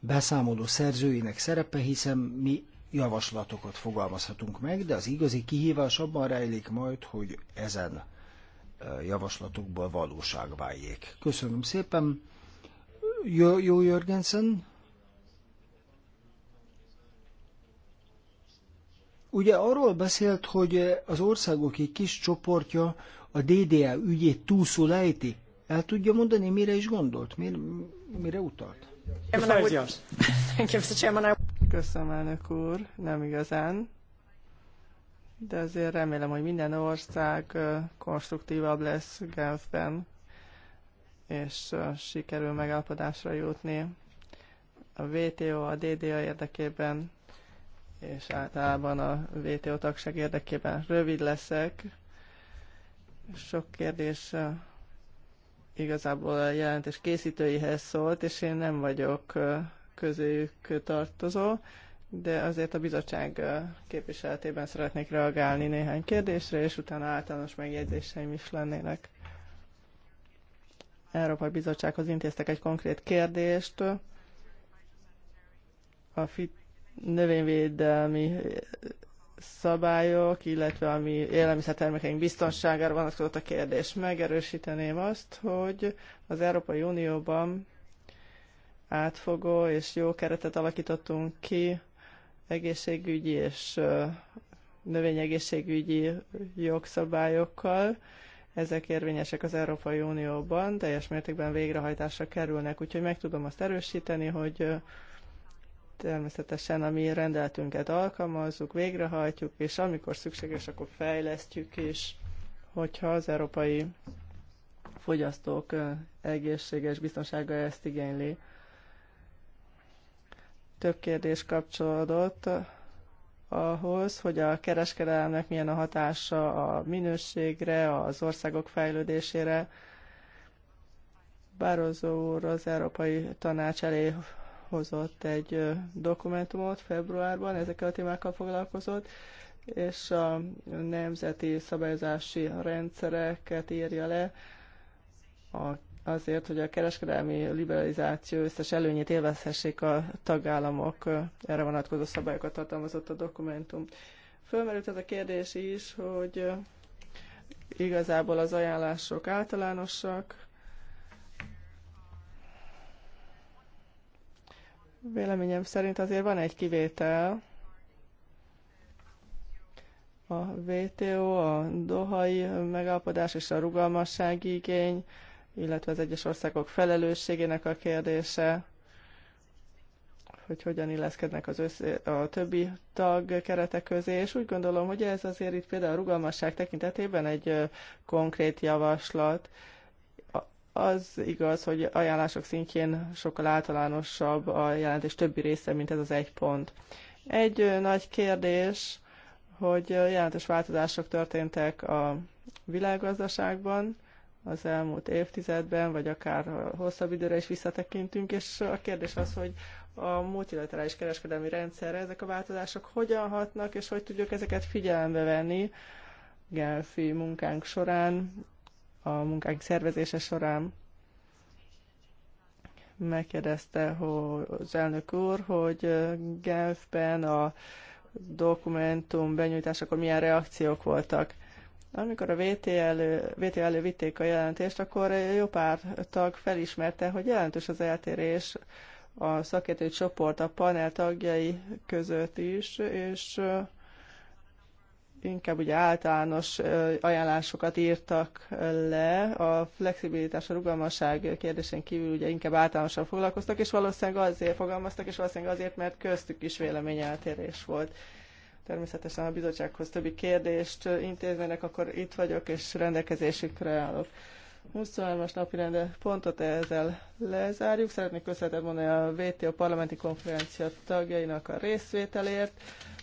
[SPEAKER 1] beszámoló szerzőinek szerepe, hiszen mi javaslatokat fogalmazhatunk meg, de az igazi kihívás abban rejlik majd, hogy ezen e, javaslatokból valóság váljék. Köszönöm szépen. Jó, jó Jörgensen. Ugye arról beszélt, hogy az országok egy kis csoportja a DDL e ügyét túlszul ejti, el tudja mondani, mire is
[SPEAKER 3] gondolt, mire, mire utalt? Köszönöm, elnök úr, nem igazán. De azért remélem, hogy minden ország konstruktívabb lesz Genfben, és sikerül megállapodásra jutni a WTO, a DDA érdekében, és általában a WTO tagság érdekében rövid leszek. Sok kérdés igazából a jelentés készítőihez szólt, és én nem vagyok közéjük tartozó, de azért a bizottság képviseletében szeretnék reagálni néhány kérdésre, és utána általános megjegyzéseim is lennének. Európai Bizottsághoz intéztek egy konkrét kérdést a fit növényvédelmi szabályok, illetve ami élelmiszertermékeink biztonságára vonatkozott a kérdés. Megerősíteném azt, hogy az Európai Unióban átfogó és jó keretet alakítottunk ki egészségügyi és növényegészségügyi jogszabályokkal. Ezek érvényesek az Európai Unióban, teljes mértékben végrehajtásra kerülnek, úgyhogy meg tudom azt erősíteni, hogy természetesen a mi rendeletünket alkalmazzuk, végrehajtjuk, és amikor szükséges, akkor fejlesztjük is, hogyha az európai fogyasztók egészséges biztonsága ezt igényli. Több kérdés kapcsolódott ahhoz, hogy a kereskedelemnek milyen a hatása a minőségre, az országok fejlődésére. Bározó úr az Európai Tanács elé hozott egy dokumentumot februárban, ezekkel a témákkal foglalkozott, és a nemzeti szabályozási rendszereket írja le a, azért, hogy a kereskedelmi liberalizáció összes előnyét élvezhessék a tagállamok. Erre vonatkozó szabályokat tartalmazott a dokumentum. Fölmerült ez a kérdés is, hogy igazából az ajánlások általánosak, Véleményem szerint azért van egy kivétel. A WTO, a dohai megállapodás és a rugalmassági igény, illetve az egyes országok felelősségének a kérdése, hogy hogyan illeszkednek az össze, a többi tag keretek közé, és úgy gondolom, hogy ez azért itt például a rugalmasság tekintetében egy konkrét javaslat, az igaz, hogy ajánlások szintjén sokkal általánosabb a jelentés többi része, mint ez az egy pont. Egy nagy kérdés, hogy jelentős változások történtek a világgazdaságban az elmúlt évtizedben, vagy akár hosszabb időre is visszatekintünk, és a kérdés az, hogy a multilaterális kereskedelmi rendszerre ezek a változások hogyan hatnak, és hogy tudjuk ezeket figyelembe venni Genfi munkánk során, a munkánk szervezése során. Megkérdezte hogy az elnök úr, hogy Genfben a dokumentum benyújtásakor milyen reakciók voltak. Amikor a VT elő, elő vitték a jelentést, akkor jó pár tag felismerte, hogy jelentős az eltérés a szakértői csoport, a panel tagjai között is, és inkább ugye általános ajánlásokat írtak le, a flexibilitás, a rugalmasság kérdésén kívül ugye inkább általánosan foglalkoztak, és valószínűleg azért fogalmaztak, és valószínűleg azért, mert köztük is véleményeltérés volt. Természetesen a bizottsághoz többi kérdést intéznének, akkor itt vagyok, és rendelkezésükre állok. 23-as napi rende pontot ezzel lezárjuk. Szeretnék köszönetet mondani a VTO parlamenti konferencia tagjainak a részvételért.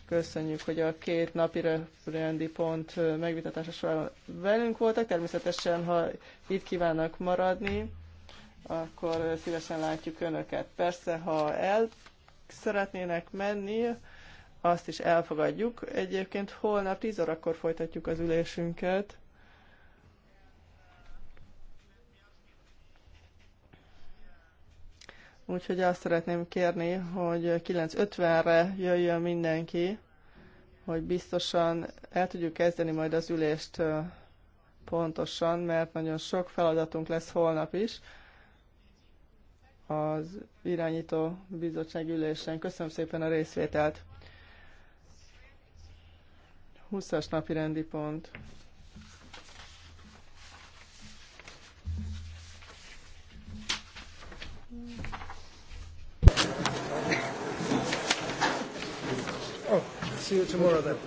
[SPEAKER 3] Köszönjük, hogy a két napi rendi pont megvitatása során velünk voltak. Természetesen, ha itt kívánnak maradni, akkor szívesen látjuk Önöket. Persze, ha el szeretnének menni, azt is elfogadjuk. Egyébként holnap 10 órakor folytatjuk az ülésünket. Úgyhogy azt szeretném kérni, hogy 9.50-re jöjjön mindenki, hogy biztosan el tudjuk kezdeni majd az ülést pontosan, mert nagyon sok feladatunk lesz holnap is az irányító bizottság ülésen. Köszönöm szépen a részvételt. 20-as napi rendi pont.
[SPEAKER 1] See you tomorrow then.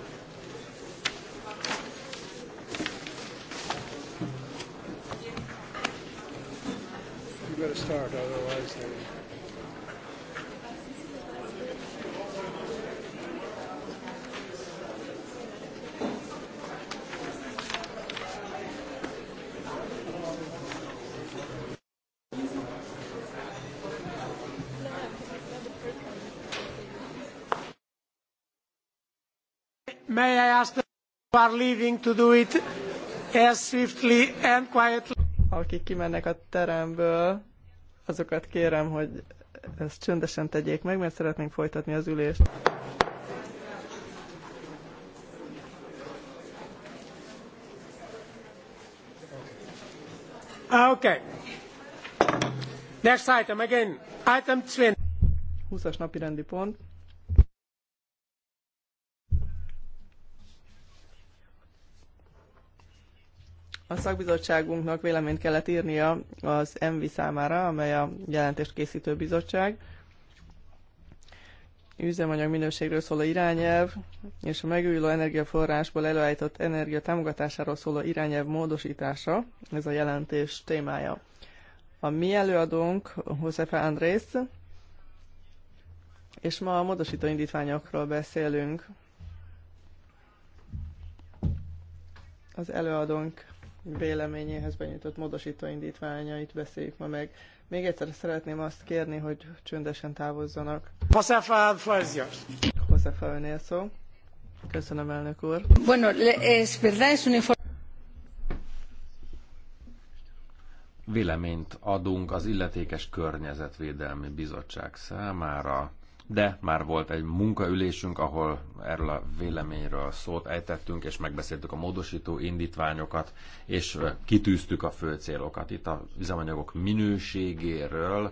[SPEAKER 1] You better start, otherwise. They...
[SPEAKER 3] May I ask the who are leaving to do it as swiftly and quietly? Akik kimennek a teremből, azokat kérem, hogy ezt csöndesen tegyék meg, mert szeretnénk folytatni az ülést. Ah, okay. Next item again. Item 20. 20-as napi rendi pont. A szakbizottságunknak véleményt kellett írnia az MV számára, amely a jelentést készítő bizottság. Üzemanyag minőségről szóló irányelv és a megújuló energiaforrásból előállított energia támogatásáról szóló irányelv módosítása, ez a jelentés témája. A mi előadónk Josefa Andrész, és ma a módosító indítványokról beszélünk. Az előadónk véleményéhez benyújtott módosító indítványait beszéljük ma meg. Még egyszer szeretném azt kérni, hogy csöndesen távozzanak. Josefa, önél szó. Köszönöm, elnök úr. Bueno, es verdad, es
[SPEAKER 2] Véleményt adunk az illetékes környezetvédelmi bizottság számára de már volt egy munkaülésünk, ahol erről a véleményről szót ejtettünk, és megbeszéltük a módosító indítványokat, és kitűztük a fő célokat. Itt a üzemanyagok minőségéről,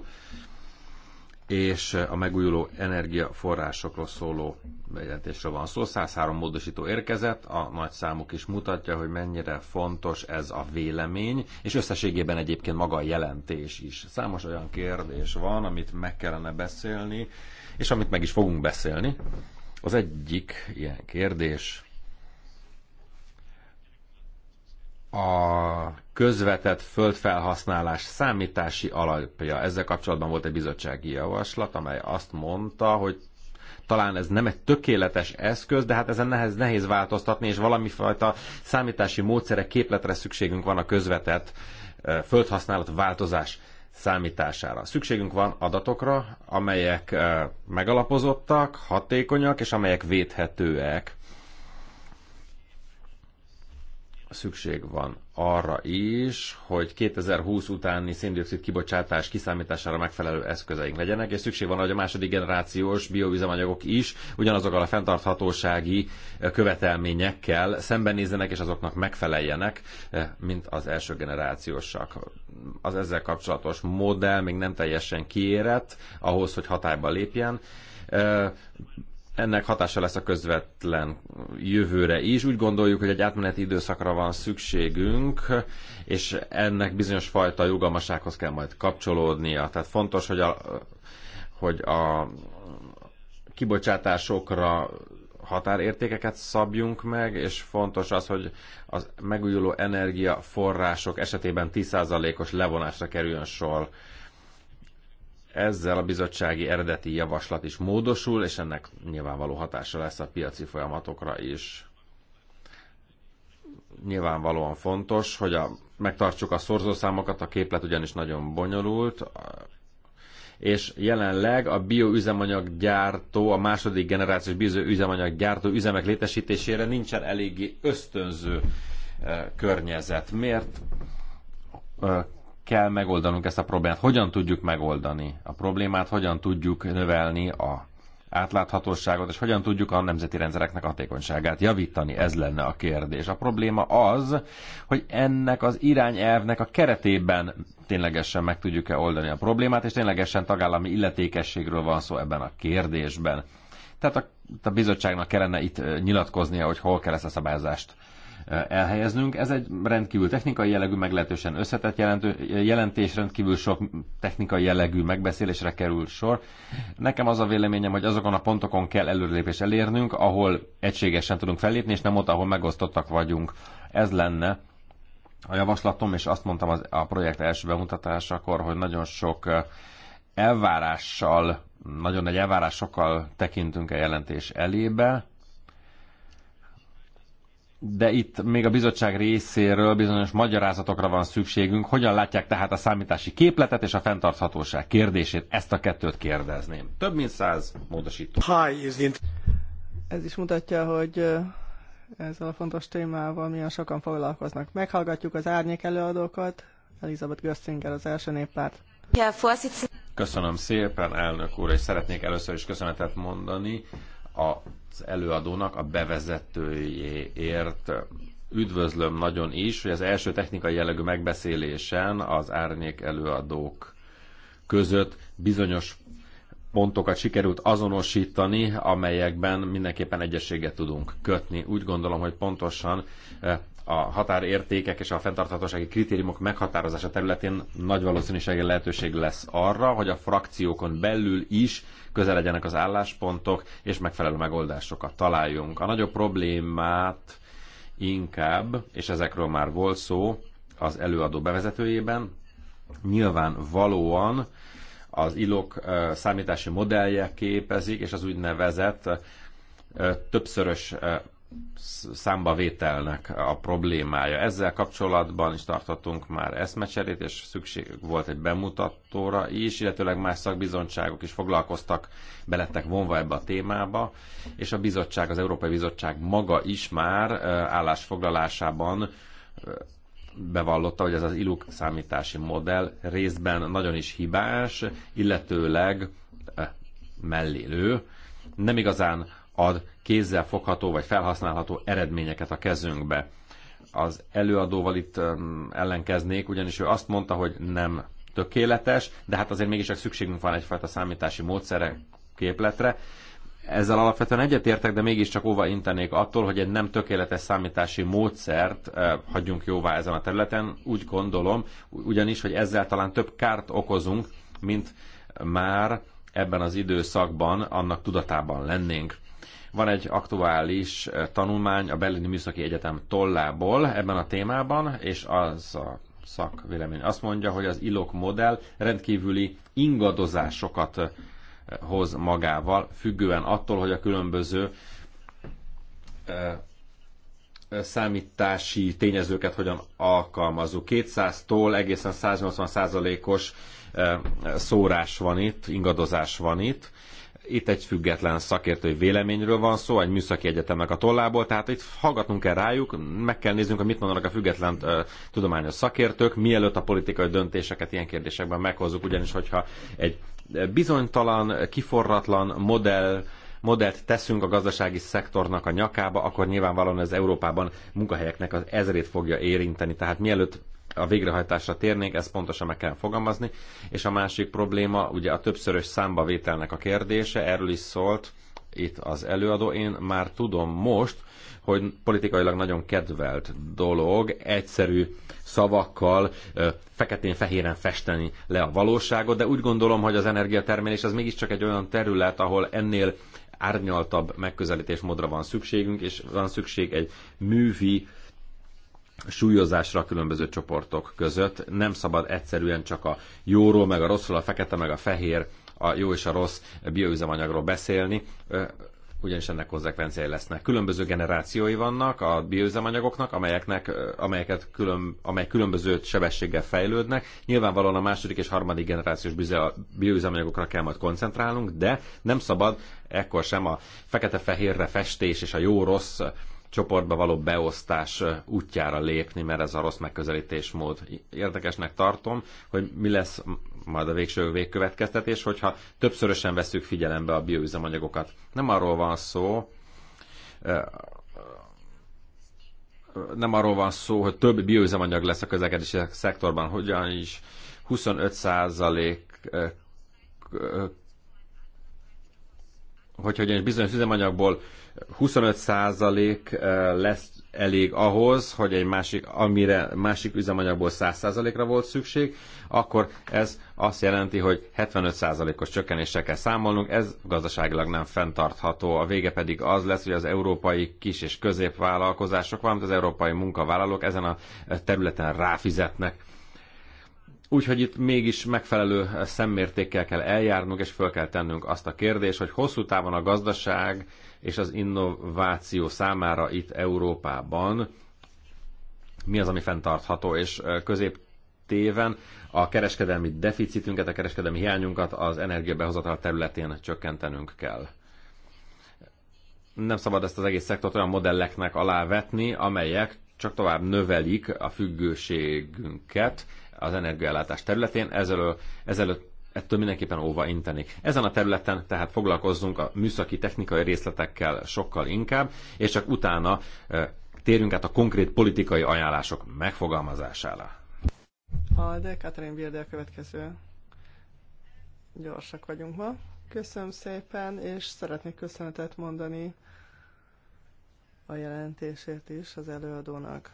[SPEAKER 2] és a megújuló energiaforrásokról szóló bejelentésről van szó. 103 módosító érkezett, a nagy számuk is mutatja, hogy mennyire fontos ez a vélemény, és összességében egyébként maga a jelentés is. Számos olyan kérdés van, amit meg kellene beszélni, és amit meg is fogunk beszélni. Az egyik ilyen kérdés a közvetett földfelhasználás számítási alapja. Ezzel kapcsolatban volt egy bizottsági javaslat, amely azt mondta, hogy talán ez nem egy tökéletes eszköz, de hát ezen nehez, nehéz változtatni, és valami fajta számítási módszere, képletre szükségünk van a közvetett földhasználat változás számítására. Szükségünk van adatokra, amelyek eh, megalapozottak, hatékonyak és amelyek védhetőek. szükség van arra is, hogy 2020 utáni széndiokszid kibocsátás kiszámítására megfelelő eszközeink legyenek, és szükség van, hogy a második generációs bioüzemanyagok is ugyanazokkal a fenntarthatósági eh, követelményekkel szembenézzenek, és azoknak megfeleljenek, eh, mint az első generációsak. Az ezzel kapcsolatos modell még nem teljesen kiérett ahhoz, hogy hatályba lépjen eh, ennek hatása lesz a közvetlen jövőre is. Úgy gondoljuk, hogy egy átmeneti időszakra van szükségünk, és ennek bizonyos fajta jogalmasághoz kell majd kapcsolódnia. Tehát fontos, hogy a, hogy a kibocsátásokra határértékeket szabjunk meg, és fontos az, hogy az megújuló energiaforrások esetében 10%-os levonásra kerüljön sor ezzel a bizottsági eredeti javaslat is módosul, és ennek nyilvánvaló hatása lesz a piaci folyamatokra is. Nyilvánvalóan fontos, hogy a, megtartsuk a szorzószámokat, a képlet ugyanis nagyon bonyolult, és jelenleg a bioüzemanyaggyártó, a második generációs bioüzemanyaggyártó üzemek létesítésére nincsen eléggé ösztönző eh, környezet. Miért eh, kell megoldanunk ezt a problémát? Hogyan tudjuk megoldani a problémát? Hogyan tudjuk növelni a átláthatóságot, és hogyan tudjuk a nemzeti rendszereknek hatékonyságát javítani, ez lenne a kérdés. A probléma az, hogy ennek az irányelvnek a keretében ténylegesen meg tudjuk-e oldani a problémát, és ténylegesen tagállami illetékességről van szó ebben a kérdésben. Tehát a, a bizottságnak kellene itt nyilatkoznia, hogy hol kell ezt a szabályzást elhelyeznünk. Ez egy rendkívül technikai jellegű, meglehetősen összetett jelentő, jelentés, rendkívül sok technikai jellegű megbeszélésre kerül sor. Nekem az a véleményem, hogy azokon a pontokon kell előrelépés elérnünk, ahol egységesen tudunk fellépni, és nem ott, ahol megosztottak vagyunk. Ez lenne a javaslatom, és azt mondtam az, a projekt első bemutatásakor, hogy nagyon sok elvárással, nagyon nagy elvárásokkal tekintünk a jelentés elébe, de itt még a bizottság részéről bizonyos magyarázatokra van szükségünk. Hogyan látják tehát a számítási képletet és a fenntarthatóság kérdését? Ezt a kettőt kérdezném. Több mint száz módosító.
[SPEAKER 3] Ez is mutatja, hogy ezzel a fontos témával milyen sokan foglalkoznak. Meghallgatjuk az árnyék előadókat. Elizabeth Gössinger az első néppárt.
[SPEAKER 2] Köszönöm szépen, elnök úr, és szeretnék először is köszönetet mondani a az előadónak a bevezetőjéért. Üdvözlöm nagyon is, hogy az első technikai jellegű megbeszélésen az árnyék előadók között bizonyos pontokat sikerült azonosítani, amelyekben mindenképpen egyességet tudunk kötni. Úgy gondolom, hogy pontosan eh, a határértékek és a fenntarthatósági kritériumok meghatározása területén nagy valószínűséggel lehetőség lesz arra, hogy a frakciókon belül is közel legyenek az álláspontok, és megfelelő megoldásokat találjunk. A nagyobb problémát inkább, és ezekről már volt szó az előadó bevezetőjében, nyilván valóan az ilok számítási modellje képezik, és az úgynevezett többszörös számbavételnek a problémája. Ezzel kapcsolatban is tartottunk már eszmecserét, és szükség volt egy bemutatóra is, illetőleg más szakbizottságok is foglalkoztak, belettek vonva ebbe a témába, és a bizottság, az Európai Bizottság maga is már állásfoglalásában bevallotta, hogy ez az ILUK számítási modell részben nagyon is hibás, illetőleg mellélő, nem igazán ad kézzel fogható vagy felhasználható eredményeket a kezünkbe. Az előadóval itt ellenkeznék, ugyanis ő azt mondta, hogy nem tökéletes, de hát azért mégis szükségünk van egyfajta számítási módszere, képletre. Ezzel alapvetően egyetértek, de mégiscsak óva intenék attól, hogy egy nem tökéletes számítási módszert eh, hagyjunk jóvá ezen a területen. Úgy gondolom, ugyanis, hogy ezzel talán több kárt okozunk, mint már ebben az időszakban annak tudatában lennénk. Van egy aktuális eh, tanulmány a Berlini Műszaki Egyetem tollából ebben a témában, és az a szakvélemény azt mondja, hogy az ILOK modell rendkívüli ingadozásokat eh, hoz magával, függően attól, hogy a különböző eh, számítási tényezőket hogyan alkalmazunk. 200-tól egészen 180 százalékos szórás van itt, ingadozás van itt, itt egy független szakértői véleményről van szó, egy műszaki egyetemnek a tollából, tehát itt hallgatnunk kell rájuk, meg kell néznünk, hogy mit mondanak a független uh, tudományos szakértők, mielőtt a politikai döntéseket ilyen kérdésekben meghozzuk, ugyanis hogyha egy bizonytalan, kiforratlan modell modellt teszünk a gazdasági szektornak a nyakába, akkor nyilvánvalóan ez Európában munkahelyeknek az ezrét fogja érinteni. Tehát mielőtt a végrehajtásra térnék, ezt pontosan meg kell fogalmazni. És a másik probléma, ugye a többszörös számbavételnek a kérdése, erről is szólt itt az előadó. Én már tudom most, hogy politikailag nagyon kedvelt dolog egyszerű szavakkal feketén-fehéren festeni le a valóságot, de úgy gondolom, hogy az energiatermelés az mégiscsak egy olyan terület, ahol ennél árnyaltabb megközelítésmódra van szükségünk, és van szükség egy művi súlyozásra a különböző csoportok között. Nem szabad egyszerűen csak a jóról, meg a rosszról, a fekete, meg a fehér, a jó és a rossz bioüzemanyagról beszélni, ugyanis ennek konzekvenciái lesznek. Különböző generációi vannak a bioüzemanyagoknak, amelyeknek, amelyeket külön, amely különböző sebességgel fejlődnek. Nyilvánvalóan a második és harmadik generációs bioüzemanyagokra kell majd koncentrálnunk, de nem szabad ekkor sem a fekete-fehérre festés és a jó-rossz csoportba való beosztás útjára lépni, mert ez a rossz megközelítésmód. Érdekesnek tartom, hogy mi lesz majd a végső végkövetkeztetés, hogyha többszörösen veszük figyelembe a bioüzemanyagokat. Nem arról van szó, nem arról van szó, hogy több bioüzemanyag lesz a közlekedési szektorban, hogyan is 25 hogyha ugyanis bizonyos üzemanyagból 25% eh, lesz elég ahhoz, hogy egy másik, amire másik üzemanyagból 100%-ra volt szükség, akkor ez azt jelenti, hogy 75%-os csökkenéssel kell számolnunk, ez gazdaságilag nem fenntartható. A vége pedig az lesz, hogy az európai kis- és középvállalkozások, valamint az európai munkavállalók ezen a területen ráfizetnek. Úgyhogy itt mégis megfelelő szemmértékkel kell eljárnunk, és föl kell tennünk azt a kérdést, hogy hosszú távon a gazdaság és az innováció számára itt Európában mi az, ami fenntartható, és téven a kereskedelmi deficitünket, a kereskedelmi hiányunkat az energiabehozatal területén csökkentenünk kell. Nem szabad ezt az egész szektort olyan modelleknek alávetni, amelyek csak tovább növelik a függőségünket az energiállátás területén, ezelől, ezelőtt ettől mindenképpen óva inteni. Ezen a területen tehát foglalkozzunk a műszaki technikai részletekkel sokkal inkább, és csak utána térjünk át a konkrét politikai ajánlások megfogalmazására.
[SPEAKER 3] A de Katrin Birdel következő. Gyorsak vagyunk ma. Köszönöm szépen, és szeretnék köszönetet mondani a jelentésért is az előadónak.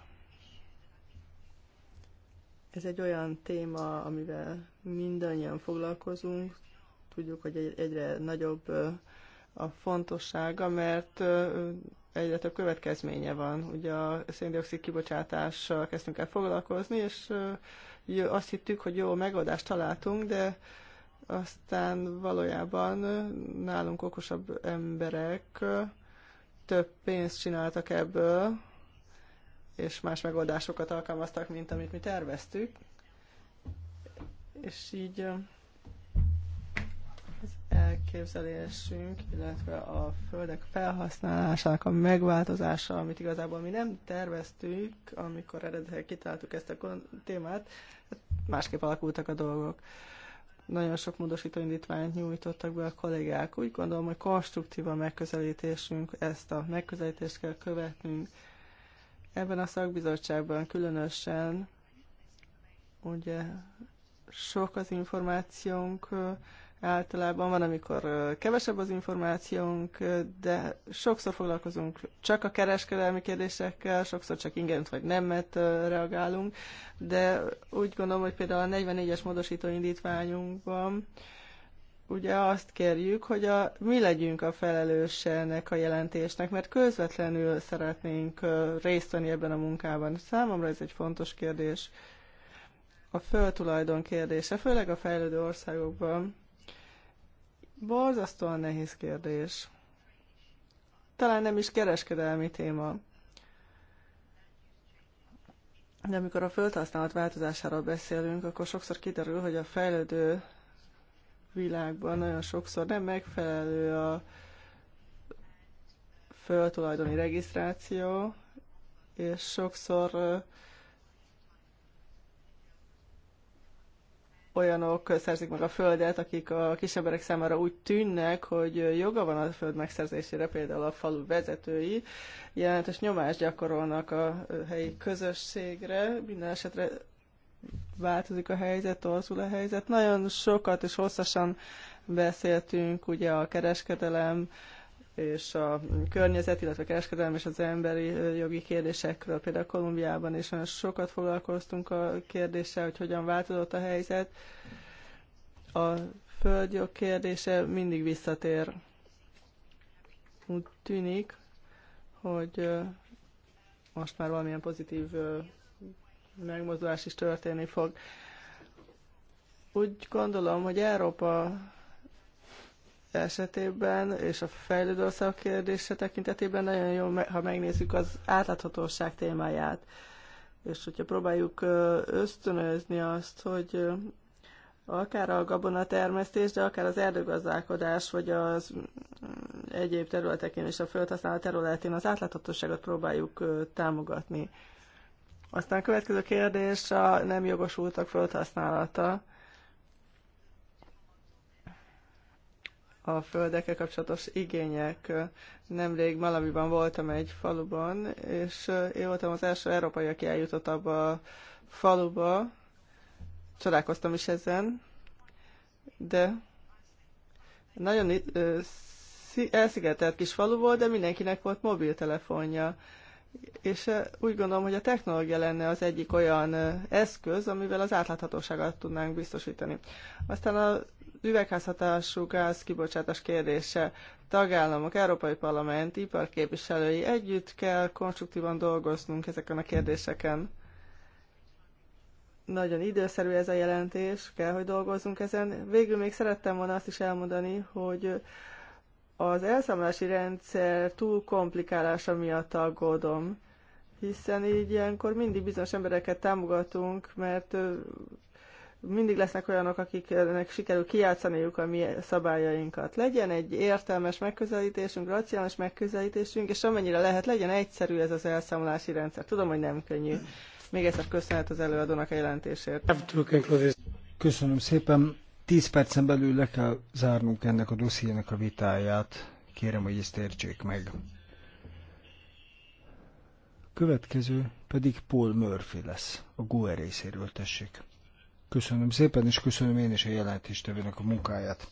[SPEAKER 3] Ez egy olyan téma, amivel mindannyian foglalkozunk. Tudjuk, hogy egyre nagyobb a fontossága, mert egyre több következménye van. Ugye a széndiokszid kibocsátással kezdtünk el foglalkozni, és azt hittük, hogy jó megoldást találtunk, de aztán valójában nálunk okosabb emberek több pénzt csináltak ebből, és más megoldásokat alkalmaztak, mint amit mi terveztük. És így az elképzelésünk, illetve a földek felhasználásának a megváltozása, amit igazából mi nem terveztük, amikor eredetileg kitaláltuk ezt a témát, hát másképp alakultak a dolgok. Nagyon sok módosító indítványt nyújtottak be a kollégák. Úgy gondolom, hogy konstruktív a megközelítésünk, ezt a megközelítést kell követnünk Ebben a szakbizottságban különösen ugye sok az információnk, általában van, amikor kevesebb az információnk, de sokszor foglalkozunk csak a kereskedelmi kérdésekkel, sokszor csak ingent vagy nemet reagálunk, de úgy gondolom, hogy például a 44-es módosító indítványunkban ugye azt kérjük, hogy a, mi legyünk a felelőse ennek a jelentésnek, mert közvetlenül szeretnénk részt venni ebben a munkában. Számomra ez egy fontos kérdés. A föltulajdon kérdése, főleg a fejlődő országokban, borzasztóan nehéz kérdés. Talán nem is kereskedelmi téma. De amikor a földhasználat változásáról beszélünk, akkor sokszor kiderül, hogy a fejlődő világban nagyon sokszor nem megfelelő a föltulajdoni regisztráció, és sokszor olyanok szerzik meg a földet, akik a kisemberek számára úgy tűnnek, hogy joga van a föld megszerzésére, például a falu vezetői jelentős nyomást gyakorolnak a helyi közösségre. Minden esetre változik a helyzet, torzul a helyzet. Nagyon sokat és hosszasan beszéltünk ugye a kereskedelem és a környezet, illetve a kereskedelem és az emberi jogi kérdésekről. Például Kolumbiában is nagyon sokat foglalkoztunk a kérdéssel, hogy hogyan változott a helyzet. A földjog kérdése mindig visszatér. Úgy tűnik, hogy most már valamilyen pozitív megmozdulás is történni fog. Úgy gondolom, hogy Európa esetében és a fejlődő országok kérdése tekintetében nagyon jó, ha megnézzük az átláthatóság témáját. És hogyha próbáljuk ösztönözni azt, hogy akár a gabonatermesztés, de akár az erdőgazdálkodás, vagy az mm, egyéb területekén és a földhasználat területén az átláthatóságot próbáljuk támogatni. Aztán a következő kérdés a nem jogosultak földhasználata. A földekkel kapcsolatos igények. Nemrég Malaviban voltam egy faluban, és eh, én voltam az első európai, aki eljutott abba a faluba. Csodálkoztam is ezen, de nagyon eh, elszigetelt kis falu volt, de mindenkinek volt mobiltelefonja és úgy gondolom, hogy a technológia lenne az egyik olyan eszköz, amivel az átláthatóságot tudnánk biztosítani. Aztán a üvegházhatású gáz kibocsátás kérdése. Tagállamok, Európai Parlament, iparképviselői együtt kell konstruktívan dolgoznunk ezeken a kérdéseken. Nagyon időszerű ez a jelentés, kell, hogy dolgozzunk ezen. Végül még szerettem volna azt is elmondani, hogy az elszámolási rendszer túl komplikálása miatt aggódom, hiszen így ilyenkor mindig bizonyos embereket támogatunk, mert mindig lesznek olyanok, akiknek sikerül kijátszaniuk a mi szabályainkat. Legyen egy értelmes megközelítésünk, racionális megközelítésünk, és amennyire lehet, legyen egyszerű ez az elszámolási rendszer. Tudom, hogy nem könnyű. Még egyszer köszönet az előadónak a jelentésért.
[SPEAKER 1] Köszönöm szépen. Tíz percen belül le kell zárnunk ennek a dossziének a vitáját. Kérem, hogy ezt értsék meg. Következő pedig Paul Murphy lesz, a GUE részéről tessék. Köszönöm szépen, és köszönöm én is a jelentéstevőnek a munkáját.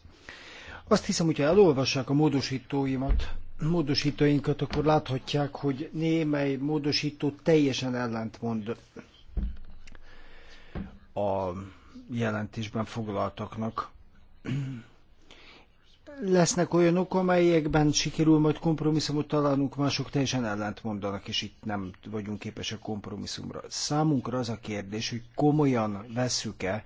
[SPEAKER 1] Azt hiszem, hogyha elolvassák a módosítóimat, módosítóinkat, akkor láthatják, hogy némely módosító teljesen ellentmond a jelentésben foglaltaknak. Lesznek olyanok, amelyekben sikerül majd kompromisszumot találnunk, mások teljesen ellent mondanak, és itt nem vagyunk képesek kompromisszumra. Számunkra az a kérdés, hogy komolyan veszük e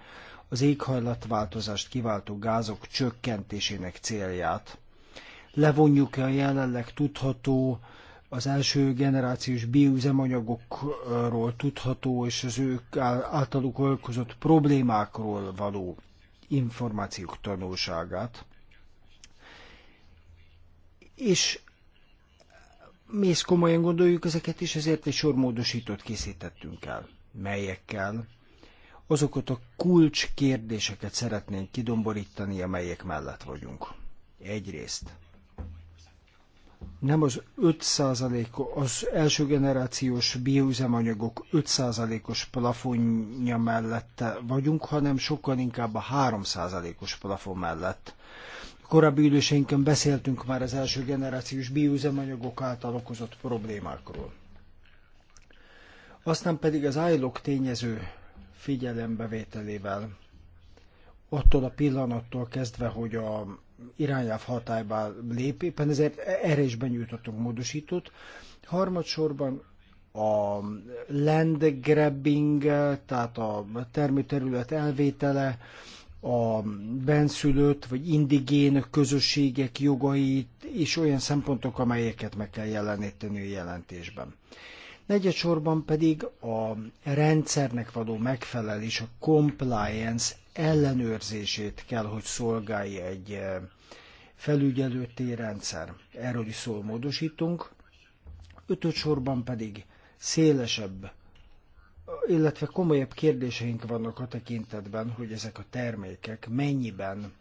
[SPEAKER 1] az éghajlatváltozást kiváltó gázok csökkentésének célját. Levonjuk-e a jelenleg tudható az első generációs bioüzemanyagokról tudható, és az ők általuk okozott problémákról való információk tanulságát. És mi ezt komolyan gondoljuk ezeket, is ezért egy sor módosítót készítettünk el, melyekkel azokat a kulcs kérdéseket szeretnénk kidomborítani, amelyek mellett vagyunk. Egyrészt nem az 5%-os, az első generációs bioüzemanyagok 5%-os plafonja mellett vagyunk, hanem sokkal inkább a 3%-os plafon mellett. A korábbi időseinkön beszéltünk már az első generációs bioüzemanyagok által okozott problémákról. Aztán pedig az állók tényező figyelembevételével attól a pillanattól kezdve, hogy a irányelv hatályba lép, éppen ezért erre is benyújtottunk módosítót. Harmadsorban a land grabbing, tehát a termőterület elvétele, a benszülött vagy indigén közösségek jogait és olyan szempontok, amelyeket meg kell jeleníteni a jelentésben. Negyedsorban pedig a rendszernek való megfelelés, a compliance ellenőrzését kell, hogy szolgálja egy eh, felügyelő rendszer. Erről is szól módosítunk. Ötöt sorban pedig szélesebb, illetve komolyabb kérdéseink vannak a tekintetben, hogy ezek a termékek mennyiben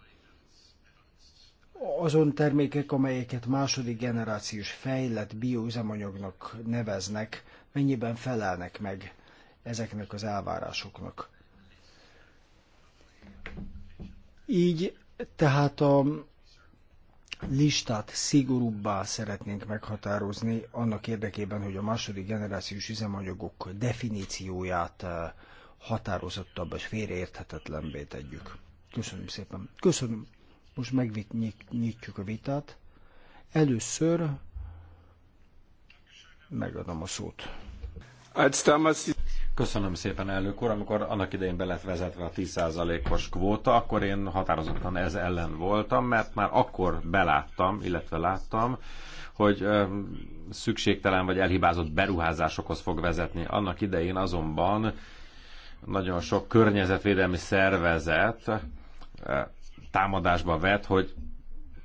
[SPEAKER 1] azon termékek, amelyeket második generációs fejlett bioüzemanyagnak neveznek, mennyiben felelnek meg ezeknek az elvárásoknak. Így tehát a listát szigorúbbá szeretnénk meghatározni annak érdekében, hogy a második generációs üzemanyagok definícióját eh, határozottabb és félreérthetetlenbé tegyük. Köszönöm szépen. Köszönöm. Most megnyitjuk a vitát. Először megadom a szót.
[SPEAKER 2] Köszönöm szépen, elnök úr. Amikor annak idején be lett vezetve a 10%-os kvóta, akkor én határozottan ez ellen voltam, mert már akkor beláttam, illetve láttam, hogy szükségtelen vagy elhibázott beruházásokhoz fog vezetni. Annak idején azonban nagyon sok környezetvédelmi szervezet támadásba vett, hogy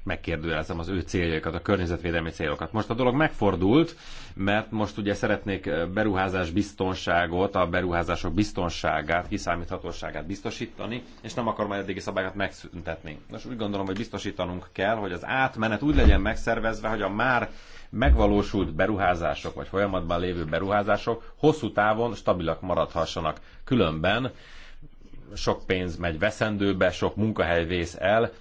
[SPEAKER 2] megkérdőjelezem az ő céljaikat, a környezetvédelmi célokat. Most a dolog megfordult, mert most ugye szeretnék beruházás biztonságot, a beruházások biztonságát, kiszámíthatóságát biztosítani, és nem akarom majd eddigi szabályokat megszüntetni. Most úgy gondolom, hogy biztosítanunk kell, hogy az átmenet úgy legyen megszervezve, hogy a már megvalósult beruházások, vagy folyamatban lévő beruházások hosszú távon stabilak maradhassanak. Különben sok pénz megy veszendőbe, sok munkahely vész el,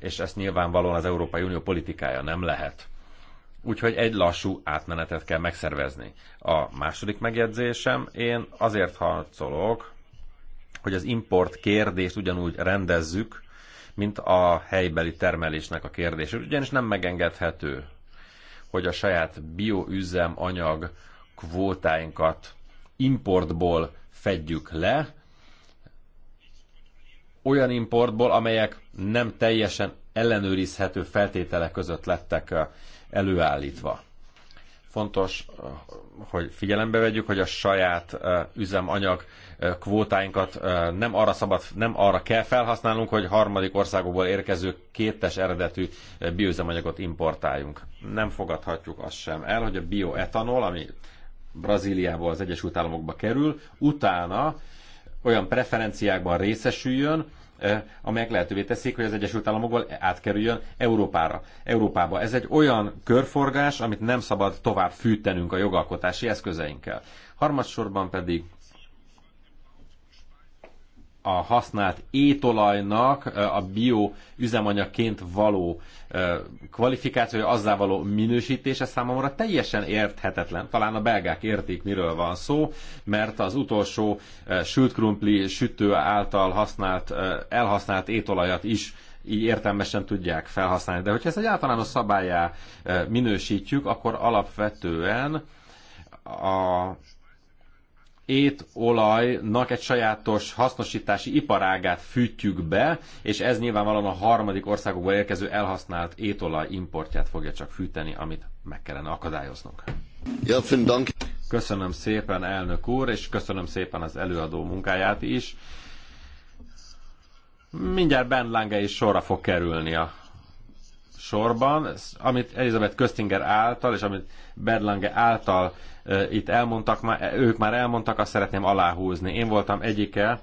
[SPEAKER 2] és ezt nyilvánvalóan az Európai Unió politikája nem lehet. Úgyhogy egy lassú átmenetet kell megszervezni. A második megjegyzésem, én azért harcolok, hogy az import kérdést ugyanúgy rendezzük, mint a helybeli termelésnek a kérdését. Ugyanis nem megengedhető, hogy a saját bioüzem anyag kvótáinkat importból fedjük le, olyan importból, amelyek nem teljesen ellenőrizhető feltételek között lettek előállítva. Fontos, hogy figyelembe vegyük, hogy a saját üzemanyag kvótáinkat nem arra, szabad, nem arra kell felhasználnunk, hogy harmadik országokból érkező kétes eredetű bioüzemanyagot importáljunk. Nem fogadhatjuk azt sem el, hogy a bioetanol, ami Brazíliából az Egyesült Államokba kerül, utána olyan preferenciákban részesüljön, amelyek lehetővé teszik, hogy az Egyesült Államokból átkerüljön Európára, Európába. Ez egy olyan körforgás, amit nem szabad tovább fűtenünk a jogalkotási eszközeinkkel. Harmadsorban pedig a használt étolajnak a bio üzemanyagként való kvalifikációja, azzá való minősítése számomra teljesen érthetetlen. Talán a belgák értik, miről van szó, mert az utolsó sült krumpli sütő által használt, elhasznált étolajat is így értelmesen tudják felhasználni. De hogyha ezt egy általános szabályá minősítjük, akkor alapvetően a étolajnak egy sajátos hasznosítási iparágát fűtjük be, és ez nyilvánvalóan a harmadik országokból érkező elhasznált étolaj importját fogja csak fűteni, amit meg kellene akadályoznunk. Ja, dank. Köszönöm szépen, elnök úr, és köszönöm szépen az előadó munkáját is. Mindjárt Ben Lange is sorra fog kerülni a sorban, amit Elizabeth Köstinger által, és amit Berlange által e, itt elmondtak, már, ők már elmondtak, azt szeretném aláhúzni. Én voltam egyike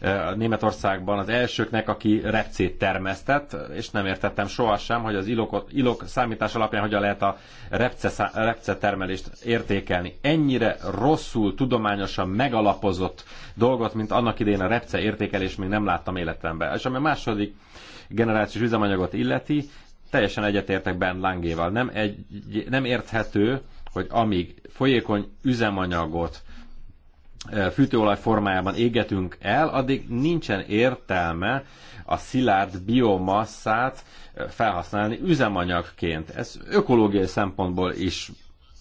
[SPEAKER 2] e, Németországban az elsőknek, aki repcét termesztett, és nem értettem sohasem, hogy az ilokot, ilok számítás alapján hogyan lehet a repce, repce termelést értékelni. Ennyire rosszul, tudományosan megalapozott dolgot, mint annak idején a repce értékelés még nem láttam életemben. És ami a második generációs üzemanyagot illeti, Teljesen egyetértek Ben Langéval. Nem, egy, nem érthető, hogy amíg folyékony üzemanyagot fűtőolaj formájában égetünk el, addig nincsen értelme a szilárd biomasszát felhasználni üzemanyagként. Ez ökológiai szempontból is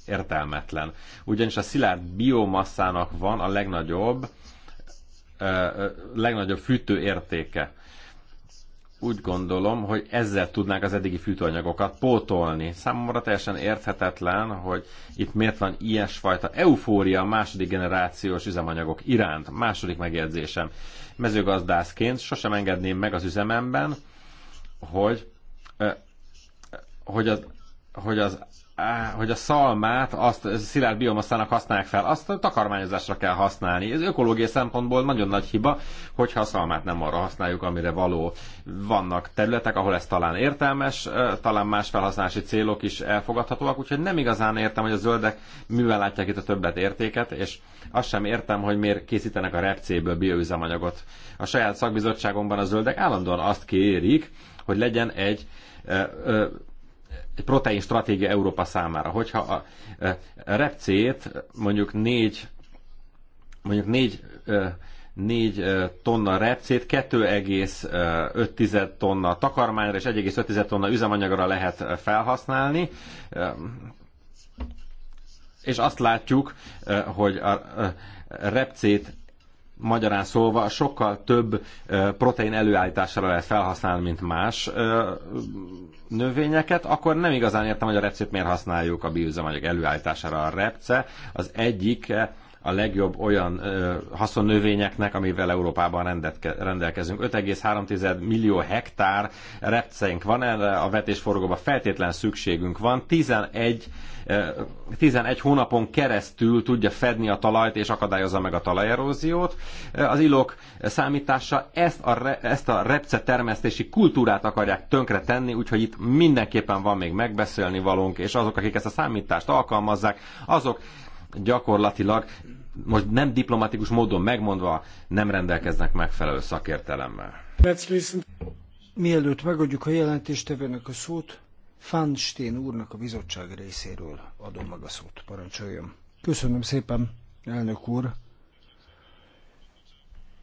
[SPEAKER 2] értelmetlen. Ugyanis a szilárd biomasszának van a legnagyobb, legnagyobb fűtőértéke úgy gondolom, hogy ezzel tudnák az eddigi fűtőanyagokat pótolni. Számomra teljesen érthetetlen, hogy itt miért van ilyesfajta eufória a második generációs üzemanyagok iránt. Második megjegyzésem. Mezőgazdászként sosem engedném meg az üzememben, hogy, hogy az hogy az hogy a szalmát azt szilárd biomaszának használják fel, azt takarmányozásra kell használni. Ez ökológiai szempontból nagyon nagy hiba, hogyha a szalmát nem arra használjuk, amire való. Vannak területek, ahol ez talán értelmes, talán más felhasználási célok is elfogadhatóak, úgyhogy nem igazán értem, hogy a zöldek mivel látják itt a többet értéket, és azt sem értem, hogy miért készítenek a repcéből bioüzemanyagot. A saját szakbizottságomban a zöldek állandóan azt kérik, hogy legyen egy ö, ö, protein stratégia Európa számára. Hogyha a e, repcét mondjuk négy mondjuk négy e, négy e, tonna repcét 2,5 tonna takarmányra és 1,5 tonna üzemanyagra lehet felhasználni. És azt látjuk, hogy a repcét magyarán szólva sokkal több protein előállítására lehet felhasználni, mint más növényeket, akkor nem igazán értem, hogy a repcét miért használjuk a bioüzemanyag előállítására. A repce az egyik a legjobb olyan ö, haszonnövényeknek, amivel Európában rendetke, rendelkezünk. 5,3 millió hektár repceink van erre, a vetésforgóba feltétlen szükségünk van. 11, ö, 11 hónapon keresztül tudja fedni a talajt és akadályozza meg a talajeróziót. Az ilók számítása ezt a, re, ezt a repce termesztési kultúrát akarják tönkre tenni, úgyhogy itt mindenképpen van még megbeszélni valónk, és azok, akik ezt a számítást alkalmazzák, azok gyakorlatilag most nem diplomatikus módon megmondva nem rendelkeznek megfelelő szakértelemmel.
[SPEAKER 1] Mielőtt megadjuk a jelentéstevőnek a szót, Fánstén úrnak a bizottság részéről adom meg a szót. Parancsoljon. Köszönöm szépen, elnök úr.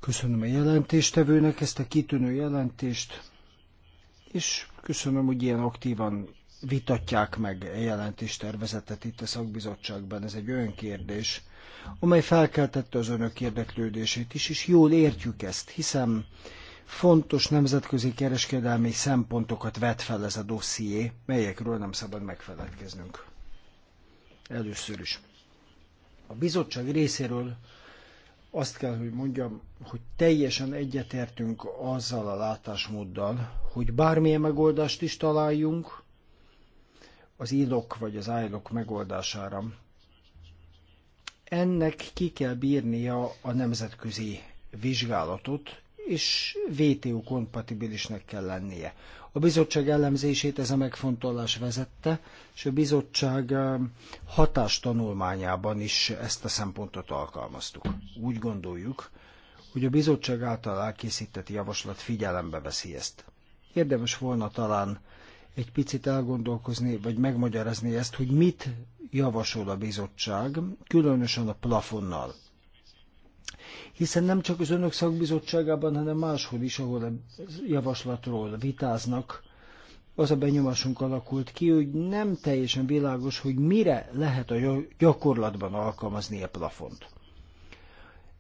[SPEAKER 1] Köszönöm a jelentéstevőnek ezt a kitűnő jelentést, és köszönöm, hogy ilyen aktívan vitatják meg a jelentéstervezetet itt a szakbizottságban. Ez egy olyan kérdés, amely felkeltette az önök érdeklődését is, és jól értjük ezt, hiszen fontos nemzetközi kereskedelmi szempontokat vet fel ez a dosszié, melyekről nem szabad megfeledkeznünk. Először is. A bizottság részéről azt kell, hogy mondjam, hogy teljesen egyetértünk azzal a látásmóddal, hogy bármilyen megoldást is találjunk, az ilok vagy az ájlok megoldására ennek ki kell bírnia a nemzetközi vizsgálatot, és VTO kompatibilisnek kell lennie. A bizottság elemzését ez a megfontolás vezette, és a bizottság um, hatástanulmányában is ezt a szempontot alkalmaztuk. Úgy gondoljuk, hogy a bizottság által elkészített javaslat figyelembe veszi ezt. Érdemes volna talán egy picit elgondolkozni, vagy megmagyarázni ezt, hogy mit javasol a bizottság, különösen a plafonnal. Hiszen nem csak az önök szakbizottságában, hanem máshol is, ahol a javaslatról vitáznak, az a benyomásunk alakult ki, hogy nem teljesen világos, hogy mire lehet a gyakorlatban alkalmazni a plafont.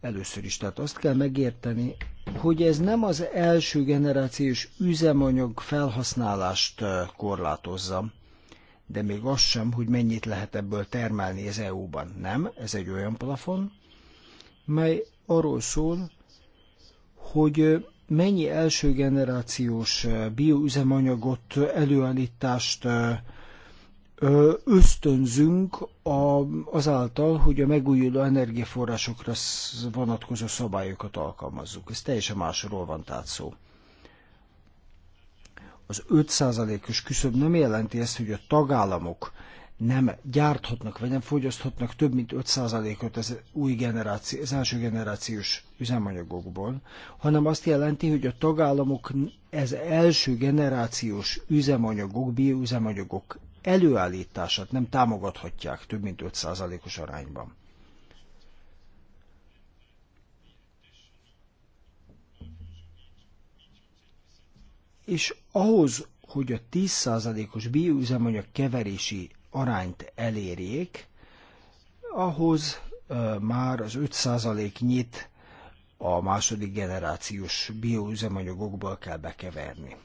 [SPEAKER 1] Először is, tehát azt kell megérteni, hogy ez nem az első generációs üzemanyag felhasználást korlátozza, de még az sem, hogy mennyit lehet ebből termelni az EU-ban. Nem, ez egy olyan plafon, mely arról szól, hogy mennyi első generációs bioüzemanyagot előállítást ösztönzünk azáltal, hogy a megújuló energiaforrásokra vonatkozó szabályokat alkalmazzuk. Ez teljesen másról van tehát szó. Az 5%-os küszöb nem jelenti ezt, hogy a tagállamok nem gyárthatnak, vagy nem fogyaszthatnak több mint 5%-ot az új generáció, az első generációs üzemanyagokból, hanem azt jelenti, hogy a tagállamok ez első generációs üzemanyagok, bioüzemanyagok előállítását nem támogathatják több mint 5%-os arányban. És ahhoz, hogy a 10%-os bioüzemanyag keverési arányt elérjék, ahhoz e, már az 5% nyit a második generációs bioüzemanyagokból kell bekeverni.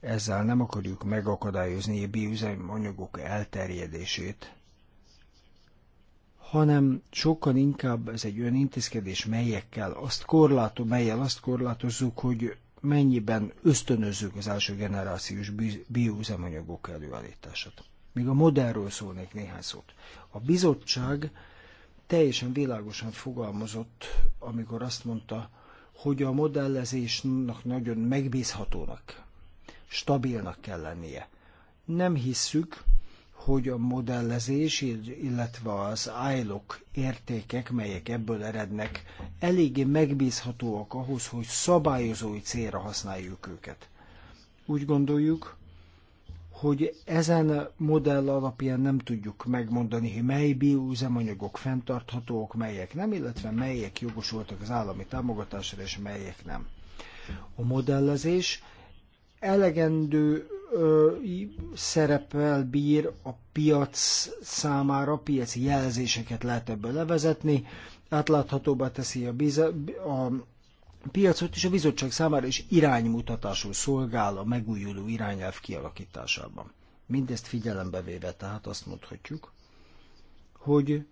[SPEAKER 1] Ezzel nem akarjuk megakadályozni a bioüzemanyagok elterjedését, hanem sokkal inkább ez egy olyan intézkedés, melyekkel azt korlátó, melyel azt korlátozzuk, hogy mennyiben ösztönözzük az első generációs bioüzemanyagok előállítását. Még a modellről szólnék néhány szót. A bizottság teljesen világosan fogalmazott, amikor azt mondta, hogy a modellezésnek nagyon megbízhatónak stabilnak kell lennie. Nem hisszük, hogy a modellezés, illetve az ILOC értékek, melyek ebből erednek, eléggé megbízhatóak ahhoz, hogy szabályozói célra használjuk őket. Úgy gondoljuk, hogy ezen modell alapján nem tudjuk megmondani, hogy mely bioüzemanyagok fenntarthatóak, melyek nem, illetve melyek jogosultak az állami támogatásra, és melyek nem. A modellezés elegendő ö, szerepel bír a piac számára, piaci jelzéseket lehet ebből levezetni, átláthatóbbá teszi a, biza, a piacot, és a bizottság számára is iránymutatásul szolgál a megújuló irányelv kialakításában. Mindezt figyelembe véve tehát azt mondhatjuk, hogy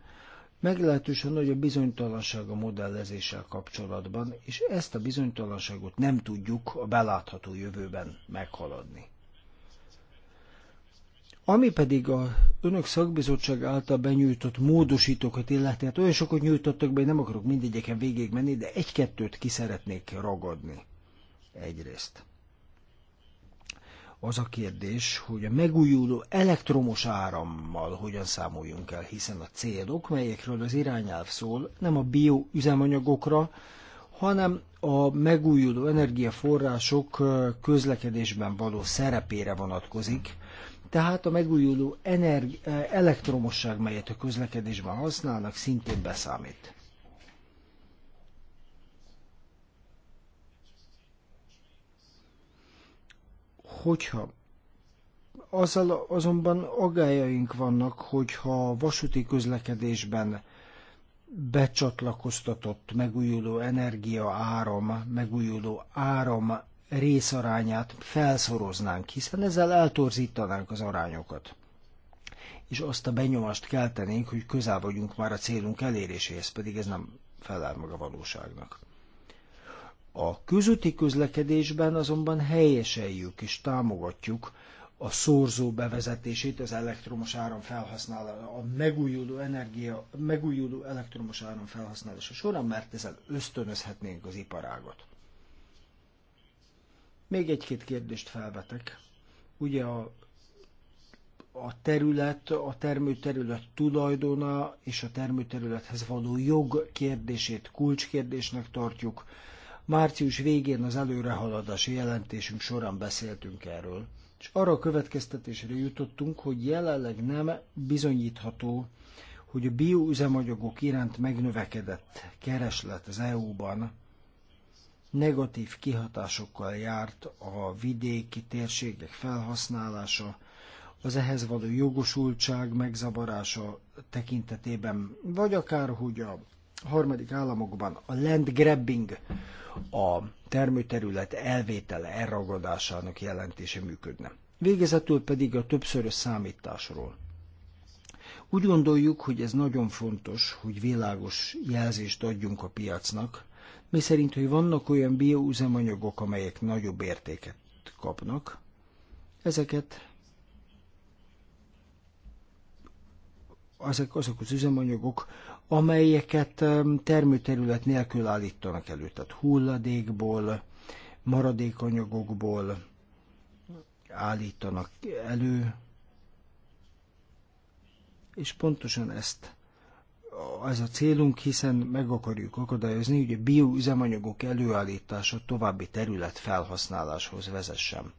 [SPEAKER 1] Meglehetősen nagy a bizonytalanság a modellezéssel kapcsolatban, és ezt a bizonytalanságot nem tudjuk a belátható jövőben meghaladni. Ami pedig a önök szakbizottság által benyújtott módosítókat illeti, hát olyan sokat nyújtottak be, nem akarok mindegyeken végig menni, de egy-kettőt ki szeretnék ragadni egyrészt az a kérdés, hogy a megújuló elektromos árammal hogyan számoljunk el, hiszen a célok, melyekről az irányelv szól, nem a bioüzemanyagokra, hanem a megújuló energiaforrások közlekedésben való szerepére vonatkozik. Tehát a megújuló energi- elektromosság, melyet a közlekedésben használnak, szintén beszámít. Hogyha azzal azonban agályaink vannak, hogyha a vasúti közlekedésben becsatlakoztatott megújuló energia áram, megújuló áram részarányát felszoroznánk, hiszen ezzel eltorzítanánk az arányokat. És azt a benyomást keltenénk, hogy közel vagyunk már a célunk eléréséhez, pedig ez nem felel meg a valóságnak. A közúti közlekedésben azonban helyeseljük és támogatjuk a szorzó bevezetését, az elektromos áram felhasználása, a megújuló energia, megújuló elektromos áram felhasználása során, mert ezzel ösztönözhetnénk az iparágot. Még egy-két kérdést felvetek. Ugye a, a terület, a termőterület tulajdona és a termőterülethez való jog kérdését kulcskérdésnek tartjuk Március végén az előrehaladási jelentésünk során beszéltünk erről, és arra a következtetésre jutottunk, hogy jelenleg nem bizonyítható, hogy a bioüzemanyagok iránt megnövekedett kereslet az EU-ban negatív kihatásokkal járt a vidéki térségek felhasználása, az ehhez való jogosultság megzavarása tekintetében, vagy akár hogy a a harmadik államokban a land grabbing, a termőterület elvétele, elragadásának jelentése működne. Végezetül pedig a többszörös számításról. Úgy gondoljuk, hogy ez nagyon fontos, hogy világos jelzést adjunk a piacnak, mi szerint, hogy vannak olyan bioüzemanyagok, amelyek nagyobb értéket kapnak, ezeket ezek azok az üzemanyagok, amelyeket termőterület nélkül állítanak elő, tehát hulladékból, maradékanyagokból állítanak elő, és pontosan ezt ez a célunk, hiszen meg akarjuk akadályozni, hogy a bioüzemanyagok előállítása további terület felhasználáshoz vezessen.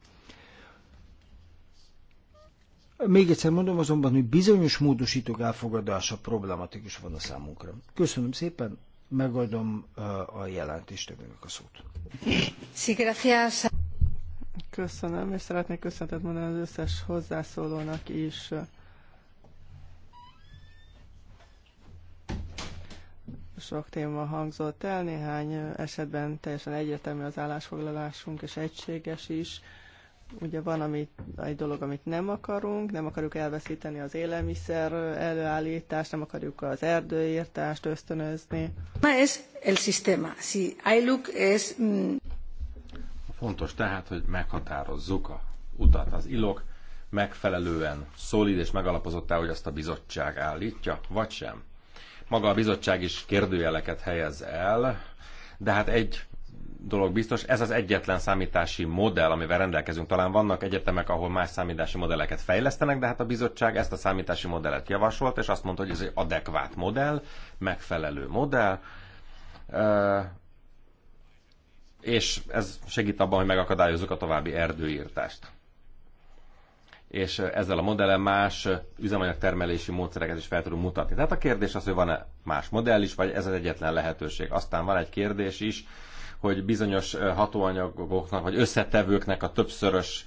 [SPEAKER 1] Még egyszer mondom azonban, hogy bizonyos módosítók elfogadása problematikus van a számunkra. Köszönöm szépen, megadom uh, a jelentéstevőnek a szót.
[SPEAKER 3] Köszönöm, és szeretnék köszönetet mondani az összes hozzászólónak is. Sok téma hangzott el, néhány esetben teljesen egyértelmű az állásfoglalásunk, és egységes is Ugye van ami, egy dolog, amit nem akarunk, nem akarjuk elveszíteni az élelmiszer előállítást, nem akarjuk az erdőírtást ösztönözni. Ma ez el sistema. Si I look es... Mm,
[SPEAKER 2] Fontos tehát, hogy meghatározzuk a utat az ilok, megfelelően szolid és megalapozottá, hogy azt a bizottság állítja, vagy sem. Maga a bizottság is kérdőjeleket helyez el, de hát egy dolog biztos, ez az egyetlen számítási modell, amivel rendelkezünk. Talán vannak egyetemek, ahol más számítási modelleket fejlesztenek, de hát a bizottság ezt a számítási modellet javasolt, és azt mondta, hogy ez egy adekvát modell, megfelelő modell, és ez segít abban, hogy megakadályozzuk a további erdőírtást és ezzel a modellen más üzemanyagtermelési módszereket is fel tudunk mutatni. Tehát a kérdés az, hogy van-e más modell is, vagy ez az egyetlen lehetőség. Aztán van egy kérdés is, hogy bizonyos hatóanyagoknak vagy összetevőknek a többszörös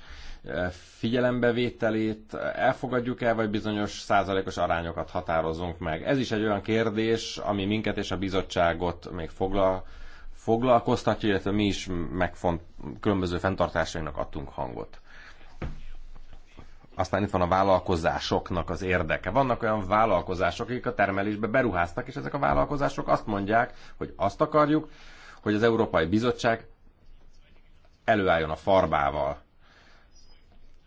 [SPEAKER 2] figyelembevételét elfogadjuk el, vagy bizonyos százalékos arányokat határozunk meg. Ez is egy olyan kérdés, ami minket és a bizottságot még foglal, foglalkoztatja, illetve mi is megfont, különböző fenntartásainak adtunk hangot. Aztán itt van a vállalkozásoknak az érdeke. Vannak olyan vállalkozások, akik a termelésbe beruháztak, és ezek a vállalkozások azt mondják, hogy azt akarjuk, hogy az Európai Bizottság előálljon a farbával.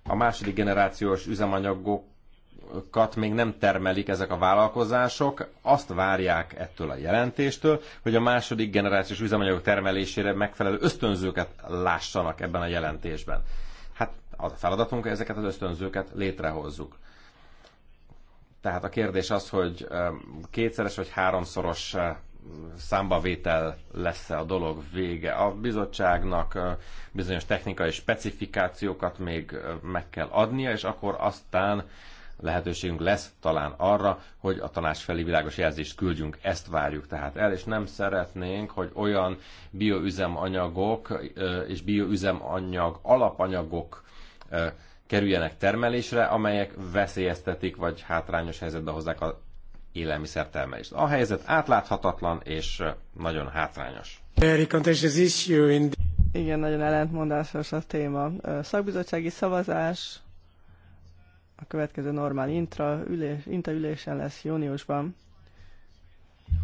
[SPEAKER 2] A második generációs üzemanyagokat még nem termelik ezek a vállalkozások, azt várják ettől a jelentéstől, hogy a második generációs üzemanyagok termelésére megfelelő ösztönzőket lássanak ebben a jelentésben. Hát az a feladatunk, hogy ezeket az ösztönzőket létrehozzuk. Tehát a kérdés az, hogy kétszeres vagy háromszoros számbavétel lesz -e a dolog vége. A bizottságnak bizonyos technikai specifikációkat még meg kell adnia, és akkor aztán lehetőségünk lesz talán arra, hogy a tanács felé világos jelzést küldjünk, ezt várjuk tehát el, és nem szeretnénk, hogy olyan bioüzemanyagok és bioüzemanyag alapanyagok kerüljenek termelésre, amelyek veszélyeztetik vagy hátrányos helyzetbe hozzák a élelmiszertermelést. A helyzet átláthatatlan és nagyon hátrányos.
[SPEAKER 3] Igen, nagyon ellentmondásos a téma. Szakbizottsági szavazás a következő normál intra, ülés, intra ülésen lesz júniusban.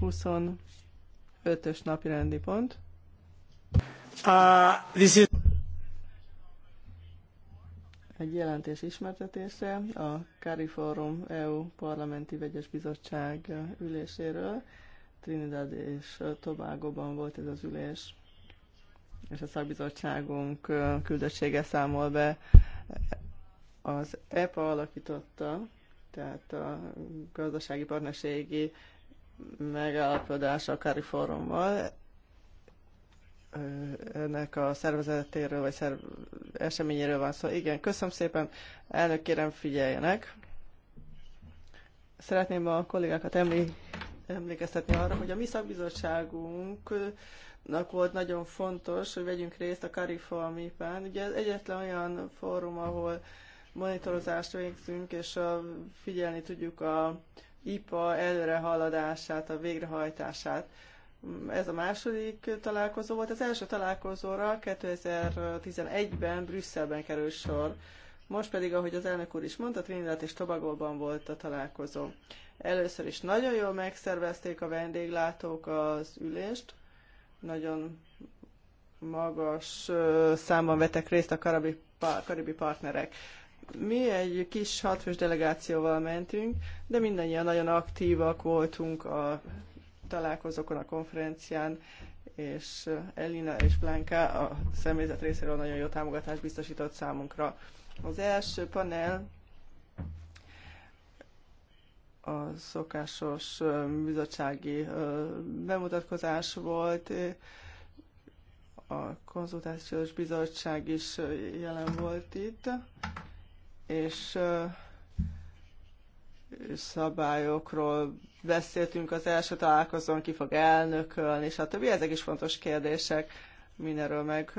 [SPEAKER 3] 25-ös napi rendi pont. Uh, this is egy jelentés ismertetése a Kári EU Parlamenti Vegyes Bizottság üléséről. Trinidad és Tobágóban volt ez az ülés, és a szakbizottságunk küldöttsége számol be. Az EPA alakította, tehát a gazdasági partnerségi megállapodás a Kári ennek a szervezetéről vagy szerv eseményéről van szó. Szóval igen, köszönöm szépen, elnök kérem figyeljenek. Szeretném a kollégákat emlé emlékeztetni arra, hogy a mi szakbizottságunknak volt nagyon fontos, hogy vegyünk részt a Kariformipán. Ugye ez egyetlen olyan fórum, ahol monitorozást végzünk, és a figyelni tudjuk a IPA előrehaladását, a végrehajtását ez a második találkozó volt. Az első találkozóra 2011-ben Brüsszelben került sor. Most pedig, ahogy az elnök úr is mondta, Trinidad és Tobagóban volt a találkozó. Először is nagyon jól megszervezték a vendéglátók az ülést, nagyon magas számban vettek részt a karabi, karibi partnerek. Mi egy kis hatfős delegációval mentünk, de mindannyian nagyon aktívak voltunk a találkozókon, a konferencián, és eh, Elina és Blanka a személyzet részéről nagyon jó támogatást biztosított számunkra. Az első panel a szokásos eh, bizottsági eh, bemutatkozás volt, a konzultációs bizottság is jelen volt itt, és szabályokról beszéltünk az első találkozón, ki fog elnökölni, és a többi, ezek is fontos kérdések. Mindenről meg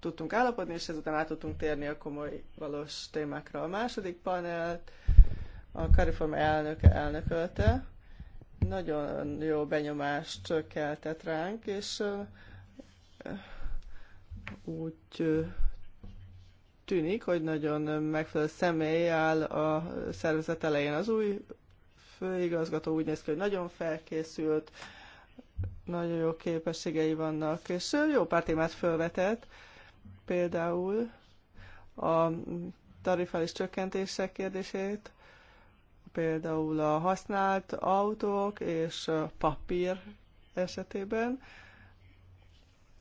[SPEAKER 3] tudtunk állapodni, és ezután át tudtunk térni a komoly valós témákra. A második panelt a Kariform elnöke elnökölte. Nagyon jó benyomást keltett ránk, és úgy tűnik, hogy nagyon megfelelő személy áll a szervezet elején. Az új főigazgató úgy néz ki, hogy nagyon felkészült, nagyon jó képességei vannak, és jó pár témát felvetett, például a tarifális csökkentések kérdését, például a használt autók és papír esetében,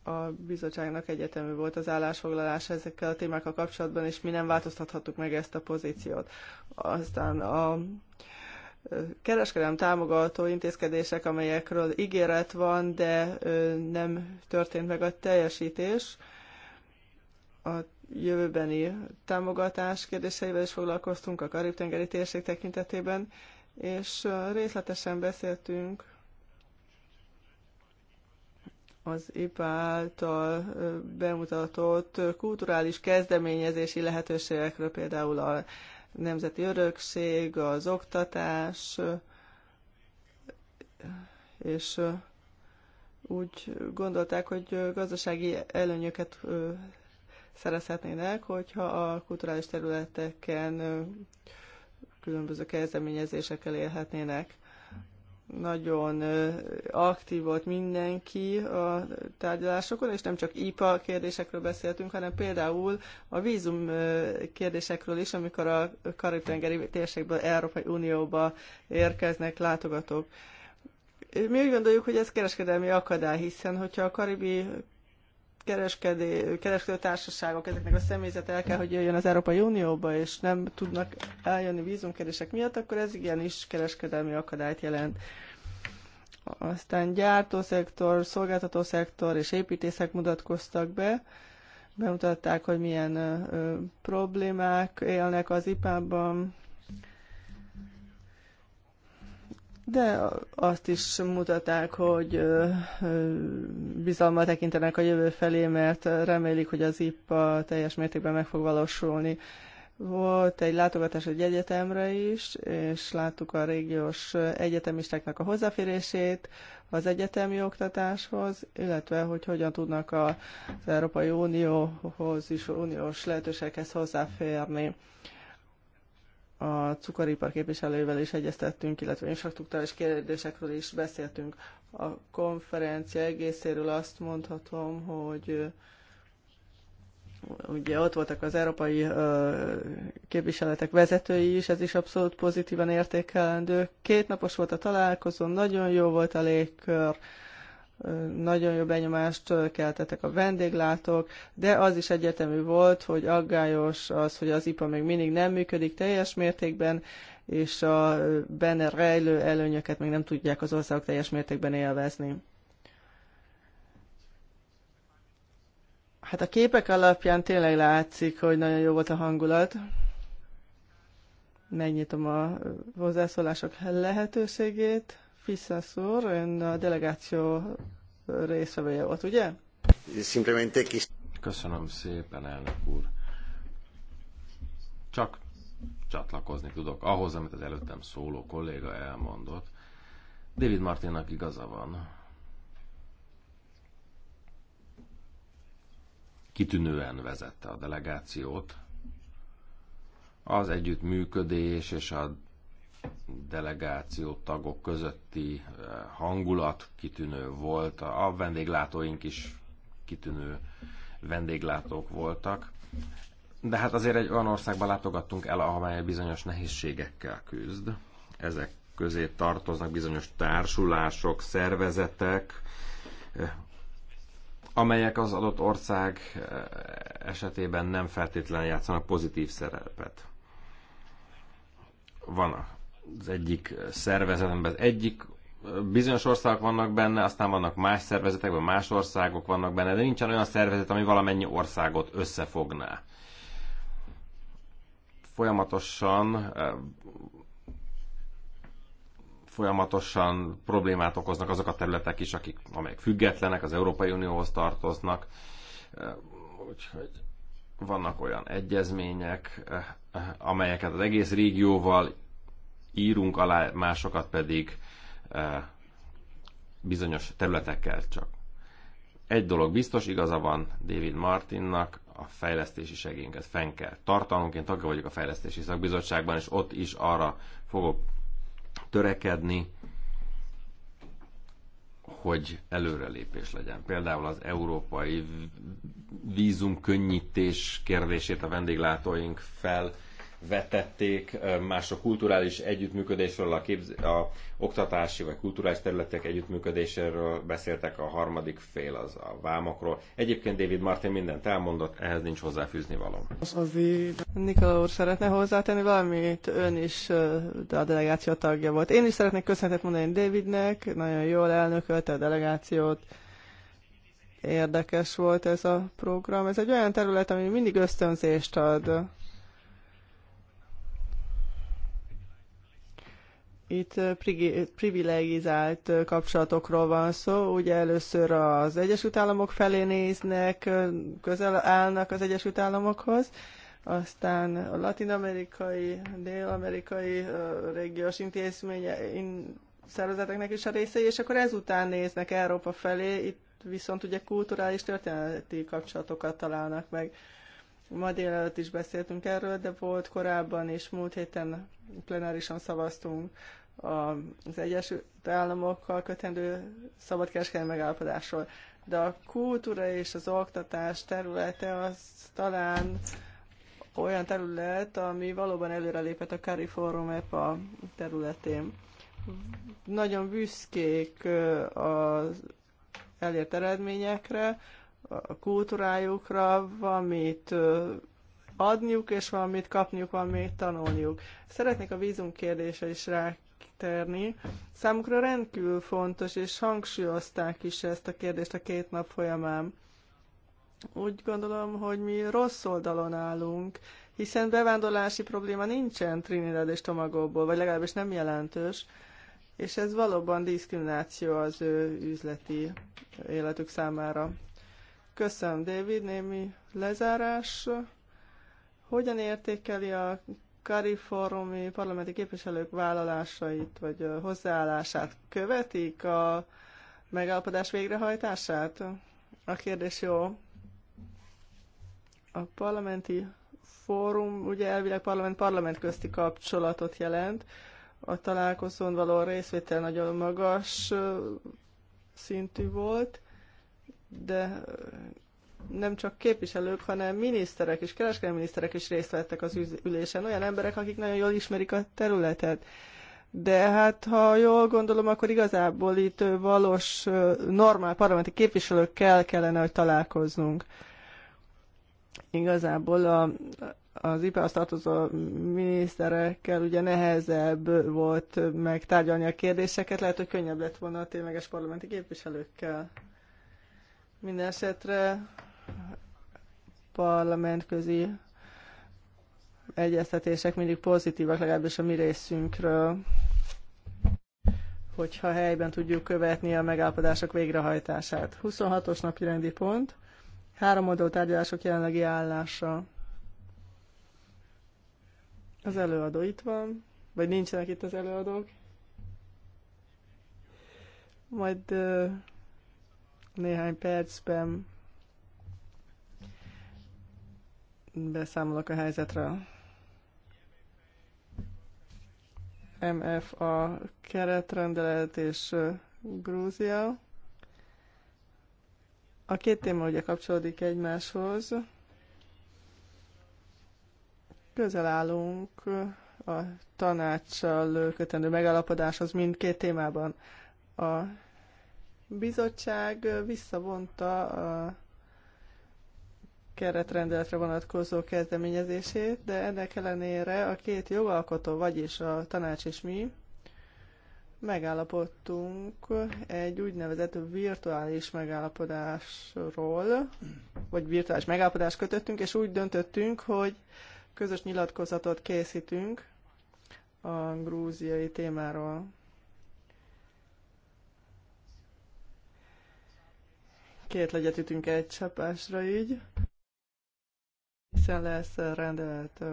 [SPEAKER 3] a bizottságnak egyetemű volt az állásfoglalása ezekkel a témákkal kapcsolatban, és mi nem változtathattuk meg ezt a pozíciót. Aztán a kereskedelem támogató intézkedések, amelyekről ígéret van, de nem történt meg a teljesítés, a jövőbeni támogatás kérdéseivel is foglalkoztunk a Karib-tengeri térség tekintetében, és részletesen beszéltünk az IPA által bemutatott kulturális kezdeményezési lehetőségekről, például a nemzeti örökség, az oktatás, és úgy gondolták, hogy gazdasági előnyöket szerezhetnének, hogyha a kulturális területeken különböző kezdeményezésekkel élhetnének nagyon aktív volt mindenki a tárgyalásokon, és nem csak IPA kérdésekről beszéltünk, hanem például a vízum kérdésekről is, amikor a karib-tengeri térségből Európai Unióba érkeznek látogatók. Mi úgy gondoljuk, hogy ez kereskedelmi akadály, hiszen hogyha a karibi kereskedő társaságok, ezeknek a személyzet el kell, hogy jöjjön az Európai Unióba, és nem tudnak eljönni vízumkérdések miatt, akkor ez igenis kereskedelmi akadályt jelent. Aztán gyártószektor, szolgáltatószektor és építészek mutatkoztak be, bemutatták, hogy milyen ö, problémák élnek az IPA-ban, de azt is mutatták, hogy bizalmat tekintenek a jövő felé, mert remélik, hogy az IPA teljes mértékben meg fog valósulni. Volt egy látogatás egy egyetemre is, és láttuk a régiós egyetemistáknak a hozzáférését az egyetemi oktatáshoz, illetve hogy hogyan tudnak az Európai Unióhoz is uniós lehetőséghez hozzáférni a cukoripar képviselővel is egyeztettünk, illetve infrastruktúrális kérdésekről is beszéltünk. A konferencia egészéről azt mondhatom, hogy ugye ott voltak az európai ö, képviseletek vezetői is, ez is abszolút pozitívan értékelendő. Két napos volt a találkozó, nagyon jó volt a légkör, nagyon jó benyomást keltettek a vendéglátók, de az is egyetemű volt, hogy aggályos az, hogy az IPA még mindig nem működik teljes mértékben, és a benne rejlő előnyöket még nem tudják az országok teljes mértékben élvezni. Hát a képek alapján tényleg látszik, hogy nagyon jó volt a hangulat. Megnyitom a hozzászólások lehetőségét. Fisszász úr, ön a delegáció részvevője volt, ugye?
[SPEAKER 2] Köszönöm szépen, elnök úr. Csak csatlakozni tudok ahhoz, amit az előttem szóló kolléga elmondott. David Martinnak igaza van. Kitűnően vezette a delegációt. Az együttműködés és a delegáció tagok közötti eh, hangulat kitűnő volt, a vendéglátóink is kitűnő vendéglátók voltak. De hát azért egy olyan országba látogattunk el, amely bizonyos nehézségekkel küzd. Ezek közé tartoznak bizonyos társulások, szervezetek, eh, amelyek az adott ország eh, esetében nem feltétlenül játszanak pozitív szerepet. Van a az egyik szervezetemben az egyik bizonyos országok vannak benne, aztán vannak más szervezetekben, más országok vannak benne, de nincsen olyan szervezet, ami valamennyi országot összefogná. Folyamatosan folyamatosan problémát okoznak azok a területek is, akik, amelyek függetlenek, az Európai Unióhoz tartoznak. Úgyhogy vannak olyan egyezmények, amelyeket az egész régióval írunk alá, másokat pedig e, bizonyos területekkel csak. Egy dolog biztos, igaza van David Martinnak, a fejlesztési segélyünket fenn kell tartanunk. Én tagja vagyok a fejlesztési szakbizottságban, és ott is arra fogok törekedni, hogy előrelépés legyen. Például az európai vízum könnyítés kérdését a vendéglátóink fel vetették, más a kulturális együttműködésről, a, képz- a oktatási vagy kulturális területek együttműködéséről beszéltek, a harmadik fél az a vámokról. Egyébként David Martin mindent elmondott, ehhez nincs hozzáfűzni való.
[SPEAKER 3] Nikola úr szeretne hozzátenni valamit, ön is de a delegáció tagja volt. Én is szeretnék köszönetet mondani Davidnek, nagyon jól elnökölte a delegációt, érdekes volt ez a program. Ez egy olyan terület, ami mindig ösztönzést ad Itt privilegizált kapcsolatokról van szó, ugye először az Egyesült Államok felé néznek, közel állnak az Egyesült Államokhoz, aztán a latin-amerikai, dél-amerikai régiós intézménye, in, szervezeteknek is a részei, és akkor ezután néznek Európa felé, itt viszont ugye kulturális, történeti kapcsolatokat találnak meg. Ma délelőtt is beszéltünk erről, de volt korábban és múlt héten plenárisan szavaztunk az Egyesült Államokkal kötendő szabadkereskedelmi megállapodásról. De a kultúra és az oktatás területe az talán olyan terület, ami valóban előrelépett a Kari Forum EPA területén. Nagyon büszkék az elért eredményekre, a kultúrájukra, valamit adniuk, és valamit kapniuk, valamit tanulniuk. Szeretnék a vízum kérdése is ráterni. Számukra rendkívül fontos, és hangsúlyozták is ezt a kérdést a két nap folyamán. Úgy gondolom, hogy mi rossz oldalon állunk, hiszen bevándorlási probléma nincsen Trinidad és Tomagóból, vagy legalábbis nem jelentős, és ez valóban diszkrimináció az ő üzleti életük számára. Köszönöm, David, némi lezárás. Hogyan értékeli a kariforumi parlamenti képviselők vállalásait, vagy hozzáállását? Követik a megállapodás végrehajtását? A kérdés jó. A parlamenti fórum, ugye elvileg parlament-parlament közti kapcsolatot jelent, a találkozón való részvétel nagyon magas szintű volt, de nem csak képviselők, hanem miniszterek és kereskedelmi miniszterek is részt vettek az ülésen, olyan emberek, akik nagyon jól ismerik a területet. De hát, ha jól gondolom, akkor igazából itt valós, normál parlamenti képviselőkkel kellene, hogy találkoznunk. Igazából a, az IPA-hoz tartozó miniszterekkel ugye nehezebb volt megtárgyalni a kérdéseket, lehet, hogy könnyebb lett volna a tényleges parlamenti képviselőkkel. Minden esetre parlamentközi egyeztetések mindig pozitívak, legalábbis a mi részünkről, hogyha helyben tudjuk követni a megállapodások végrehajtását. 26-os napi rendi pont, három oldalú tárgyalások jelenlegi állása. Az előadó itt van, vagy nincsenek itt az előadók. Majd néhány percben beszámolok a helyzetről. MFA keretrendelet és Grúzia. A két téma ugye kapcsolódik egymáshoz. Közel állunk a tanácssal kötendő megállapodáshoz mindkét témában. A bizottság visszavonta a keretrendeletre vonatkozó kezdeményezését, de ennek ellenére a két jogalkotó, vagyis a tanács és mi megállapodtunk egy úgynevezett virtuális megállapodásról, vagy virtuális megállapodást kötöttünk, és úgy döntöttünk, hogy közös nyilatkozatot készítünk a grúziai témáról. két legyet ütünk egy csapásra így, hiszen lesz rendelet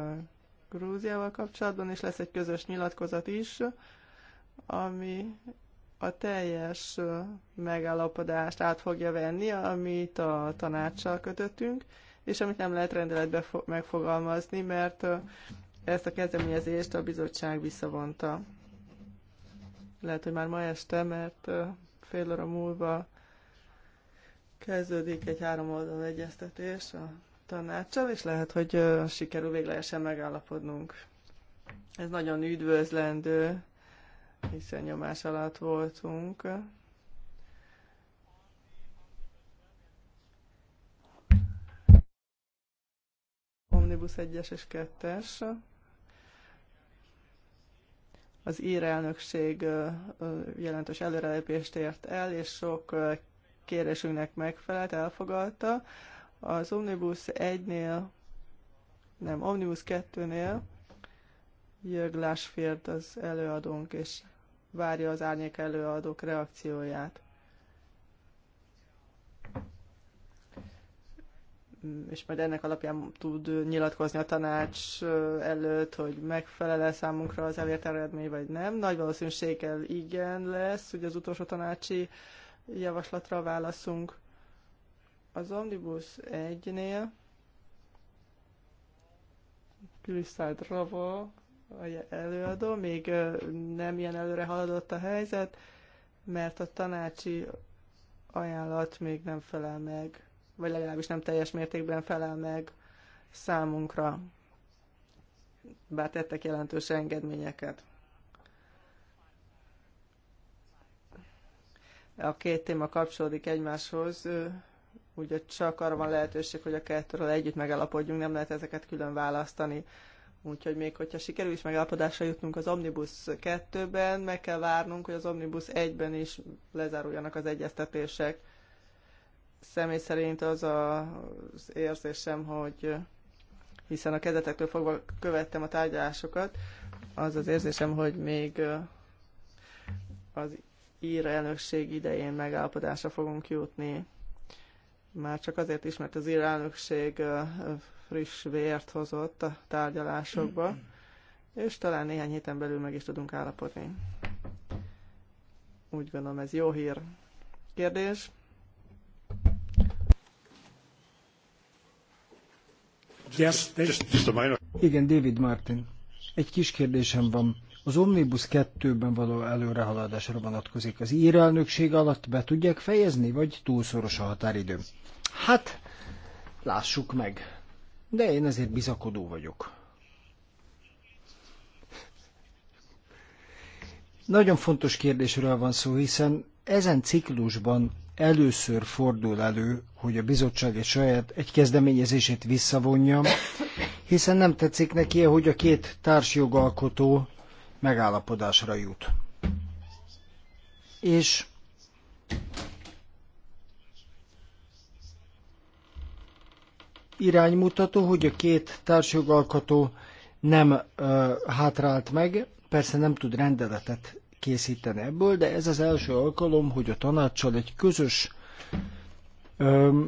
[SPEAKER 3] Grúziával kapcsolatban, és lesz egy közös nyilatkozat is, ami a teljes megállapodást át fogja venni, amit a tanácssal kötöttünk, és amit nem lehet rendeletbe megfogalmazni, mert ezt a kezdeményezést a bizottság visszavonta. Lehet, hogy már ma este, mert fél óra múlva Kezdődik egy három oldal egyeztetés a tanácssal, és lehet, hogy sikerül véglegesen megállapodnunk. Ez nagyon üdvözlendő, hiszen nyomás alatt voltunk. Omnibus 1-es és 2-es. Az írelnökség jelentős előrelépést ért el, és sok kérésünknek megfelelt, elfogadta. Az Omnibus 1-nél, nem, Omnibus 2-nél Jörg Lásfért az előadónk, és várja az árnyék előadók reakcióját. és majd ennek alapján tud nyilatkozni a tanács előtt, hogy megfelel-e számunkra az elért eredmény, vagy nem. Nagy valószínűséggel igen lesz, ugye az utolsó tanácsi javaslatra válaszunk. Az Omnibus 1-nél Glissard Ravo előadó, még nem ilyen előre haladott a helyzet, mert a tanácsi ajánlat még nem felel meg, vagy legalábbis nem teljes mértékben felel meg számunkra, bár tettek jelentős engedményeket. a két téma kapcsolódik egymáshoz, ugye csak arra van lehetőség, hogy a kettőről együtt megállapodjunk, nem lehet ezeket külön választani. Úgyhogy még hogyha sikerül is megállapodásra jutnunk az Omnibus 2-ben, meg kell várnunk, hogy az Omnibus 1-ben is lezáruljanak az egyeztetések. Személy szerint az a, az érzésem, hogy hiszen a kezdetektől fogva követtem a tárgyalásokat, az az érzésem, hogy még az ír elnökség idején megállapodásra fogunk jutni. Már csak azért is, mert az ír elnökség friss vért hozott a tárgyalásokba, és talán néhány héten belül meg is tudunk állapodni. Úgy gondolom, ez jó hír. Kérdés?
[SPEAKER 1] Yes, Igen, David Martin. Egy kis kérdésem van az Omnibus 2-ben való előrehaladásra vonatkozik. Az írelnökség alatt be tudják fejezni, vagy túlszoros a határidő? Hát, lássuk meg. De én ezért bizakodó vagyok. Nagyon fontos kérdésről van szó, hiszen ezen ciklusban először fordul elő, hogy a bizottság egy saját egy kezdeményezését visszavonja, hiszen nem tetszik neki, hogy a két társjogalkotó megállapodásra jut. És iránymutató, hogy a két társjogalkotó nem ö, hátrált meg, persze nem tud rendeletet készíteni ebből, de ez az első alkalom, hogy a tanácssal egy közös ö,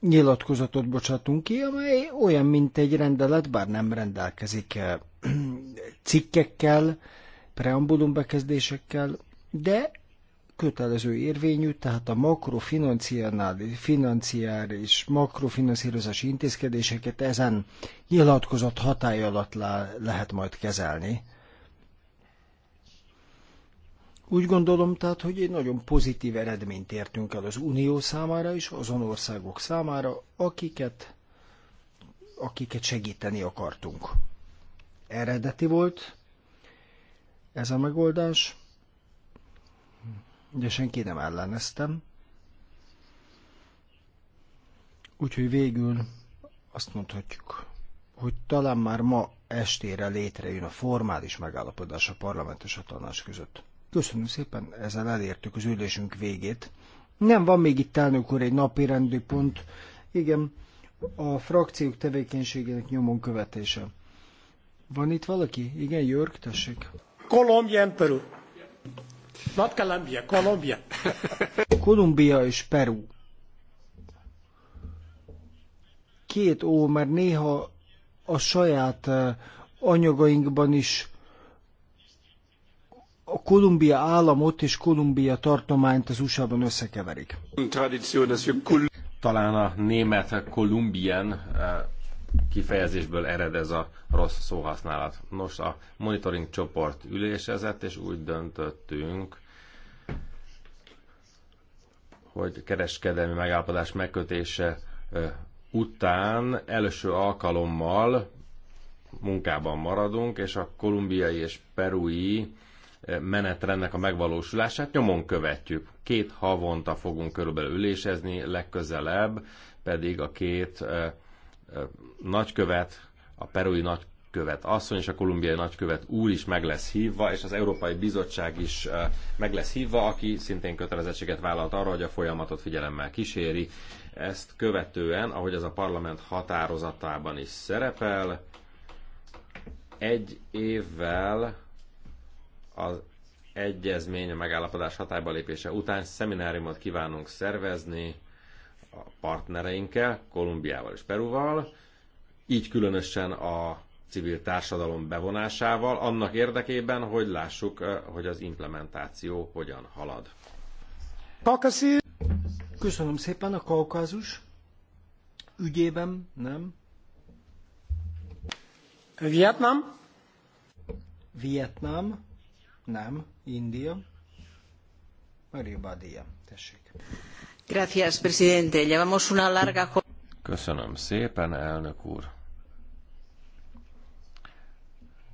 [SPEAKER 1] nyilatkozatot bocsátunk ki, amely olyan, mint egy rendelet, bár nem rendelkezik cikkekkel, preambulum bekezdésekkel, de kötelező érvényű, tehát a makrofinanciális, makrofinanszírozási intézkedéseket ezen nyilatkozat hatály alatt lehet majd kezelni. Úgy gondolom tehát, hogy egy nagyon pozitív eredményt értünk el az Unió számára és azon országok számára, akiket, akiket segíteni akartunk eredeti volt ez a megoldás, Ugye senki nem elleneztem. Úgyhogy végül azt mondhatjuk, hogy talán már ma estére létrejön a formális megállapodás a parlament és a tanács között. Köszönöm szépen, ezzel elértük az ülésünk végét. Nem, van még itt elnök úr egy napi pont. Igen, a frakciók tevékenységének nyomon követése. Van itt valaki? Igen, Jörg, tessék. Kolumbián Peru. Not Colombia, Colombia. Kolumbia és Peru. Két ó, mert néha a saját eh, anyagainkban is a Kolumbia államot és Kolumbia tartományt az USA-ban összekeverik.
[SPEAKER 2] Talán a német Kolumbián eh, kifejezésből ered ez a rossz szóhasználat. Nos, a monitoring csoport ülésezett, és úgy döntöttünk, hogy kereskedelmi megállapodás megkötése után első alkalommal munkában maradunk, és a kolumbiai és perui menetrendnek a megvalósulását nyomon követjük. Két havonta fogunk körülbelül ülésezni, legközelebb pedig a két nagykövet, a perui nagykövet asszony és a kolumbiai nagykövet úr is meg lesz hívva, és az Európai Bizottság is meg lesz hívva, aki szintén kötelezettséget vállalt arra, hogy a folyamatot figyelemmel kíséri. Ezt követően, ahogy az a parlament határozatában is szerepel, egy évvel az egyezmény, a megállapodás hatályba lépése után szemináriumot kívánunk szervezni a partnereinkkel, Kolumbiával és Peruval, így különösen a civil társadalom bevonásával, annak érdekében, hogy lássuk, eh, hogy az implementáció hogyan halad.
[SPEAKER 1] Köszönöm szépen a kaukázus ügyében, nem? Vietnam? Vietnam? Nem. India? Mario Badia, tessék.
[SPEAKER 3] Gracias, presidente. Llevamos una larga...
[SPEAKER 2] Köszönöm szépen, elnök úr.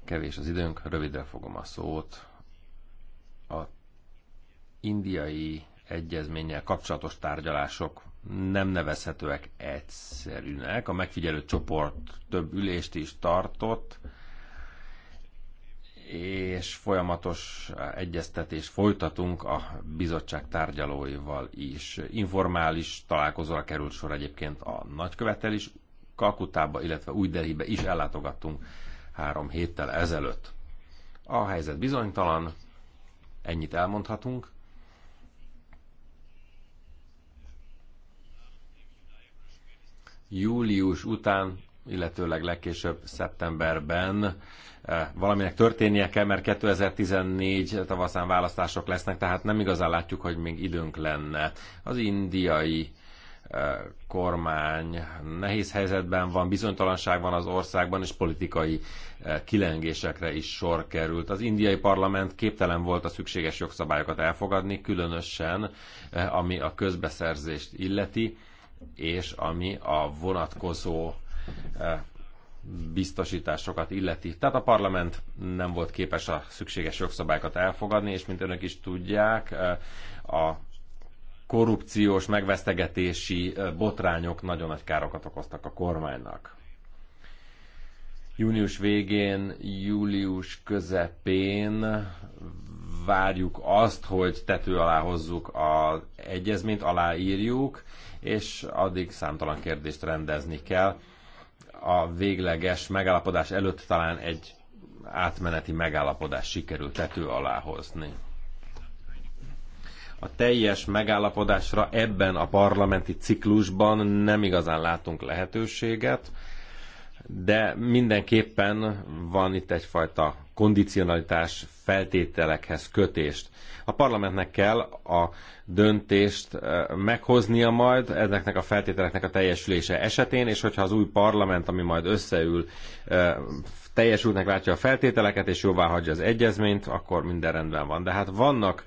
[SPEAKER 2] Kevés az időnk, rövidre fogom a szót. A indiai egyezménnyel kapcsolatos tárgyalások nem nevezhetőek egyszerűnek. A megfigyelő csoport több ülést is tartott, és folyamatos egyeztetés folytatunk a bizottság tárgyalóival is. Informális találkozóra került sor egyébként a nagykövetel is, Kalkutába, illetve Új Delhibe is ellátogattunk három héttel ezelőtt. A helyzet bizonytalan, ennyit elmondhatunk. Július után, illetőleg legkésőbb szeptemberben eh, valaminek történnie kell, mert 2014 tavaszán választások lesznek, tehát nem igazán látjuk, hogy még időnk lenne. Az indiai kormány nehéz helyzetben van, bizonytalanság van az országban, és politikai eh, kilengésekre is sor került. Az indiai parlament képtelen volt a szükséges jogszabályokat elfogadni, különösen eh, ami a közbeszerzést illeti, és ami a vonatkozó eh, biztosításokat illeti. Tehát a parlament nem volt képes a szükséges jogszabályokat elfogadni, és mint önök is tudják, a korrupciós megvesztegetési botrányok nagyon nagy károkat okoztak a kormánynak. Június végén, július közepén várjuk azt, hogy tető alá hozzuk az egyezményt, aláírjuk, és addig számtalan kérdést rendezni kell. A végleges megállapodás előtt talán egy átmeneti megállapodás sikerült tető alá hozni a teljes megállapodásra ebben a parlamenti ciklusban nem igazán látunk lehetőséget, de mindenképpen van itt egyfajta kondicionalitás feltételekhez kötést. A parlamentnek kell a döntést eh, meghoznia majd ezeknek a feltételeknek a teljesülése esetén, és hogyha az új parlament, ami majd összeül, eh, teljesültnek látja a feltételeket, és jóvá hagyja az egyezményt, akkor minden rendben van. De hát vannak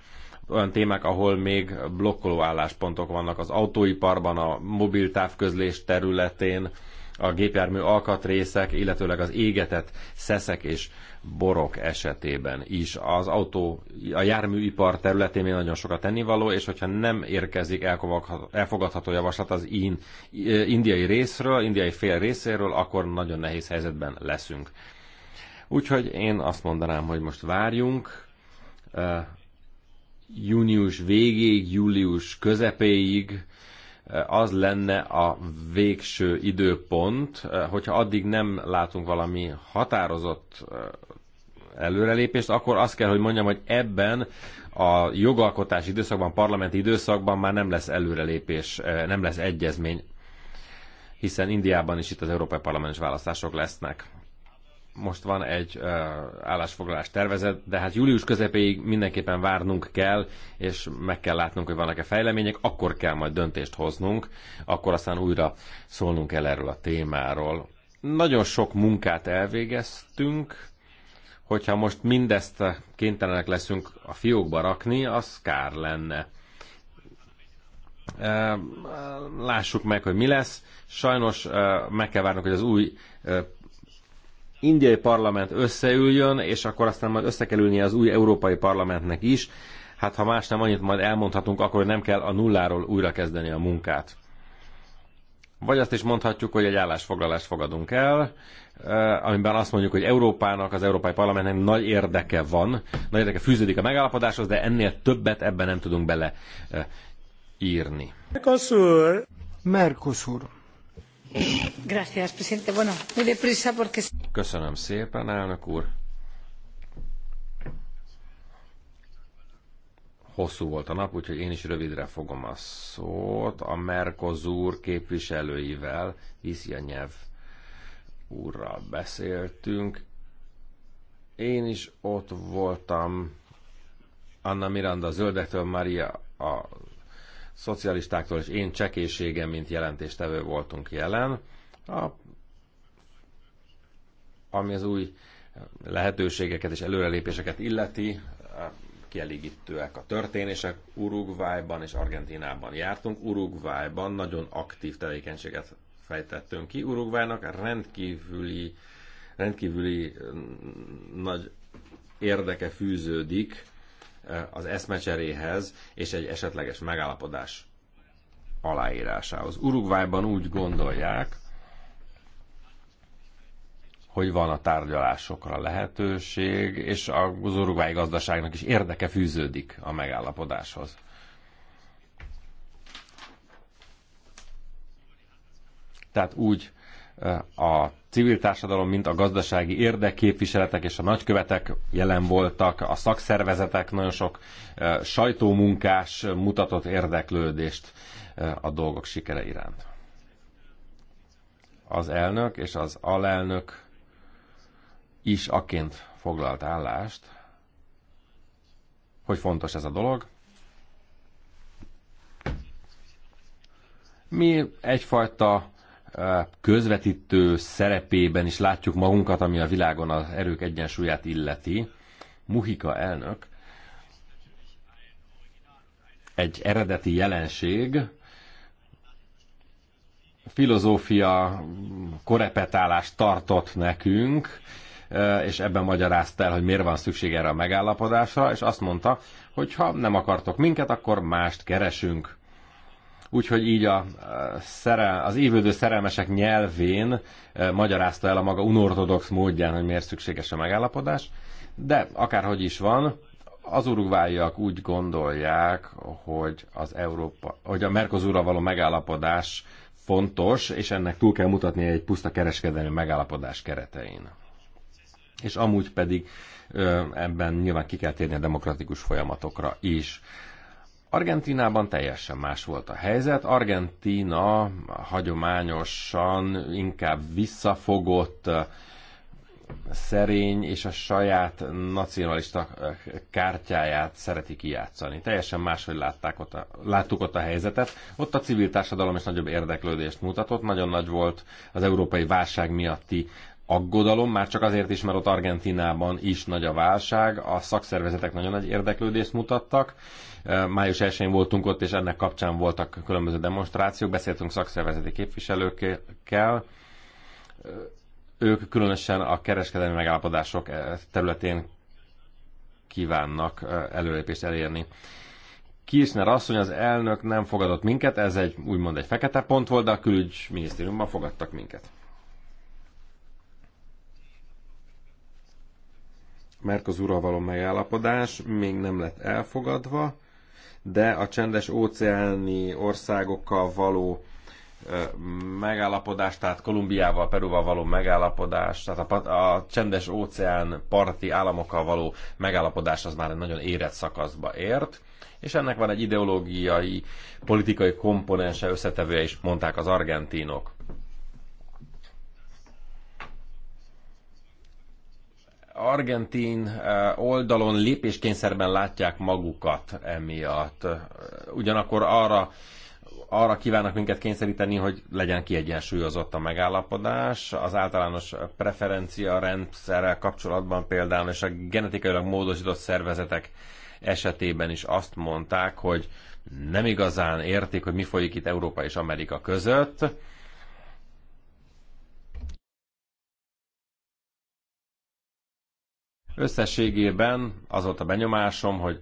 [SPEAKER 2] olyan témák, ahol még blokkoló álláspontok vannak az autóiparban, a mobil távközlés területén, a gépjármű alkatrészek, illetőleg az égetett szeszek és borok esetében is. Az autó, a járműipar területén még nagyon sokat tennivaló, és hogyha nem érkezik elfogadható javaslat az in, indiai részről, indiai fél részéről, akkor nagyon nehéz helyzetben leszünk. Úgyhogy én azt mondanám, hogy most várjunk, június végéig, július közepéig eh, az lenne a végső időpont, eh, hogyha addig nem látunk valami határozott eh, előrelépést, akkor azt kell, hogy mondjam, hogy ebben a jogalkotási időszakban, parlamenti időszakban már nem lesz előrelépés, nem lesz egyezmény, hiszen Indiában is itt az Európai Parlamentes választások lesznek most van egy állásfoglalás tervezet, de hát július közepéig mindenképpen várnunk kell, és meg kell látnunk, hogy vannak-e fejlemények, akkor kell majd döntést hoznunk, akkor aztán újra szólnunk kell erről a témáról. Nagyon sok munkát elvégeztünk, hogyha most mindezt kénytelenek leszünk a fiókba rakni, az kár lenne. Lássuk meg, hogy mi lesz. Sajnos meg kell várnunk, hogy az új indiai parlament összeüljön, és akkor aztán majd össze kell ülnie az új európai parlamentnek is. Hát ha más nem annyit majd elmondhatunk, akkor nem kell a nulláról újra kezdeni a munkát. Vagy azt is mondhatjuk, hogy egy állásfoglalást fogadunk el, eh, amiben azt mondjuk, hogy Európának, az Európai Parlamentnek nagy érdeke van, nagy érdeke fűződik a megállapodáshoz, de ennél többet ebben nem tudunk bele eh, írni.
[SPEAKER 1] Mercosur. Mercosur.
[SPEAKER 2] Köszönöm szépen, elnök úr. hosszú volt a nap, úgyhogy én is rövidre fogom a szót. A Mercosur képviselőivel, Iszjanyev úrral beszéltünk. Én is ott voltam Anna Miranda zöldektől, Maria a szocialistáktól és én csekészségem, mint jelentéstevő voltunk jelen. A, ami az új lehetőségeket és előrelépéseket illeti, kielégítőek a történések. Uruguayban és Argentinában jártunk. Uruguayban nagyon aktív tevékenységet fejtettünk ki. Uruguaynak rendkívüli, rendkívüli mm, nagy érdeke fűződik az eszmecseréhez és egy esetleges megállapodás aláírásához. Uruguayban úgy gondolják, hogy van a tárgyalásokra lehetőség, és az uruguayi gazdaságnak is érdeke fűződik a megállapodáshoz. Tehát úgy a civil társadalom, mint a gazdasági érdekképviseletek és a nagykövetek jelen voltak, a szakszervezetek nagyon sok e, sajtómunkás mutatott érdeklődést e, a dolgok sikere iránt. Az elnök és az alelnök is aként foglalt állást, hogy fontos ez a dolog. Mi egyfajta közvetítő szerepében is látjuk magunkat, ami a világon az erők egyensúlyát illeti. Muhika elnök egy eredeti jelenség, filozófia korepetálást tartott nekünk, e, és ebben magyarázta el, hogy miért van szükség erre a megállapodásra, és azt mondta, hogy ha nem akartok minket, akkor mást keresünk. Úgyhogy így a, eh, szere az évődő szerelmesek nyelvén eh, magyarázta el a maga unortodox módján, hogy miért szükséges a megállapodás. De akárhogy is van, az urugváiak úgy gondolják, hogy, az Európa, hogy a Mercosurral való megállapodás fontos, és ennek túl kell mutatni egy puszta kereskedelmi megállapodás keretein. És amúgy pedig ebben nyilván ki kell térni a demokratikus folyamatokra is. Argentinában teljesen más volt a helyzet. Argentina hagyományosan inkább visszafogott, eh, szerény és a saját nacionalista eh, kártyáját szereti kijátszani. Teljesen máshogy látták ott a, láttuk ott a helyzetet. Ott a civil társadalom is nagyobb érdeklődést mutatott. Nagyon nagy volt az európai válság miatti aggodalom, már csak azért is, mert ott Argentinában is nagy a válság, a szakszervezetek nagyon nagy érdeklődést mutattak, Május 1-én voltunk ott, és ennek kapcsán voltak különböző demonstrációk, beszéltünk szakszervezeti képviselőkkel, ők különösen a kereskedelmi megállapodások eh, területén kívánnak eh, előlépést elérni. Kirchner asszony, az elnök nem fogadott minket, ez egy úgymond egy fekete pont volt, de a külügyminisztériumban fogadtak minket. Merkozúra való megállapodás még nem lett elfogadva, de a csendes óceáni országokkal való megállapodás, tehát Kolumbiával, Perúval való megállapodás, tehát a, a csendes óceán parti államokkal való megállapodás az már egy nagyon érett szakaszba ért, és ennek van egy ideológiai, politikai komponense, összetevője is, mondták az argentinok. argentin eh, oldalon lépéskényszerben látják magukat emiatt. Ugyanakkor arra arra kívánnak minket kényszeríteni, hogy legyen kiegyensúlyozott a megállapodás. Az általános preferencia rendszerrel kapcsolatban például, és a genetikailag módosított szervezetek esetében is azt mondták, hogy nem igazán értik, hogy mi folyik itt Európa és Amerika között Összességében az volt a benyomásom, hogy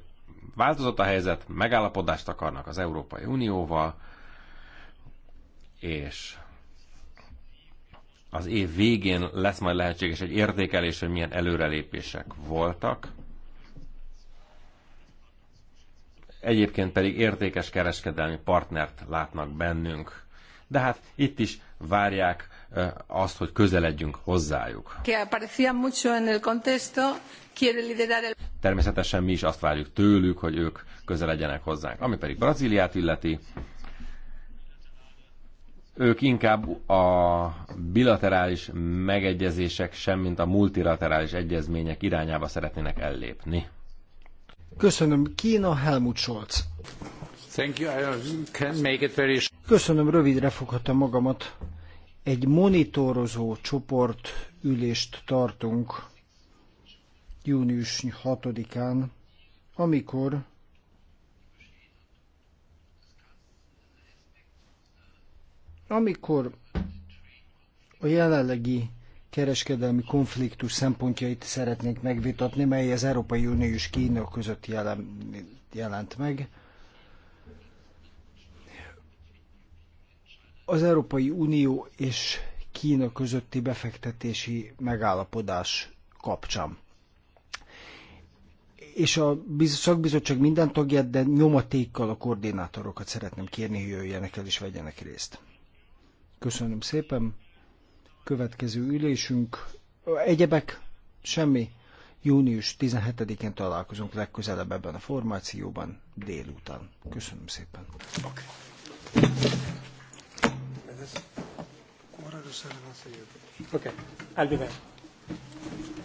[SPEAKER 2] változott a helyzet, megállapodást akarnak az Európai Unióval, és az év végén lesz majd lehetséges egy értékelés, hogy milyen előrelépések voltak. Egyébként pedig értékes kereskedelmi partnert látnak bennünk. De hát itt is várják Eh, azt, hogy közeledjünk hozzájuk. Természetesen mi is azt várjuk tőlük, hogy ők közeledjenek hozzánk. Ami pedig Brazíliát illeti, ők inkább a bilaterális megegyezések, semmint a multilaterális egyezmények irányába szeretnének ellépni.
[SPEAKER 1] Köszönöm. Kína Helmut Scholz.
[SPEAKER 2] Thank you. I can make it very...
[SPEAKER 1] Köszönöm, rövidre foghatom magamat. Egy monitorozó csoport ülést tartunk június 6-án, amikor amikor a jelenlegi kereskedelmi konfliktus szempontjait szeretnénk megvitatni, mely az Európai Unió és Kína között jelen, jelent meg. az Európai Unió és Kína közötti befektetési megállapodás kapcsán. És a szakbizottság minden tagját, de nyomatékkal a koordinátorokat szeretném kérni, hogy jöjjenek el és vegyenek részt. Köszönöm szépen. Következő ülésünk. Egyebek? Semmi. Június 17-én találkozunk legközelebb ebben a formációban délután. Köszönöm szépen. Okay. Okay, I'll be back.